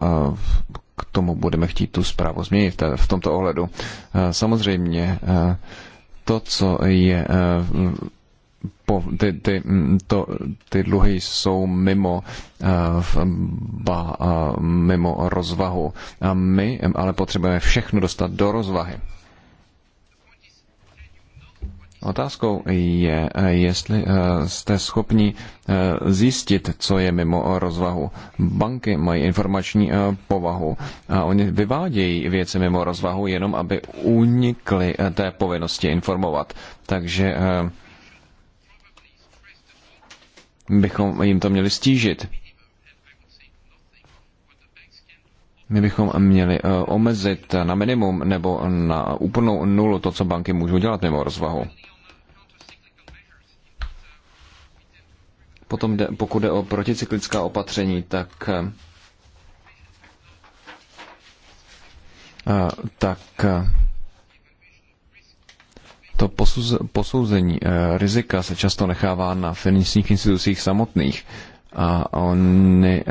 Speaker 2: k tomu budeme chtít tu zprávu změnit v tomto ohledu. Eh, samozřejmě eh, to, co je po, ty, ty, mm, to, ty dluhy jsou mimo, uh, ba, uh, mimo rozvahu. A my ale potřebujeme všechno dostat do rozvahy. Otázkou je, jestli eh, jste schopni eh, zjistit, co je mimo rozvahu. Banky mají informační eh, povahu a oni vyvádějí věci mimo rozvahu jenom, aby unikly té povinnosti informovat. Takže bychom jim to měli stížit. My bychom měli omezit na minimum nebo na úplnou nulu to, co banky můžou dělat mimo rozvahu. Potom jde, pokud jde o proticyklická opatření, tak eh, tak eh, to posouzení eh, rizika se často nechává na finančních institucích samotných a oni eh,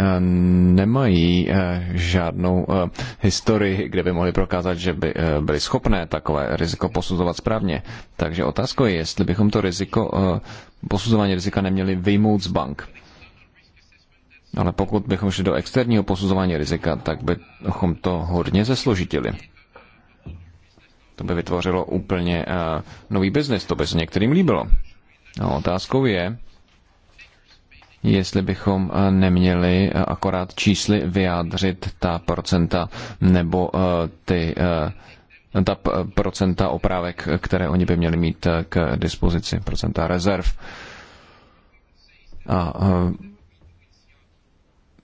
Speaker 2: nemají eh, žádnou eh, historii, kde by mohli prokázat, že by byli schopné takové riziko posuzovat správně. Takže otázka je, jestli bychom to riziko, posuzování rizika neměli vyjmout z bank. Ale pokud bychom šli do externího posuzování rizika, tak bychom to hodně zesložitili. To by vytvořilo úplně nový biznis, to by se některým líbilo. A no, otázkou je, jestli bychom eh, neměli eh, akorát čísly vyjádřit ta procenta nebo eh, ty ta procenta oprávek, které oni by měli mít k dispozici, procenta rezerv. A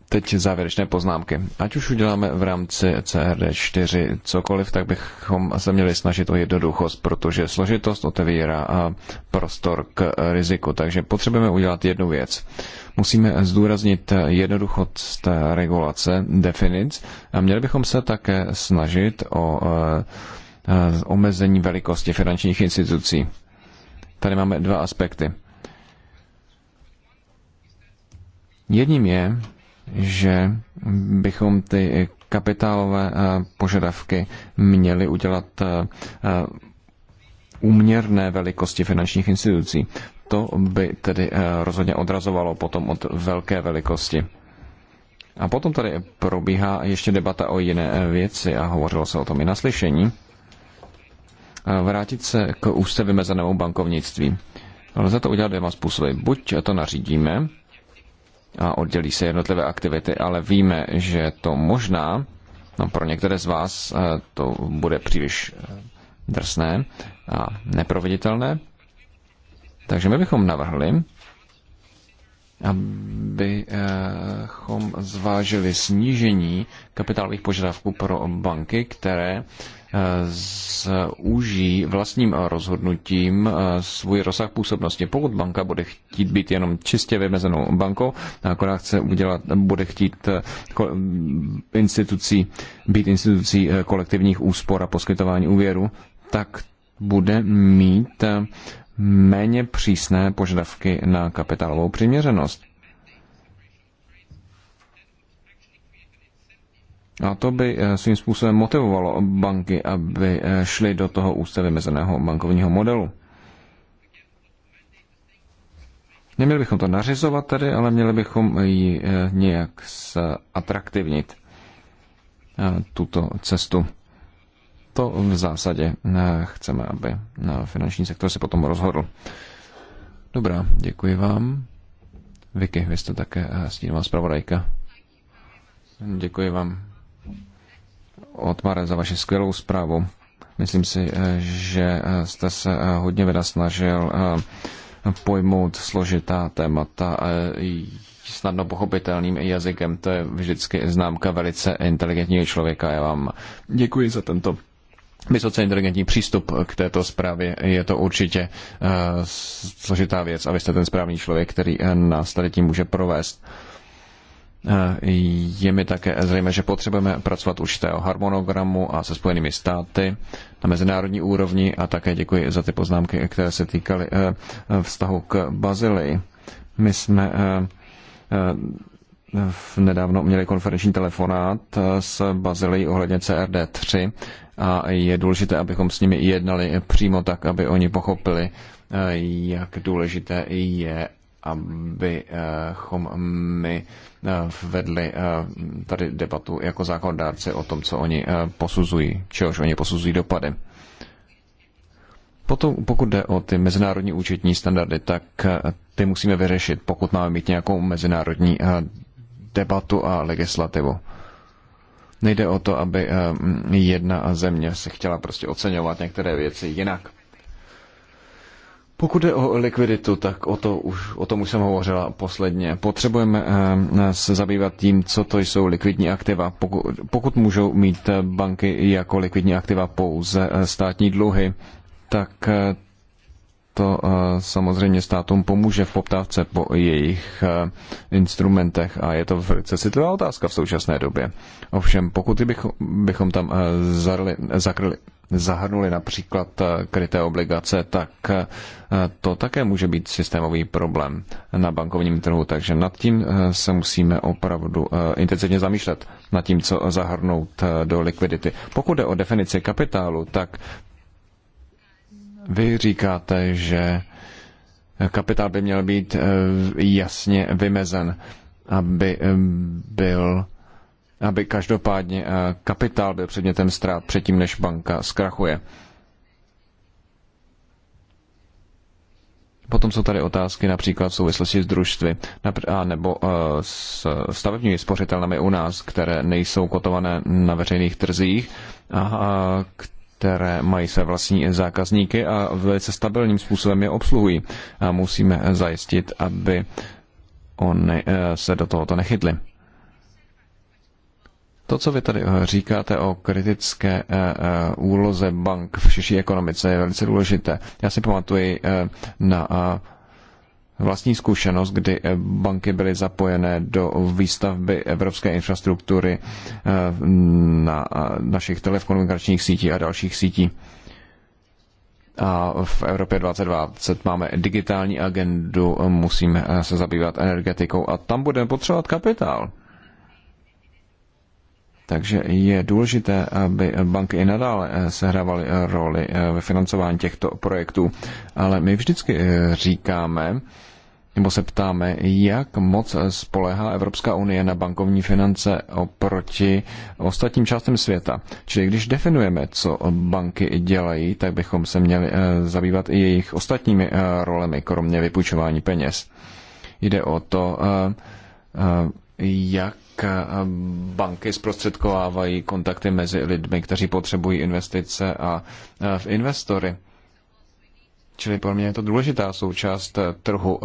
Speaker 2: Teď závěrečné poznámky. Ať už uděláme v rámci e CRD 4 cokoliv, tak bychom se měli snažit o jednoduchost, protože složitost otevírá prostor k riziku. Takže potřebujeme udělat jednu věc. Musíme zdůraznit jednoduchost regulace, definic a měli bychom se také snažit o e, e, omezení velikosti finančních institucí. Tady máme dva aspekty. Jedním je, že bychom ty kapitálové eh, požadavky měli udělat eh, eh, uměrné velikosti finančních institucí. To by tedy rozhodně odrazovalo potom od velké velikosti. A potom tady probíhá ještě debata o jiné věci a hovořilo se o tom i na slyšení. Vrátit se k ústě vymezenému bankovnictví. Lze to udělat dvěma způsoby. Buď to nařídíme, a oddělí se jednotlivé aktivity, ale víme, že to možná, no pro některé z vás eh, to bude příliš eh, drsné a neproveditelné. Takže my bychom navrhli, abychom zvážili snížení kapitálových požadavků pro banky, které zúží vlastním rozhodnutím eh, svůj rozsah působnosti. Pokud banka bude chtít být jenom čistě vymezenou bankou, akorát chce udělat, bude chtít eh, mm, institucí, být institucí eh, kolektivních úspor a poskytování úvěru, tak bude mít méně přísné požadavky na kapitálovou přiměřenost. A to by eh, svým způsobem motivovalo banky, aby eh, šly do toho úzce vymezeného bankovního modelu. Neměli bychom to nařizovat tady, ale měli bychom ji eh, nějak atraktivnit tuto cestu. To v zásadě chceme, aby finanční sektor se potom rozhodl. Dobrá, děkuji vám. Vicky, vy jste také stínová zpravodajka. Děkuji vám. Mare za vaši skvělou zprávu. Myslím si, eh, že eh, jste se eh, hodně veda snažil pojmout složitá témata snadno pochopitelným jazykem. To je vždycky známka velice inteligentního člověka. Já vám děkuji za tento vysoce inteligentní přístup k této zprávě. Je to určitě složitá věc a vy jste ten správný člověk, který nás tady tím může provést. Je mi také zřejmé, že potřebujeme pracovat určitého harmonogramu a se Spojenými státy na mezinárodní úrovni a také děkuji za ty poznámky, které se týkaly eh, eh, vztahu k Bazilii. My jsme eh, nedávno měli konferenční telefonát s Bazilií ohledně CRD3 a je důležité, abychom s nimi jednali přímo tak, aby oni pochopili, jak důležité je, abychom my Eh, vedli eh, tady debatu jako zákonodárci o tom, co oni eh, posuzují, čehož oni posuzují dopady. Potom, pokud jde o ty mezinárodní účetní standardy, tak ty musíme vyřešit, pokud máme mít nějakou mezinárodní debatu a legislativu. Nejde o to, aby jedna země se chtěla prostě oceňovat některé věci jinak. Pokud je o likviditu, tak o, to už, o tom už jsem hovořila posledně. Potřebujeme eh, se zabývat tím, co to jsou likvidní aktiva. Pokud, pokud můžou mít eh, banky jako likvidní aktiva pouze eh, státní dluhy, tak to samozřejmě státům pomůže v poptávce po jejich instrumentech a je to velice citlivá otázka v současné době. Ovšem, pokud bychom, bychom tam zarli, zakryli zahrnuli například eh, kryté obligace, tak eh, to také může být systémový problém na bankovním trhu. Takže nad tím eh, se musíme opravdu intenzivně zamýšlet, nad tím, co zahrnout do likvidity. Pokud jde o definici kapitálu, tak vy říkáte, že kapitál by měl být jasně vymezen, aby byl aby každopádně eh, kapitál byl předmětem ztrát předtím, než banka zkrachuje. Potom jsou tady otázky například v souvislosti s družstvy a nebo eh, s stavebními spořitelnami u nás, které nejsou kotované na veřejných trzích a které mají své vlastní zákazníky a velice stabilním způsobem je obsluhují. A musíme zajistit, aby oni eh, se do tohoto nechytli. To, co vy tady eh, říkáte o kritické eh, eh, úloze bank v širší ekonomice, je velice důležité. Já si pamatuji na vlastní zkušenost, kdy banky byly zapojené do výstavby evropské infrastruktury na našich telekomunikačních sítí a dalších sítí. A v Evropě 2020 máme digitální agendu, musíme se zabývat energetikou a tam budeme potřebovat kapitál. Takže je důležité, aby banky i nadále eh, sehrávaly eh, roli eh, ve financování těchto projektů. Ale my vždycky říkáme, nebo se ptáme, jak moc spolehá Evropská unie na bankovní finance oproti ostatním částem světa. Čili když definujeme, co banky dělají, tak bychom se měli zabývat i jejich ostatními rolemi, kromě vypůjčování peněz. Jde o to, jak banky zprostředkovávají kontakty mezi lidmi, kteří potřebují investice a v investory. Čili pro mě je to důležitá součást trhu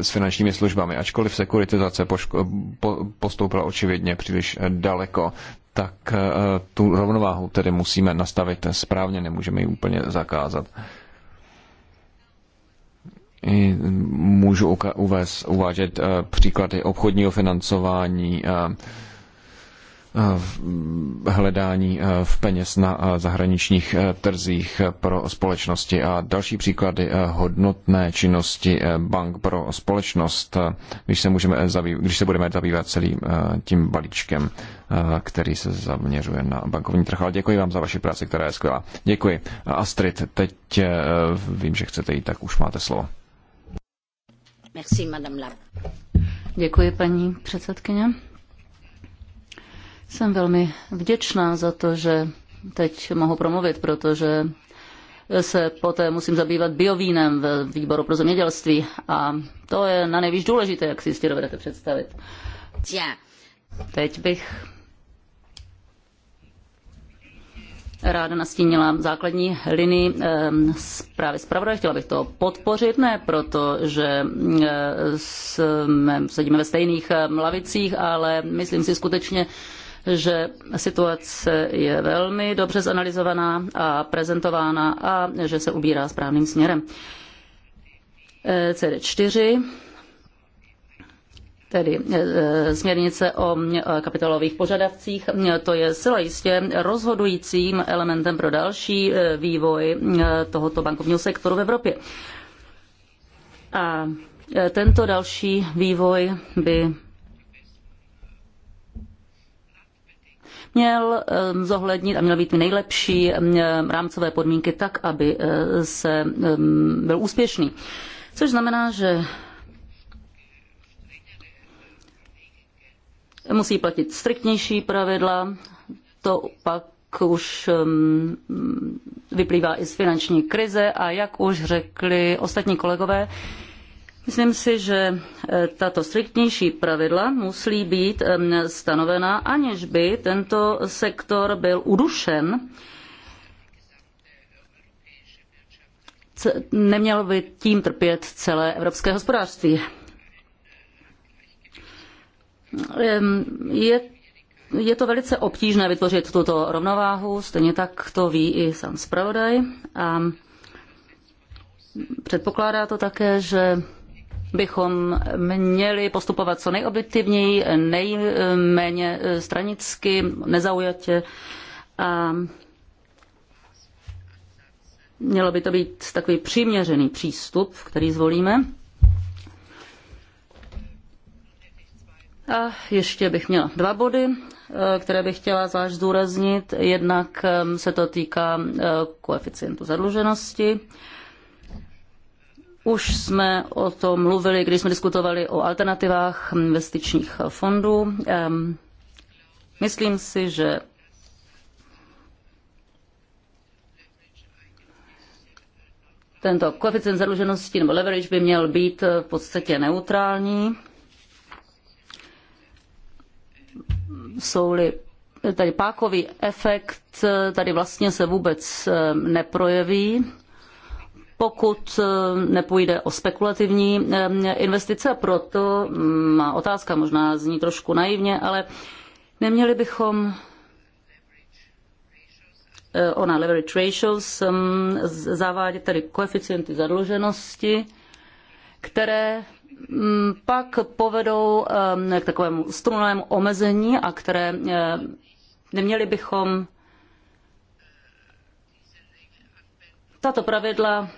Speaker 2: s finančními službami. Ačkoliv sekuritizace postoupila očividně příliš daleko, tak tu rovnováhu tedy musíme nastavit správně, nemůžeme ji úplně zakázat. Můžu uvést, uvážet eh, příklady obchodního financování, eh, eh, hledání v peněz na zahraničních trzích pro společnosti a další příklady hodnotné činnosti bank pro společnost, když se, můžeme zabývat, když se budeme zabývat celým tím balíčkem, který se zaměřuje na bankovní trh. Ale děkuji vám za vaši práci, která je skvělá. Děkuji. Astrid, teď vím, že chcete jít, tak už máte slovo. Merci, Madame
Speaker 3: Děkuji, paní předsedkyně. Jsem velmi vděčná za to, že teď mohu promluvit, protože se poté musím zabývat biovínem ve výboru pro zemědělství a to je na nejvíc důležité, jak si jistě dovedete představit. Teď bych ráda nastínila základní linii ehm, zprávy zpravodaje. Chtěla bych to podpořit, ne proto, že eh, jsme, sedíme ve stejných ehm, lavicích, ale myslím si skutečně, že situace je velmi dobře zanalizovaná a prezentována a že se ubírá správným směrem. Eh, CD4 tedy e, směrnice o e, kapitálových požadavcích. E, to je zcela jistě rozhodujícím elementem pro další vývoj tohoto bankovního sektoru v Evropě. A tento další vývoj by měl zohlednit a měl být nejlepší rámcové podmínky tak, aby se byl úspěšný. Což znamená, že musí platit striktnější pravidla, to pak už um, vyplývá i z finanční krize a jak už řekli ostatní kolegové, Myslím si, že eh, tato striktnější pravidla musí být stanovena, aniž by tento sektor byl udušen. Neměl by tím trpět celé evropské hospodářství je je to velice obtížné vytvořit tuto rovnováhu, stejně tak to ví i sám zpravodaj. A předpokládá to také, že bychom měli postupovat co nejobjektivněji, nejméně e, stranicky, nezaujatě. A mělo by to být takový přiměřený přístup, který zvolíme. A ještě bych měla dva body, eh, které bych chtěla zvlášť zdůraznit. Jednak ehm, se to týká eh, koeficientu zadluženosti. Už jsme o tom mluvili, když jsme diskutovali o alternativách investičních fondů. Ehm, myslím si, že tento koeficient zadluženosti nebo leverage by měl být eh, v podstatě neutrální jsou-li tady pákový efekt, eh, tady vlastně se vůbec eh, neprojeví, pokud eh, nepůjde o spekulativní investice. Proto mm, má otázka možná zní trošku naivně, ale neměli bychom ona leverage ratios mm, zavádět tedy koeficienty zadluženosti, které Mm, pak povedou k takovému strunovému omezení a které neměli bychom tato pravidla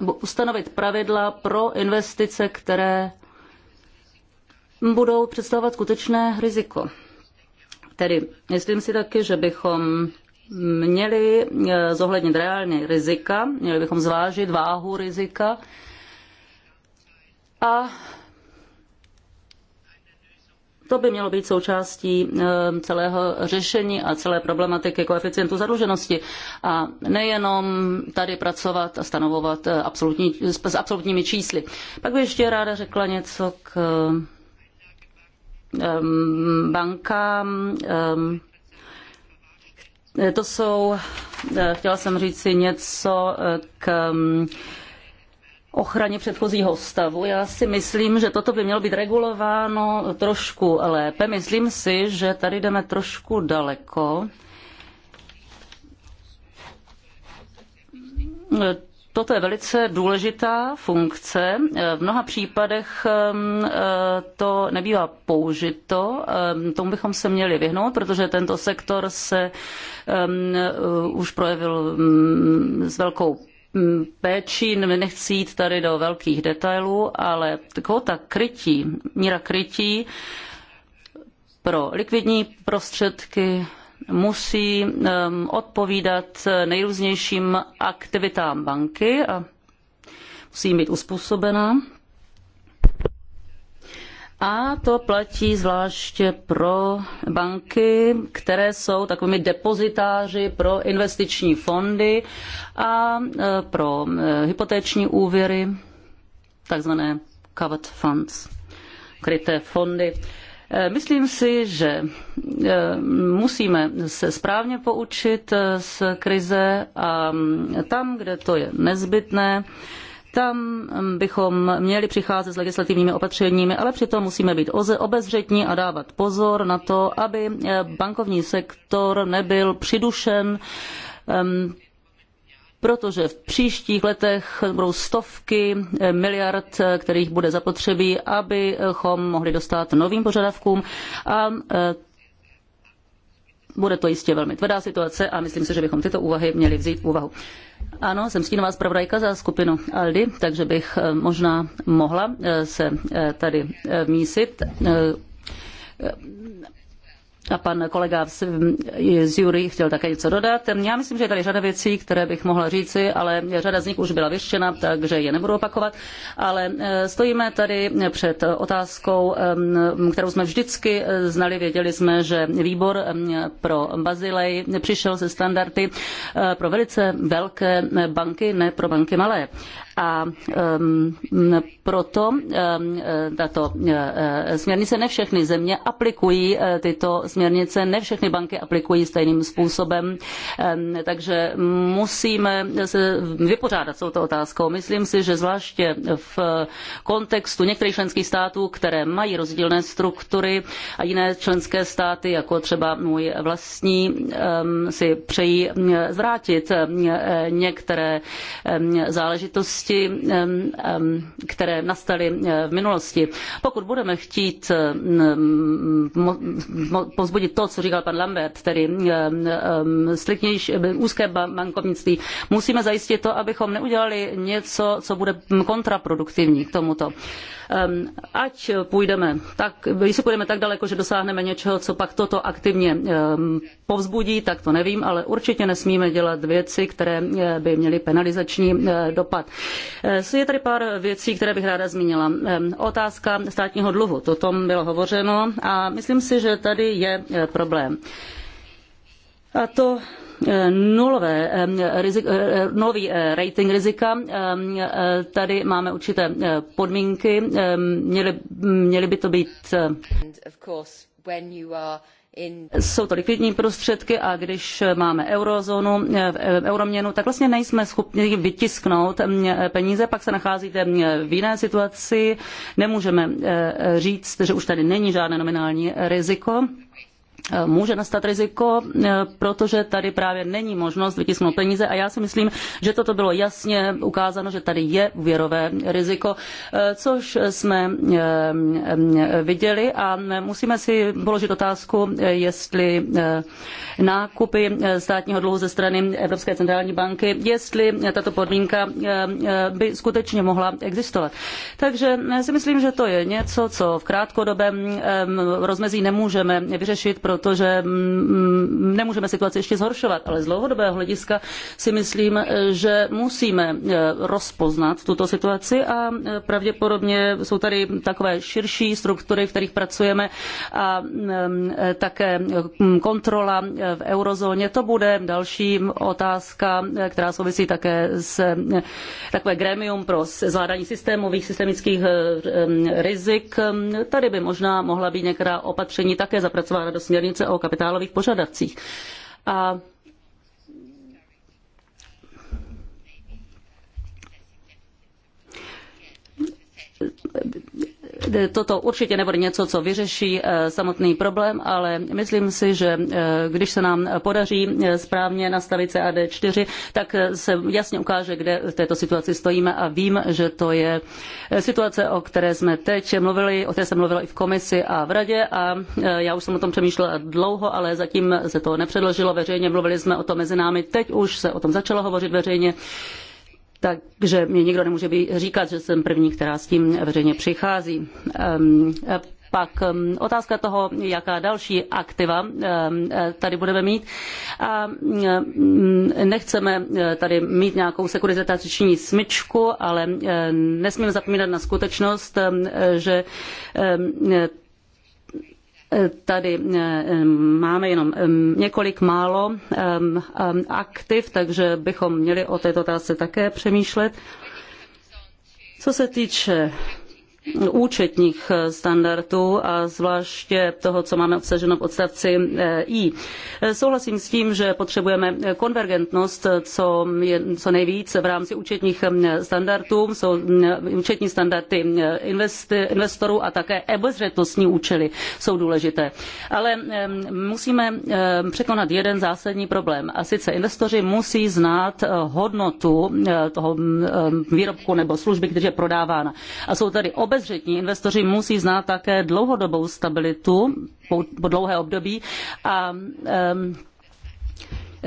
Speaker 3: nebo ustanovit pravidla pro investice, které budou představovat skutečné riziko. Tedy myslím si taky, že bychom měli eh, zohlednit reálně rizika, měli bychom zvážit váhu rizika, a to by mělo být součástí eh, celého řešení a celé problematiky koeficientu zadluženosti. A nejenom tady pracovat a stanovovat eh, absolutní, s absolutními čísly. Pak bych ještě ráda řekla něco k ehm, bankám. Ehm, to jsou, eh, chtěla jsem říct si něco k ehm, ochraně předchozího stavu. Já si myslím, že toto by mělo být regulováno trošku lépe. Myslím si, že tady jdeme trošku daleko. Toto je velice důležitá funkce. V mnoha případech eh, to nebývá použito. Tomu bychom se měli vyhnout, protože tento sektor se eh, už projevil mm, s velkou Mm, péči, nechci jít tady do velkých detailů, ale kvota krytí, míra krytí pro likvidní prostředky musí mm, odpovídat nejrůznějším aktivitám banky a musí být uspůsobená a to platí zvláště pro banky, které jsou takovými depozitáři pro investiční fondy a e, pro e, hypotéční úvěry, takzvané covered funds, kryté fondy. E, myslím si, že musíme se správně poučit z krize a tam, kde to je nezbytné, tam mm, bychom měli přicházet s legislativními opatřeními, ale přitom musíme být obezřetní a dávat pozor na to, aby eh, bankovní sektor nebyl přidušen ehm, protože v příštích letech budou stovky eh, miliard, eh, kterých bude zapotřebí, abychom mohli dostat novým požadavkům a bude to jistě velmi tvrdá situace a myslím si, že bychom tyto úvahy měli vzít v úvahu. Ano, jsem stínová zpravodajka za skupinu Aldi, takže bych eh, možná mohla eh, se eh, tady mísit a pan kolega z Jury chtěl také něco dodat. Já myslím, že je tady řada věcí, které bych mohla říci, ale řada z nich už byla vyřčena, takže je nebudu opakovat. Ale eh, stojíme tady před otázkou, kterou jsme vždycky eh, znali. Věděli jsme, že výbor pro Bazilej přišel se standardy eh, pro velice velké banky, ne pro banky malé. A proto tato e, e, směrnice ne všechny země aplikují e, tyto směrnice, ne všechny banky aplikují stejným způsobem, takže musíme se vypořádat s touto otázkou. Myslím si, že zvláště v kontextu některých členských států, které mají rozdílné struktury a jiné členské státy, jako třeba můj vlastní, si přejí zvrátit některé záležitosti, okolnosti, které nastaly eh, v minulosti. Pokud budeme chtít pozbudit to, co říkal pan Lambert, tedy striktnější eh, úzké bankovnictví, musíme zajistit to, abychom neudělali něco, co bude kontraproduktivní k tomuto. Ať půjdeme tak, když půjdeme tak daleko, že dosáhneme něčeho, co pak toto aktivně povzbudí, tak to nevím, ale určitě nesmíme dělat věci, které eh, by měly penalizační eh, dopad. Eh, je tady pár věcí, které bych ráda zmínila. Otázka státního dluhu, to tom bylo hovořeno a myslím si, že tady je problém. A to nulové, eh, rizik, eh, nulový eh, rating rizika. Tady máme určité podmínky, měly, měly by to být jsou to likvidní prostředky a když máme eurozónu, euroměnu, tak vlastně nejsme schopni vytisknout peníze, pak se nacházíte v jiné situaci, nemůžeme říct, že už tady není žádné nominální riziko může nastat riziko, eh, protože tady právě není možnost vytisknout peníze a já si myslím, že toto bylo jasně ukázáno, že tady je úvěrové riziko, eh, což jsme eh, viděli a musíme si položit otázku, jestli nákupy státního dluhu ze strany Evropské centrální banky, jestli tato podmínka by skutečně mohla existovat. Takže si myslím, že to je něco, co v krátkodobém rozmezí nemůžeme vyřešit, pro protože mm, mm, nemůžeme situaci ještě zhoršovat, ale z dlouhodobého hlediska si myslím, že musíme eh, rozpoznat tuto situaci a eh, pravděpodobně jsou tady takové širší struktury, v kterých pracujeme a mm, eh, také kontrola v eurozóně. To bude další otázka, která souvisí také s takové gremium pro zvládání systémových, systemických rizik. Tady by možná mohla být některá opatření také zapracována do směru směrnice o kapitálových požadavcích. A toto určitě nebude něco, co vyřeší eh, samotný problém, ale myslím si, že eh, když se nám podaří eh, správně nastavit CAD4, tak se jasně ukáže, kde v této situaci stojíme a vím, že to je situace, o které jsme teď mluvili, o které se mluvilo i v komisi a v radě a já už jsem o tom přemýšlela dlouho, ale zatím se to nepředložilo veřejně, mezi námi. Teď už se o tom začalo hovořit veřejně takže mě nikdo nemůže říkat, že jsem první, která s tím veřejně přichází. Ehm, e, pak ehm, otázka toho, jaká další aktiva ehm, e, tady budeme mít. A mm, nechceme e, tady mít nějakou sekuritizační smyčku, ale nesmíme zapomínat na skutečnost, že Tady eh, eh, máme jenom eh, několik málo aktiv, takže bychom měli o této otázce také přemýšlet. Co se týče účetních eh, standardů a zvláště toho, co máme obsaženo v odstavci eh, I. Eh, souhlasím s tím, že potřebujeme konvergentnost, co, je, co nejvíc v rámci účetních standardů. Jsou účetní standardy invest, investorů a také obezřetnostní účely jsou důležité. Ale musíme překonat jeden zásadní problém a sice investoři musí znát hodnotu toho výrobku nebo služby, která je prodávána. A jsou tady obezřetnostní obezřetní. Investoři musí znát také dlouhodobou stabilitu po dlouhé období a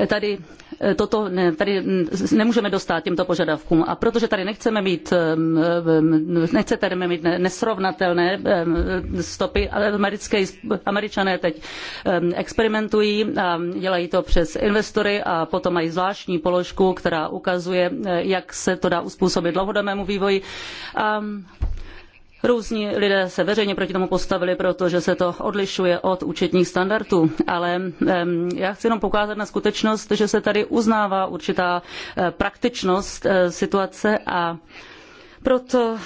Speaker 3: tady e, toto tady nemůžeme dostat těmto požadavkům. A protože tady nechceme mít, nechce mít nesrovnatelné stopy, americké, američané teď experimentují a dělají to přes investory a potom mají zvláštní položku, která ukazuje, jak se to dá uspůsobit dlouhodobému vývoji. A Různí lidé se veřejně proti tomu postavili, protože se to odlišuje od účetních standardů, ale já chci jenom poukázat na skutečnost, že se tady uznává určitá eh, praktičnost eh, situace a proto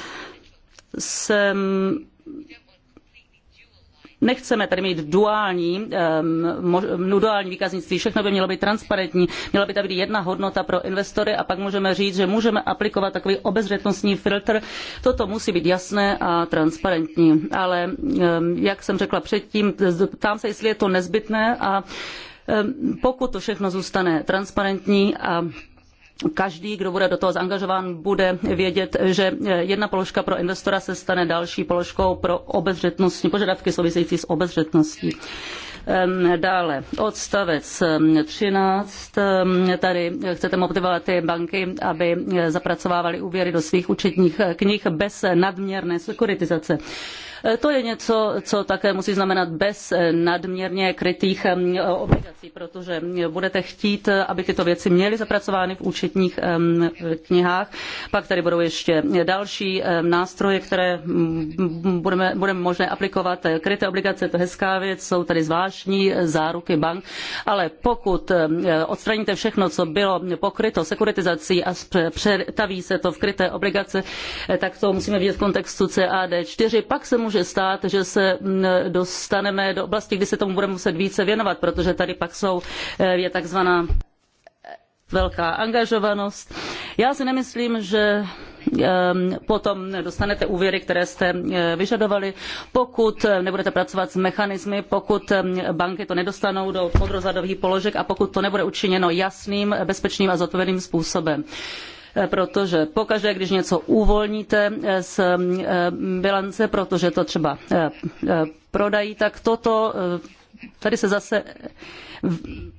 Speaker 3: jsem Nechceme tady mít duální, um, duální výkaznictví, všechno by mělo být transparentní, měla by tam být jedna hodnota pro investory a pak můžeme říct, že můžeme aplikovat takový obezřetnostní filtr. Toto musí být jasné a transparentní. Ale um, jak jsem řekla předtím, ptám se, jestli je to nezbytné a um, pokud to všechno zůstane transparentní a každý, kdo bude do toho zaangažován, bude vědět, že jedna položka pro investora se stane další položkou pro obezřetnostní požadavky související s obezřetností. Dále odstavec 13. Tady chcete motivovat ty banky, aby zapracovávaly úvěry do svých účetních knih bez nadměrné sekuritizace. Eh, to je něco, co také musí znamenat bez eh, nadměrně krytých eh, obligací, protože budete chtít, aby tyto věci měly zapracovány v účetních knihách. Pak tady budou ještě další nástroje, které mm, budeme, budeme možné aplikovat. Kryté obligace, to je hezká věc, jsou tady zvláštní záruky bank, ale pokud odstraníte všechno, co bylo pokryto sekuritizací a přetaví se to v kryté obligace, tak to musíme vidět v kontextu CAD4, pak se může může stát, že se dostaneme do oblasti, kdy se tomu budeme muset více věnovat, protože tady pak jsou, eh, je takzvaná velká angažovanost. Já si nemyslím, že ehm, potom dostanete úvěry, které jste eh, vyžadovali, pokud eh, nebudete pracovat s mechanismy, pokud ehm, banky to nedostanou do podrozadových položek a pokud to nebude učiněno jasným, bezpečným a zodpovědným způsobem protože pokaždé, když něco uvolníte z eh, bilance, protože to třeba eh, eh, prodají, tak toto tady se zase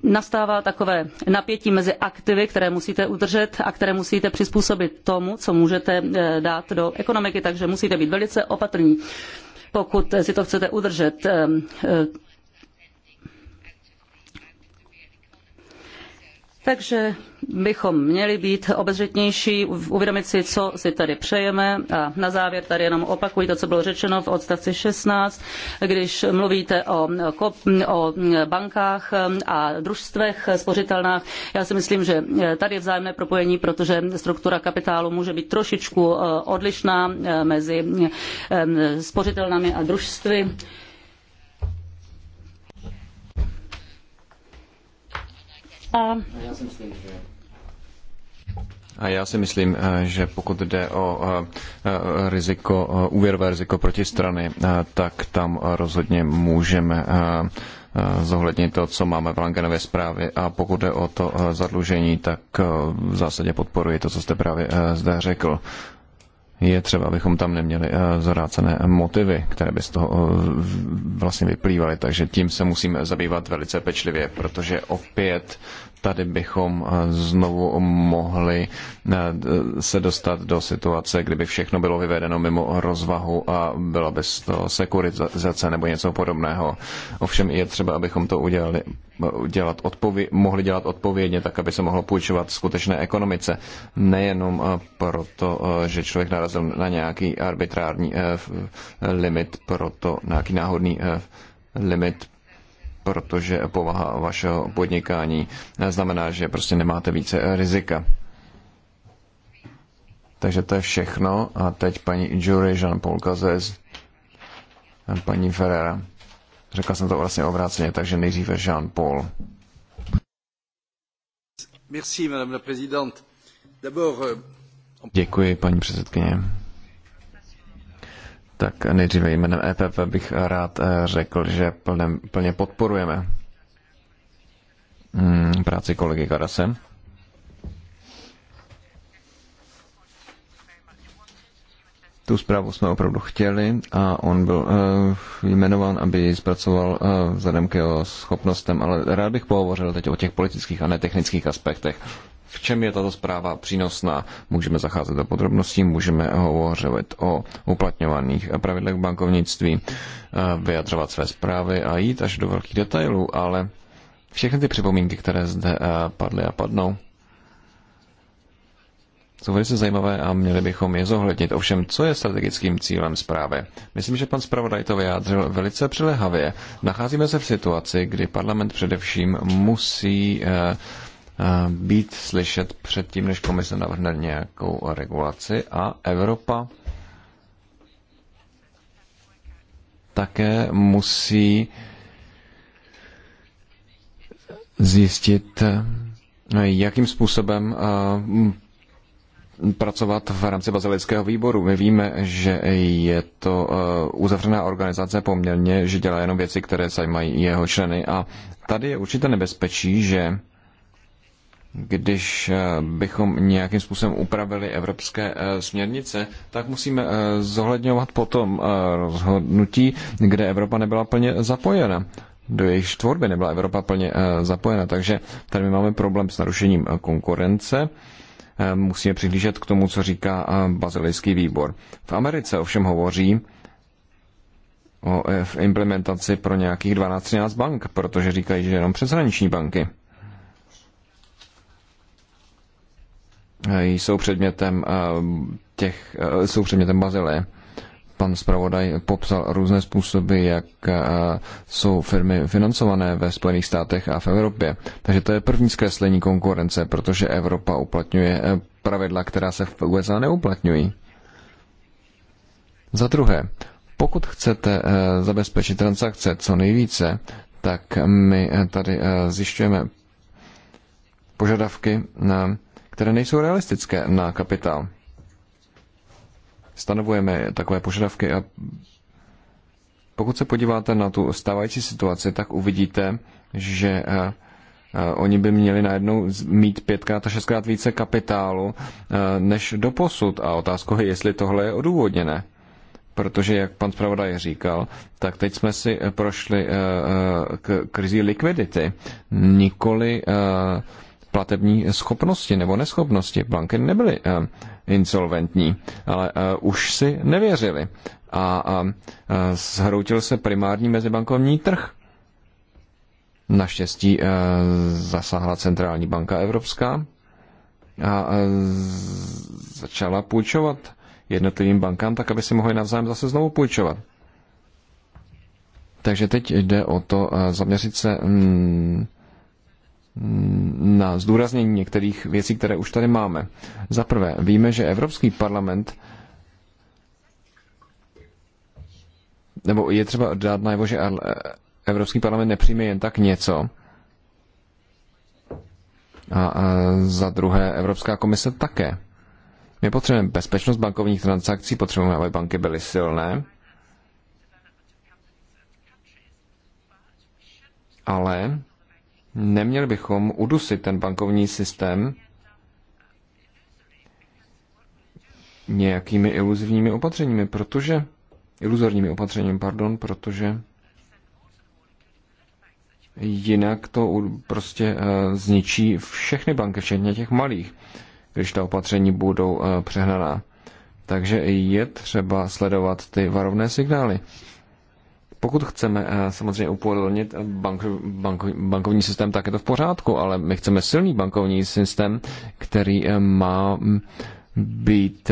Speaker 3: nastává takové napětí mezi aktivy, které musíte udržet a které musíte přizpůsobit tomu, co můžete dát do ekonomiky, takže musíte být velice opatrní pokud si to chcete udržet. Takže bychom měli být obezřetnější, uvědomit si, co si tady přejeme. A na závěr tady jenom opakuji to, co bylo řečeno v odstavci 16, když mluvíte o, o bankách a družstvech, spořitelnách. Já si myslím, že tady je vzájemné propojení, protože struktura kapitálu může být trošičku eh, odlišná eh, mezi eh, spořitelnami a družstvy. A
Speaker 2: a já si myslím, eh, že pokud jde o eh, eh, riziko, úvěrové riziko protistrany, tak tam rozhodně můžeme zohlednit to, co máme v Langenově zprávě. A pokud jde o to zadlužení, tak v zásadě podporuji to, co jste právě zde řekl je třeba, abychom tam neměli eh, zrácené motivy, které by z toho eh, vlastně vyplývaly. Takže tím se musíme zabývat velice pečlivě, protože opět tady bychom eh, znovu mohli eh, se dostat do situace, kdyby všechno bylo vyvedeno mimo rozvahu a byla bez toho sekurizace nebo něco podobného. Ovšem je třeba, abychom to udělali, dělat odpově- mohli dělat odpovědně, tak aby se mohlo půjčovat skutečné ekonomice. Nejenom eh, proto, že člověk narazil na nějaký arbitrární limit, proto nějaký náhodný limit protože povaha vašeho podnikání znamená, že prostě nemáte více rizika. Takže to je všechno. A teď paní Jury, Jean-Paul Gazes, paní Ferrera. Řekl jsem to vlastně obráceně, takže nejdříve Jean-Paul.
Speaker 1: Merci, madame la présidente. D'abord... Euh,
Speaker 2: Děkuji, paní předsedkyně. Tak nejdříve jménem EPP bych rád eh, řekl, že plně, plně podporujeme mm, práci kolegy Karase. Tu zprávu jsme opravdu chtěli a on byl uh, jmenován, aby ji zpracoval uh, vzhledem k jeho schopnostem, ale rád bych pohovořil teď o těch politických a netechnických aspektech v čem je tato zpráva přínosná. Můžeme zacházet do podrobností, můžeme hovořit o uplatňovaných pravidlech bankovnictví, eh, vyjadřovat své zprávy a jít až do velkých detailů, ale všechny ty připomínky, které zde eh, padly a padnou, jsou velice zajímavé a měli bychom je zohlednit. Ovšem, co je strategickým cílem zprávy? Myslím, že pan zpravodaj to vyjádřil velice přilehavě. Nacházíme se v situaci, kdy parlament především musí eh, Eh, být slyšet předtím, než komise navrhne nějakou regulaci a Evropa také musí zjistit, eh, jakým způsobem eh, pracovat v rámci bazilického výboru. My víme, že je to uzavřená organizace poměrně, že dělá jenom věci, které zajímají jeho členy a tady je určité nebezpečí, že když eh, bychom nějakým způsobem upravili evropské eh, směrnice, tak musíme eh, zohledňovat potom rozhodnutí, kde Evropa nebyla plně zapojena. Do jejich tvorby nebyla Evropa plně zapojena, takže tady my máme problém s narušením konkurence. Musíme přihlížet k tomu, co říká bazilijský výbor. V Americe ovšem hovoří o implementaci pro nějakých 12-13 bank, protože říkají, že jenom přeshraniční banky. jsou předmětem eh, těch, eh, jsou předmětem bazily. Pan zpravodaj popsal různé způsoby, jak eh, jsou firmy financované ve Spojených státech a v Evropě. Takže to je první zkreslení konkurence, protože Evropa uplatňuje pravidla, která se v USA neuplatňují. Za druhé, pokud chcete zabezpečit transakce co nejvíce, tak my tady zjišťujeme požadavky na které nejsou realistické na kapitál. Stanovujeme takové požadavky a pokud se podíváte na tu stávající situaci, tak uvidíte, že eh, eh, oni by měli najednou mít pětkrát a šestkrát více kapitálu eh, než do posud. A otázka je, jestli tohle je odůvodněné. Protože, jak pan zpravodaj říkal, tak teď jsme si prošli k krizi likvidity, nikoli platební schopnosti nebo neschopnosti. Banky nebyly eh, insolventní, ale eh, už si nevěřili a eh, zhroutil se primární mezibankovní trh. Naštěstí zasáhla centrální banka evropská a začala půjčovat jednotlivým bankám, tak aby si mohli navzájem zase znovu půjčovat. Takže teď jde o to zaměřit se mm, na zdůraznění některých věcí, které už tady máme. Za prvé, víme, že Evropský parlament nebo je třeba dát najevo, že Evropský parlament nepřijme jen tak něco. A, za druhé, Evropská komise také. My potřebujeme bezpečnost bankovních transakcí, potřebujeme, aby banky byly silné, ale Neměli bychom udusit ten bankovní systém nějakými iluzivními opatřeními, protože iluzorními opatřeními, pardon, protože jinak to prostě eh, zničí všechny banky, včetně těch malých, když ta opatření budou eh, přehnaná. Takže je třeba sledovat ty varovné signály. Pokud chceme eh, samozřejmě upodlnit eh, bank, bank, bankovní systém, tak je to v pořádku, ale my chceme silný bankovní systém, který eh, má být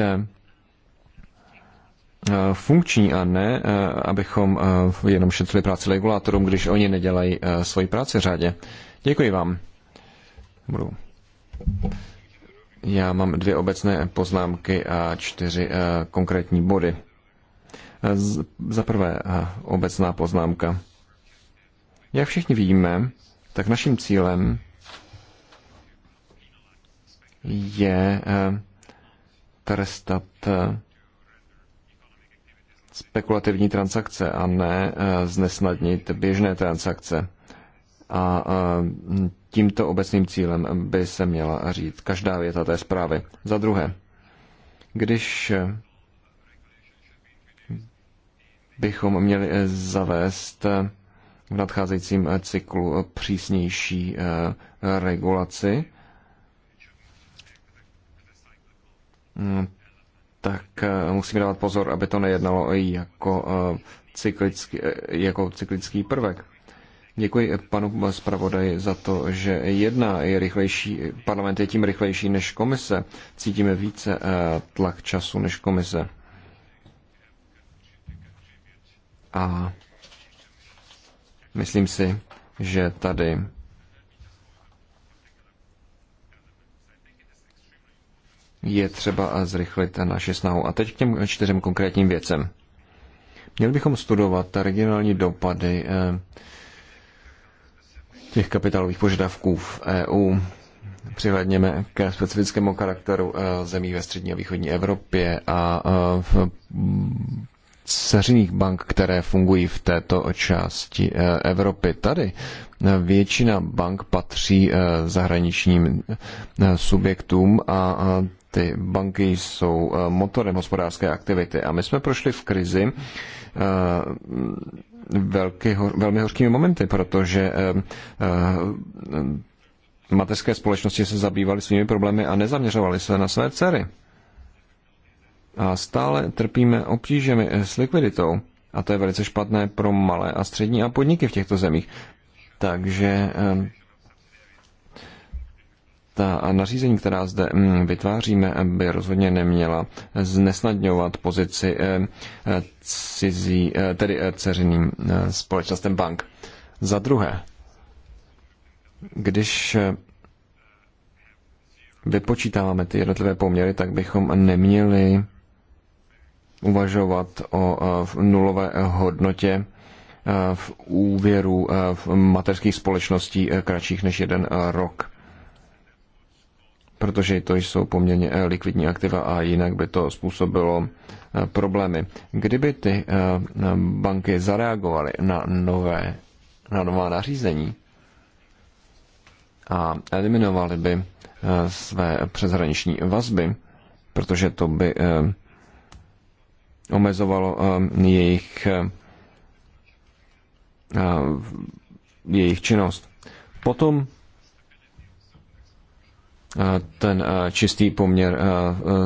Speaker 2: funkční a ne, abychom jenom šetřili práci regulátorům, když oni nedělají svoji práci řádě. Děkuji vám. Budu. Já mám dvě obecné poznámky a čtyři konkrétní body. Za prvé obecná poznámka. Jak všichni víme, tak naším cílem je trestat spekulativní transakce a ne znesnadnit běžné transakce. A tímto obecným cílem by se měla říct každá věta té zprávy. Za druhé, když bychom měli eh, zavést eh, v nadcházejícím eh, cyklu přísnější regulaci. Mm, tak musíme dávat pozor, aby to nejednalo jako cyklický, jako cyklický prvek. Děkuji panu zpravodaji za to, že jedna je rychlejší, parlament je tím rychlejší než komise. Cítíme více tlak času než komise. A myslím si, že tady je třeba zrychlit naši snahu. A teď k těm čtyřem konkrétním věcem. Měli bychom studovat regionální dopady eh, těch kapitálových požadavků v EU. Přihledněme ke specifickému charakteru eh, zemí ve střední a východní Evropě a eh, v dceřiných bank, které fungují v této části eh, Evropy. Tady eh, většina bank patří eh, zahraničním subjektům a ty banky jsou motorem hospodářské aktivity. A my jsme prošli v krizi velký, velmi hořkými momenty, protože mateřské společnosti se zabývaly svými problémy a nezaměřovaly se na své dcery. A stále trpíme obtížemi s likviditou. A to je velice špatné pro malé a střední a podniky v těchto zemích. Takže ta nařízení, která zde vytváříme, by rozhodně neměla znesnadňovat pozici cizí, eh, tedy eh, ceřiným eh, společnostem bank. Za druhé, když vypočítáváme ty jednotlivé poměry, tak bychom neměli uvažovat o e, nulové hodnotě e, v úvěru e, v mateřských společností kratších než jeden rok. Protože to jsou poměrně likvidní aktiva a jinak by to způsobilo problémy. Kdyby ty banky zareagovaly na, nové, na nová nařízení a eliminovaly by své přeshraniční vazby, protože to by omezovalo um, jejich, um, uh, jejich činnost. Potom uh, ten uh, čistý poměr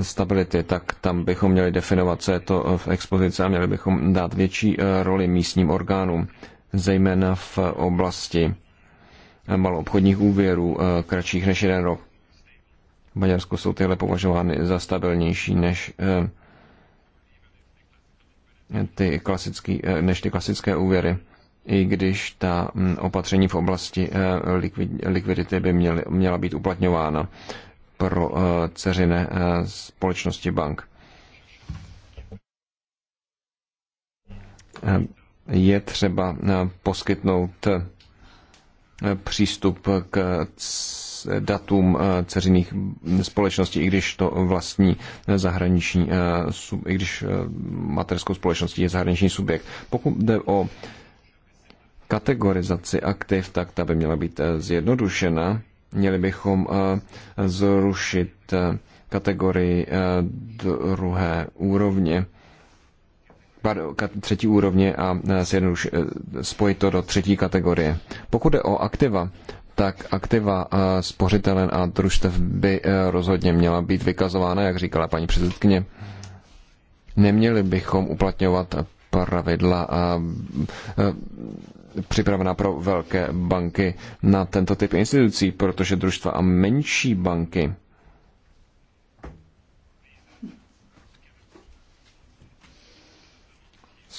Speaker 2: stability, tak tam bychom měli definovat, co je to v expozici a měli bychom dát větší roli místním orgánům, zejména v oblasti maloobchodních úvěrů kratších než jeden rok. V Maďarsku jsou tyhle považovány za stabilnější než ty klasický, eh, než ty klasické úvěry, i když ta mm, opatření v oblasti eh, likvidity by měly, měla být uplatňována pro eh, ceřiné společnosti bank. Je třeba poskytnout přístup k datům eh, ceřiných společností, i když to vlastní eh, zahraniční, eh, i když materskou společností je zahraniční subjekt. Pokud jde o kategorizaci aktiv, tak ta by měla být zjednodušena. Měli bychom zrušit kategorii druhé úrovně, třetí úrovně a spojit to do třetí kategorie. Pokud jde o aktiva, tak aktiva spořitelen a družstev by eh, rozhodně měla být vykazována, jak říkala paní předsedkyně. Neměli bychom uplatňovat pravidla a eh, připravená pro velké banky na tento typ institucí, protože družstva a menší banky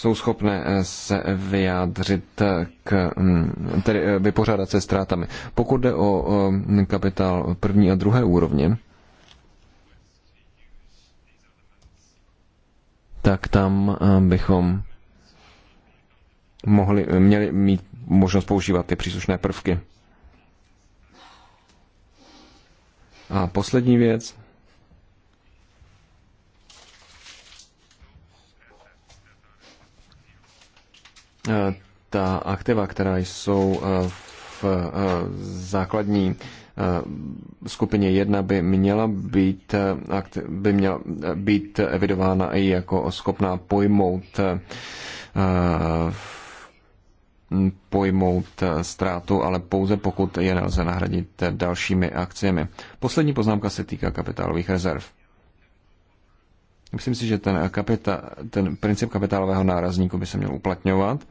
Speaker 2: jsou schopné eh, se vyjádřit eh, k, mm, tedy eh, vypořádat se ztrátami. Pokud jde o kapitál první a druhé úrovně, tak tam bychom mohli, měli mít možnost používat ty příslušné prvky. A poslední věc. Eh, ta aktiva, která jsou eh, v eh, základní skupině 1 by měla být, by měla být evidována i jako schopná pojmout pojmout ztrátu, ale pouze pokud je nelze nahradit dalšími akciemi. Poslední poznámka se týká kapitálových rezerv. Myslím si, že ten, kapita, ten princip kapitálového nárazníku by se měl uplatňovat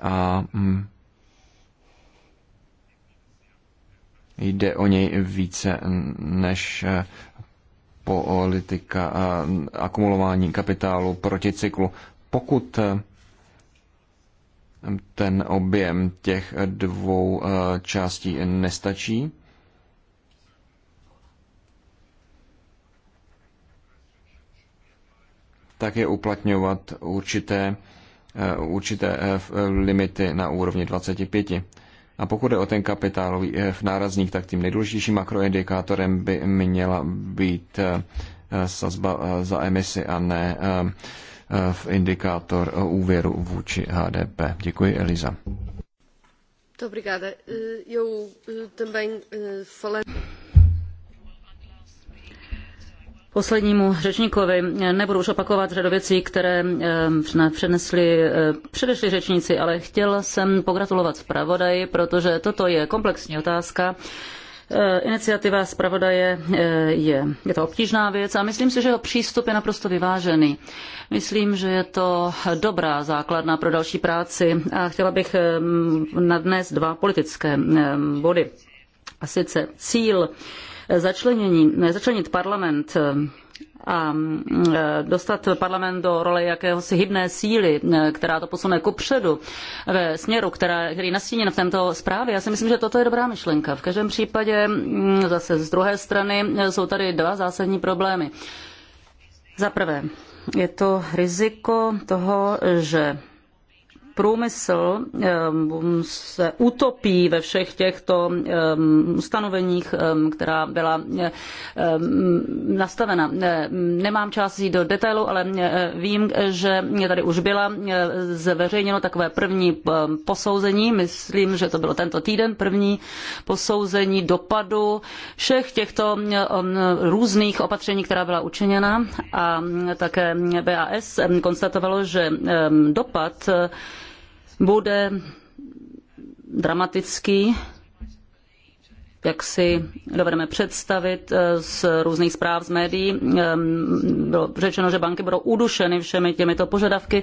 Speaker 2: a hm, jde o něj více než eh, politika eh, akumulování kapitálu proti cyklu. Pokud eh, ten objem těch dvou částí nestačí, také uplatňovat určité, eh, určité eh, eh, limity na úrovni 25. A pokud je o ten kapitálový nárazník, tak tím nejdůležitějším makroindikátorem by měla být sazba za emisi a ne v indikátor úvěru vůči HDP. Děkuji, Eliza.
Speaker 1: Obrigada. Eu também
Speaker 5: falei
Speaker 3: poslednímu řečníkovi. Nebudu už opakovat řadu věcí, které eh, přednesli eh, předešli řečníci, ale chtěl jsem pogratulovat zpravodaji, protože toto je komplexní otázka. Eh, iniciativa zpravodaje je, je to obtížná věc a myslím si, že jeho přístup je naprosto vyvážený. Myslím, že je to dobrá základna pro další práci a chtěla bych dnes dva politické body. A sice cíl začlenění, začlenit parlament eh, a mm, eh, dostat parlament do role jakéhosi hybné síly, eh, která to posune kupředu ve směru, která, který nastíněn v této zprávě. Já si myslím, že toto je dobrá myšlenka. V každém případě mm, zase z druhé strany jsou tady dva zásadní problémy. Za prvé, je to riziko toho, že průmysl ehm, se utopí ve všech těchto ehm, ustanoveních, ehm, která byla nastavena. Nemám čas jít do detailu, ale eh, vím, že tady už byla eh, zveřejněno takové první posouzení, myslím, že to bylo tento týden, první posouzení dopadu všech těchto různých opatření, která byla učiněna a také BAS konstatovalo, že dopad bude dramatický, jak si dovedeme představit eh, z různých zpráv z médií. Ehm, bylo řečeno, že banky budou udušeny všemi těmito požadavky.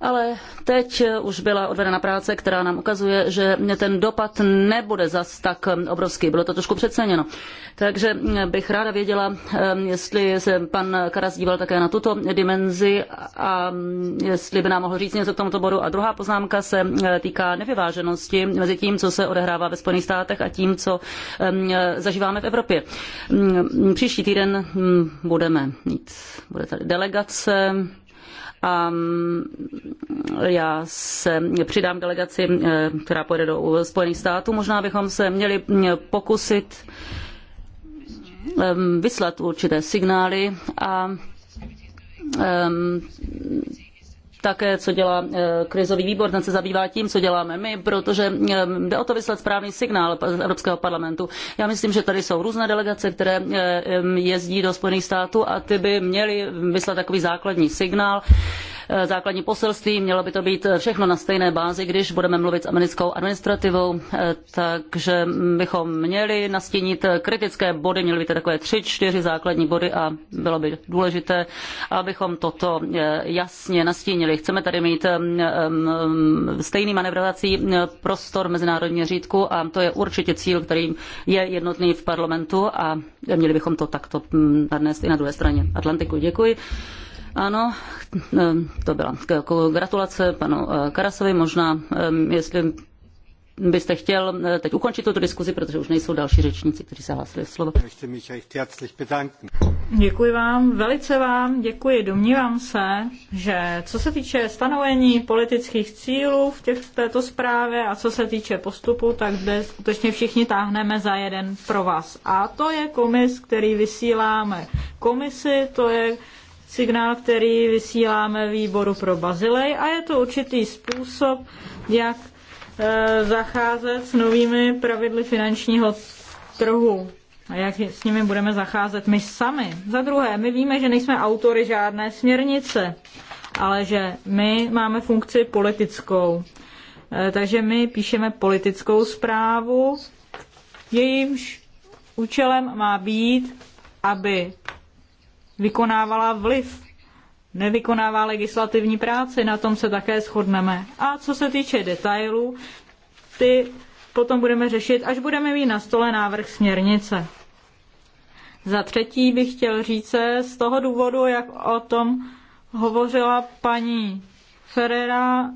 Speaker 3: Ale teď už byla odvedena práce, která nám ukazuje, že ten dopad nebude zas tak obrovský. Bylo to trošku přeceněno. Takže bych ráda věděla, jestli se pan Karas díval také na tuto dimenzi a jestli by nám mohl říct něco k tomuto bodu. A druhá poznámka se týká nevyváženosti mezi tím, co se odehrává ve Spojených státech a tím, co zažíváme v Evropě. Příští týden budeme mít, bude tady delegace a já se přidám delegaci, eh, která pojede do Spojených států. Možná bychom se měli pokusit vyslat určité signály a také, co dělá eh, krizový výbor, ten se zabývá tím, co děláme my, protože eh, jde o to vyslat správný signál Evropského parlamentu. Já myslím, že tady jsou různé delegace, které eh, jezdí do Spojených států a ty by měly vyslat takový základní signál, Eh, základní poselství. Mělo by to být eh, všechno na stejné bázi, když budeme mluvit s americkou administrativou, eh, takže bychom měli nastínit kritické body, měly by to takové tři, čtyři základní body a bylo by důležité, abychom toto jasně nastínili. Chceme tady mít stejný manevrovací prostor mezinárodní měřítku a to je určitě cíl, který je jednotný v parlamentu a měli bychom to takto hm, nadnést i na druhé straně Atlantiku. Děkuji. Ano, ehm, to byla jako gratulace panu eh, Karasovi. Možná, ehm, jestli byste chtěl eh, teď ukončit tuto diskuzi, protože už nejsou další řečníci, kteří se hlásili slovo.
Speaker 5: Děkuji vám, velice vám děkuji. Domnívám se, že co se týče stanovení politických cílů v, těch, v této zprávě a co se týče postupu, tak zde skutečně všichni táhneme za jeden pro vás. A to je komis, který vysíláme komisi, to je signál, který vysíláme výboru pro Bazilej a je to určitý způsob, jak eh, zacházet s novými pravidly finančního trhu a jak s nimi budeme zacházet my sami. Za druhé, my víme, že nejsme autory žádné směrnice, ale že my máme funkci politickou. Eh, takže my píšeme politickou zprávu, jejímž účelem má být, aby vykonávala vliv, nevykonává legislativní práci, na tom se také shodneme. A co se týče detailů, ty potom budeme řešit, až budeme mít na stole návrh směrnice. Za třetí bych chtěl říct se z toho důvodu, jak o tom hovořila paní Ferrera,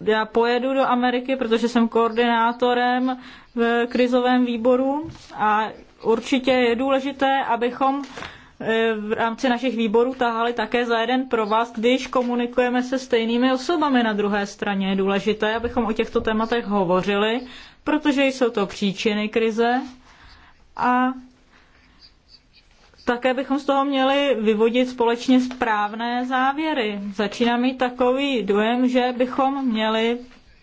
Speaker 5: já pojedu do Ameriky, protože jsem koordinátorem v krizovém výboru a určitě je důležité, abychom eh, v rámci našich výborů tahali také za jeden pro vás, když komunikujeme se stejnými osobami na druhé straně. Je důležité, abychom o těchto tématech hovořili, protože jsou to příčiny krize a také bychom z toho měli vyvodit společně správné závěry. Začíná mít takový dojem, že bychom měli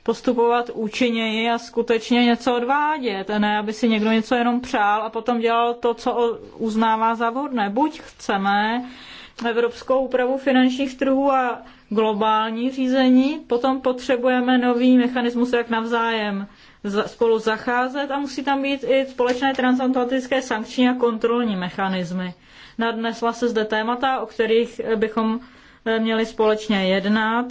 Speaker 5: postupovat účinněji a skutečně něco odvádět, ne aby si někdo něco jenom přál a potom dělal to, co uznává za vhodné. Buď chceme evropskou úpravu finančních trhů a globální řízení, potom potřebujeme nový mechanismus, jak navzájem spolu zacházet a musí tam být i společné transatlantické sankční a kontrolní mechanismy. Nadnesla se zde témata, o kterých bychom eh, měli společně jednat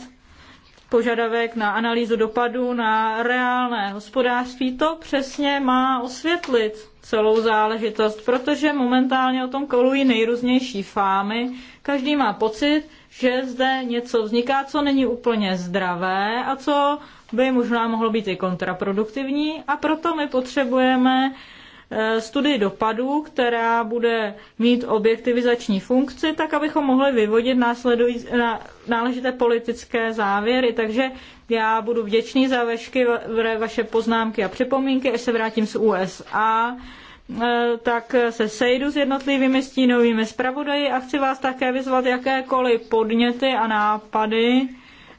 Speaker 5: požadavek na analýzu dopadu na reálné hospodářství, to přesně má osvětlit celou záležitost, protože momentálně o tom kolují nejrůznější fámy. Každý má pocit, že zde něco vzniká, co není úplně zdravé a co by možná mohlo být i kontraproduktivní a proto my potřebujeme uh, Eh, studii dopadů, která bude mít objektivizační funkci, tak abychom mohli vyvodit následují, eh, náležité politické závěry. Takže já budu vděčný za vešky vaše poznámky a připomínky, až se vrátím z USA eh, tak se sejdu s jednotlivými stínovými zpravodaji a chci vás také vyzvat jakékoliv podněty a nápady,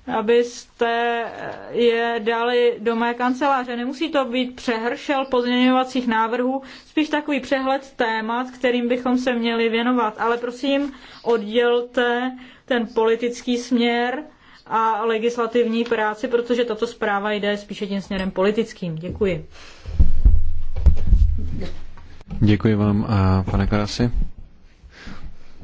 Speaker 5: abyste je dali do mé kanceláře. Nemusí to být přehršel pozměňovacích návrhů, spíš takový přehled témat, kterým bychom se měli věnovat. Ale prosím, oddělte ten politický směr a legislativní práci, protože tato zpráva jde spíše tím směrem politickým. Děkuji.
Speaker 2: Děkuji vám, eh, pane Karasi.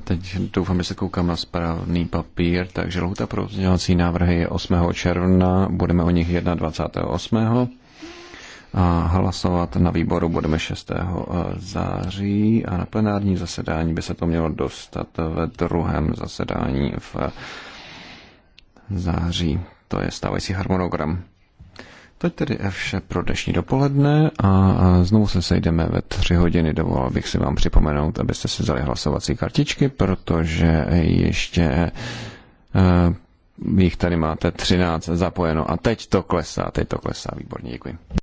Speaker 2: Teď doufám, že se koukám na správný papír, takže lhuta pro vzdělávací návrhy je 8. června, budeme o nich 21. A hlasovat na výboru budeme 6. Eh, září a na plenární zasedání by se to mělo dostat ve druhém zasedání v září. To je stávající harmonogram je tedy vše pro dnešní dopoledne a znovu se sejdeme ve tři hodiny. Dovolil bych si vám připomenout, abyste si vzali hlasovací kartičky, protože ještě e, e, jich tady máte 13 zapojeno a teď to klesá, teď to klesá, výborně, děkuji.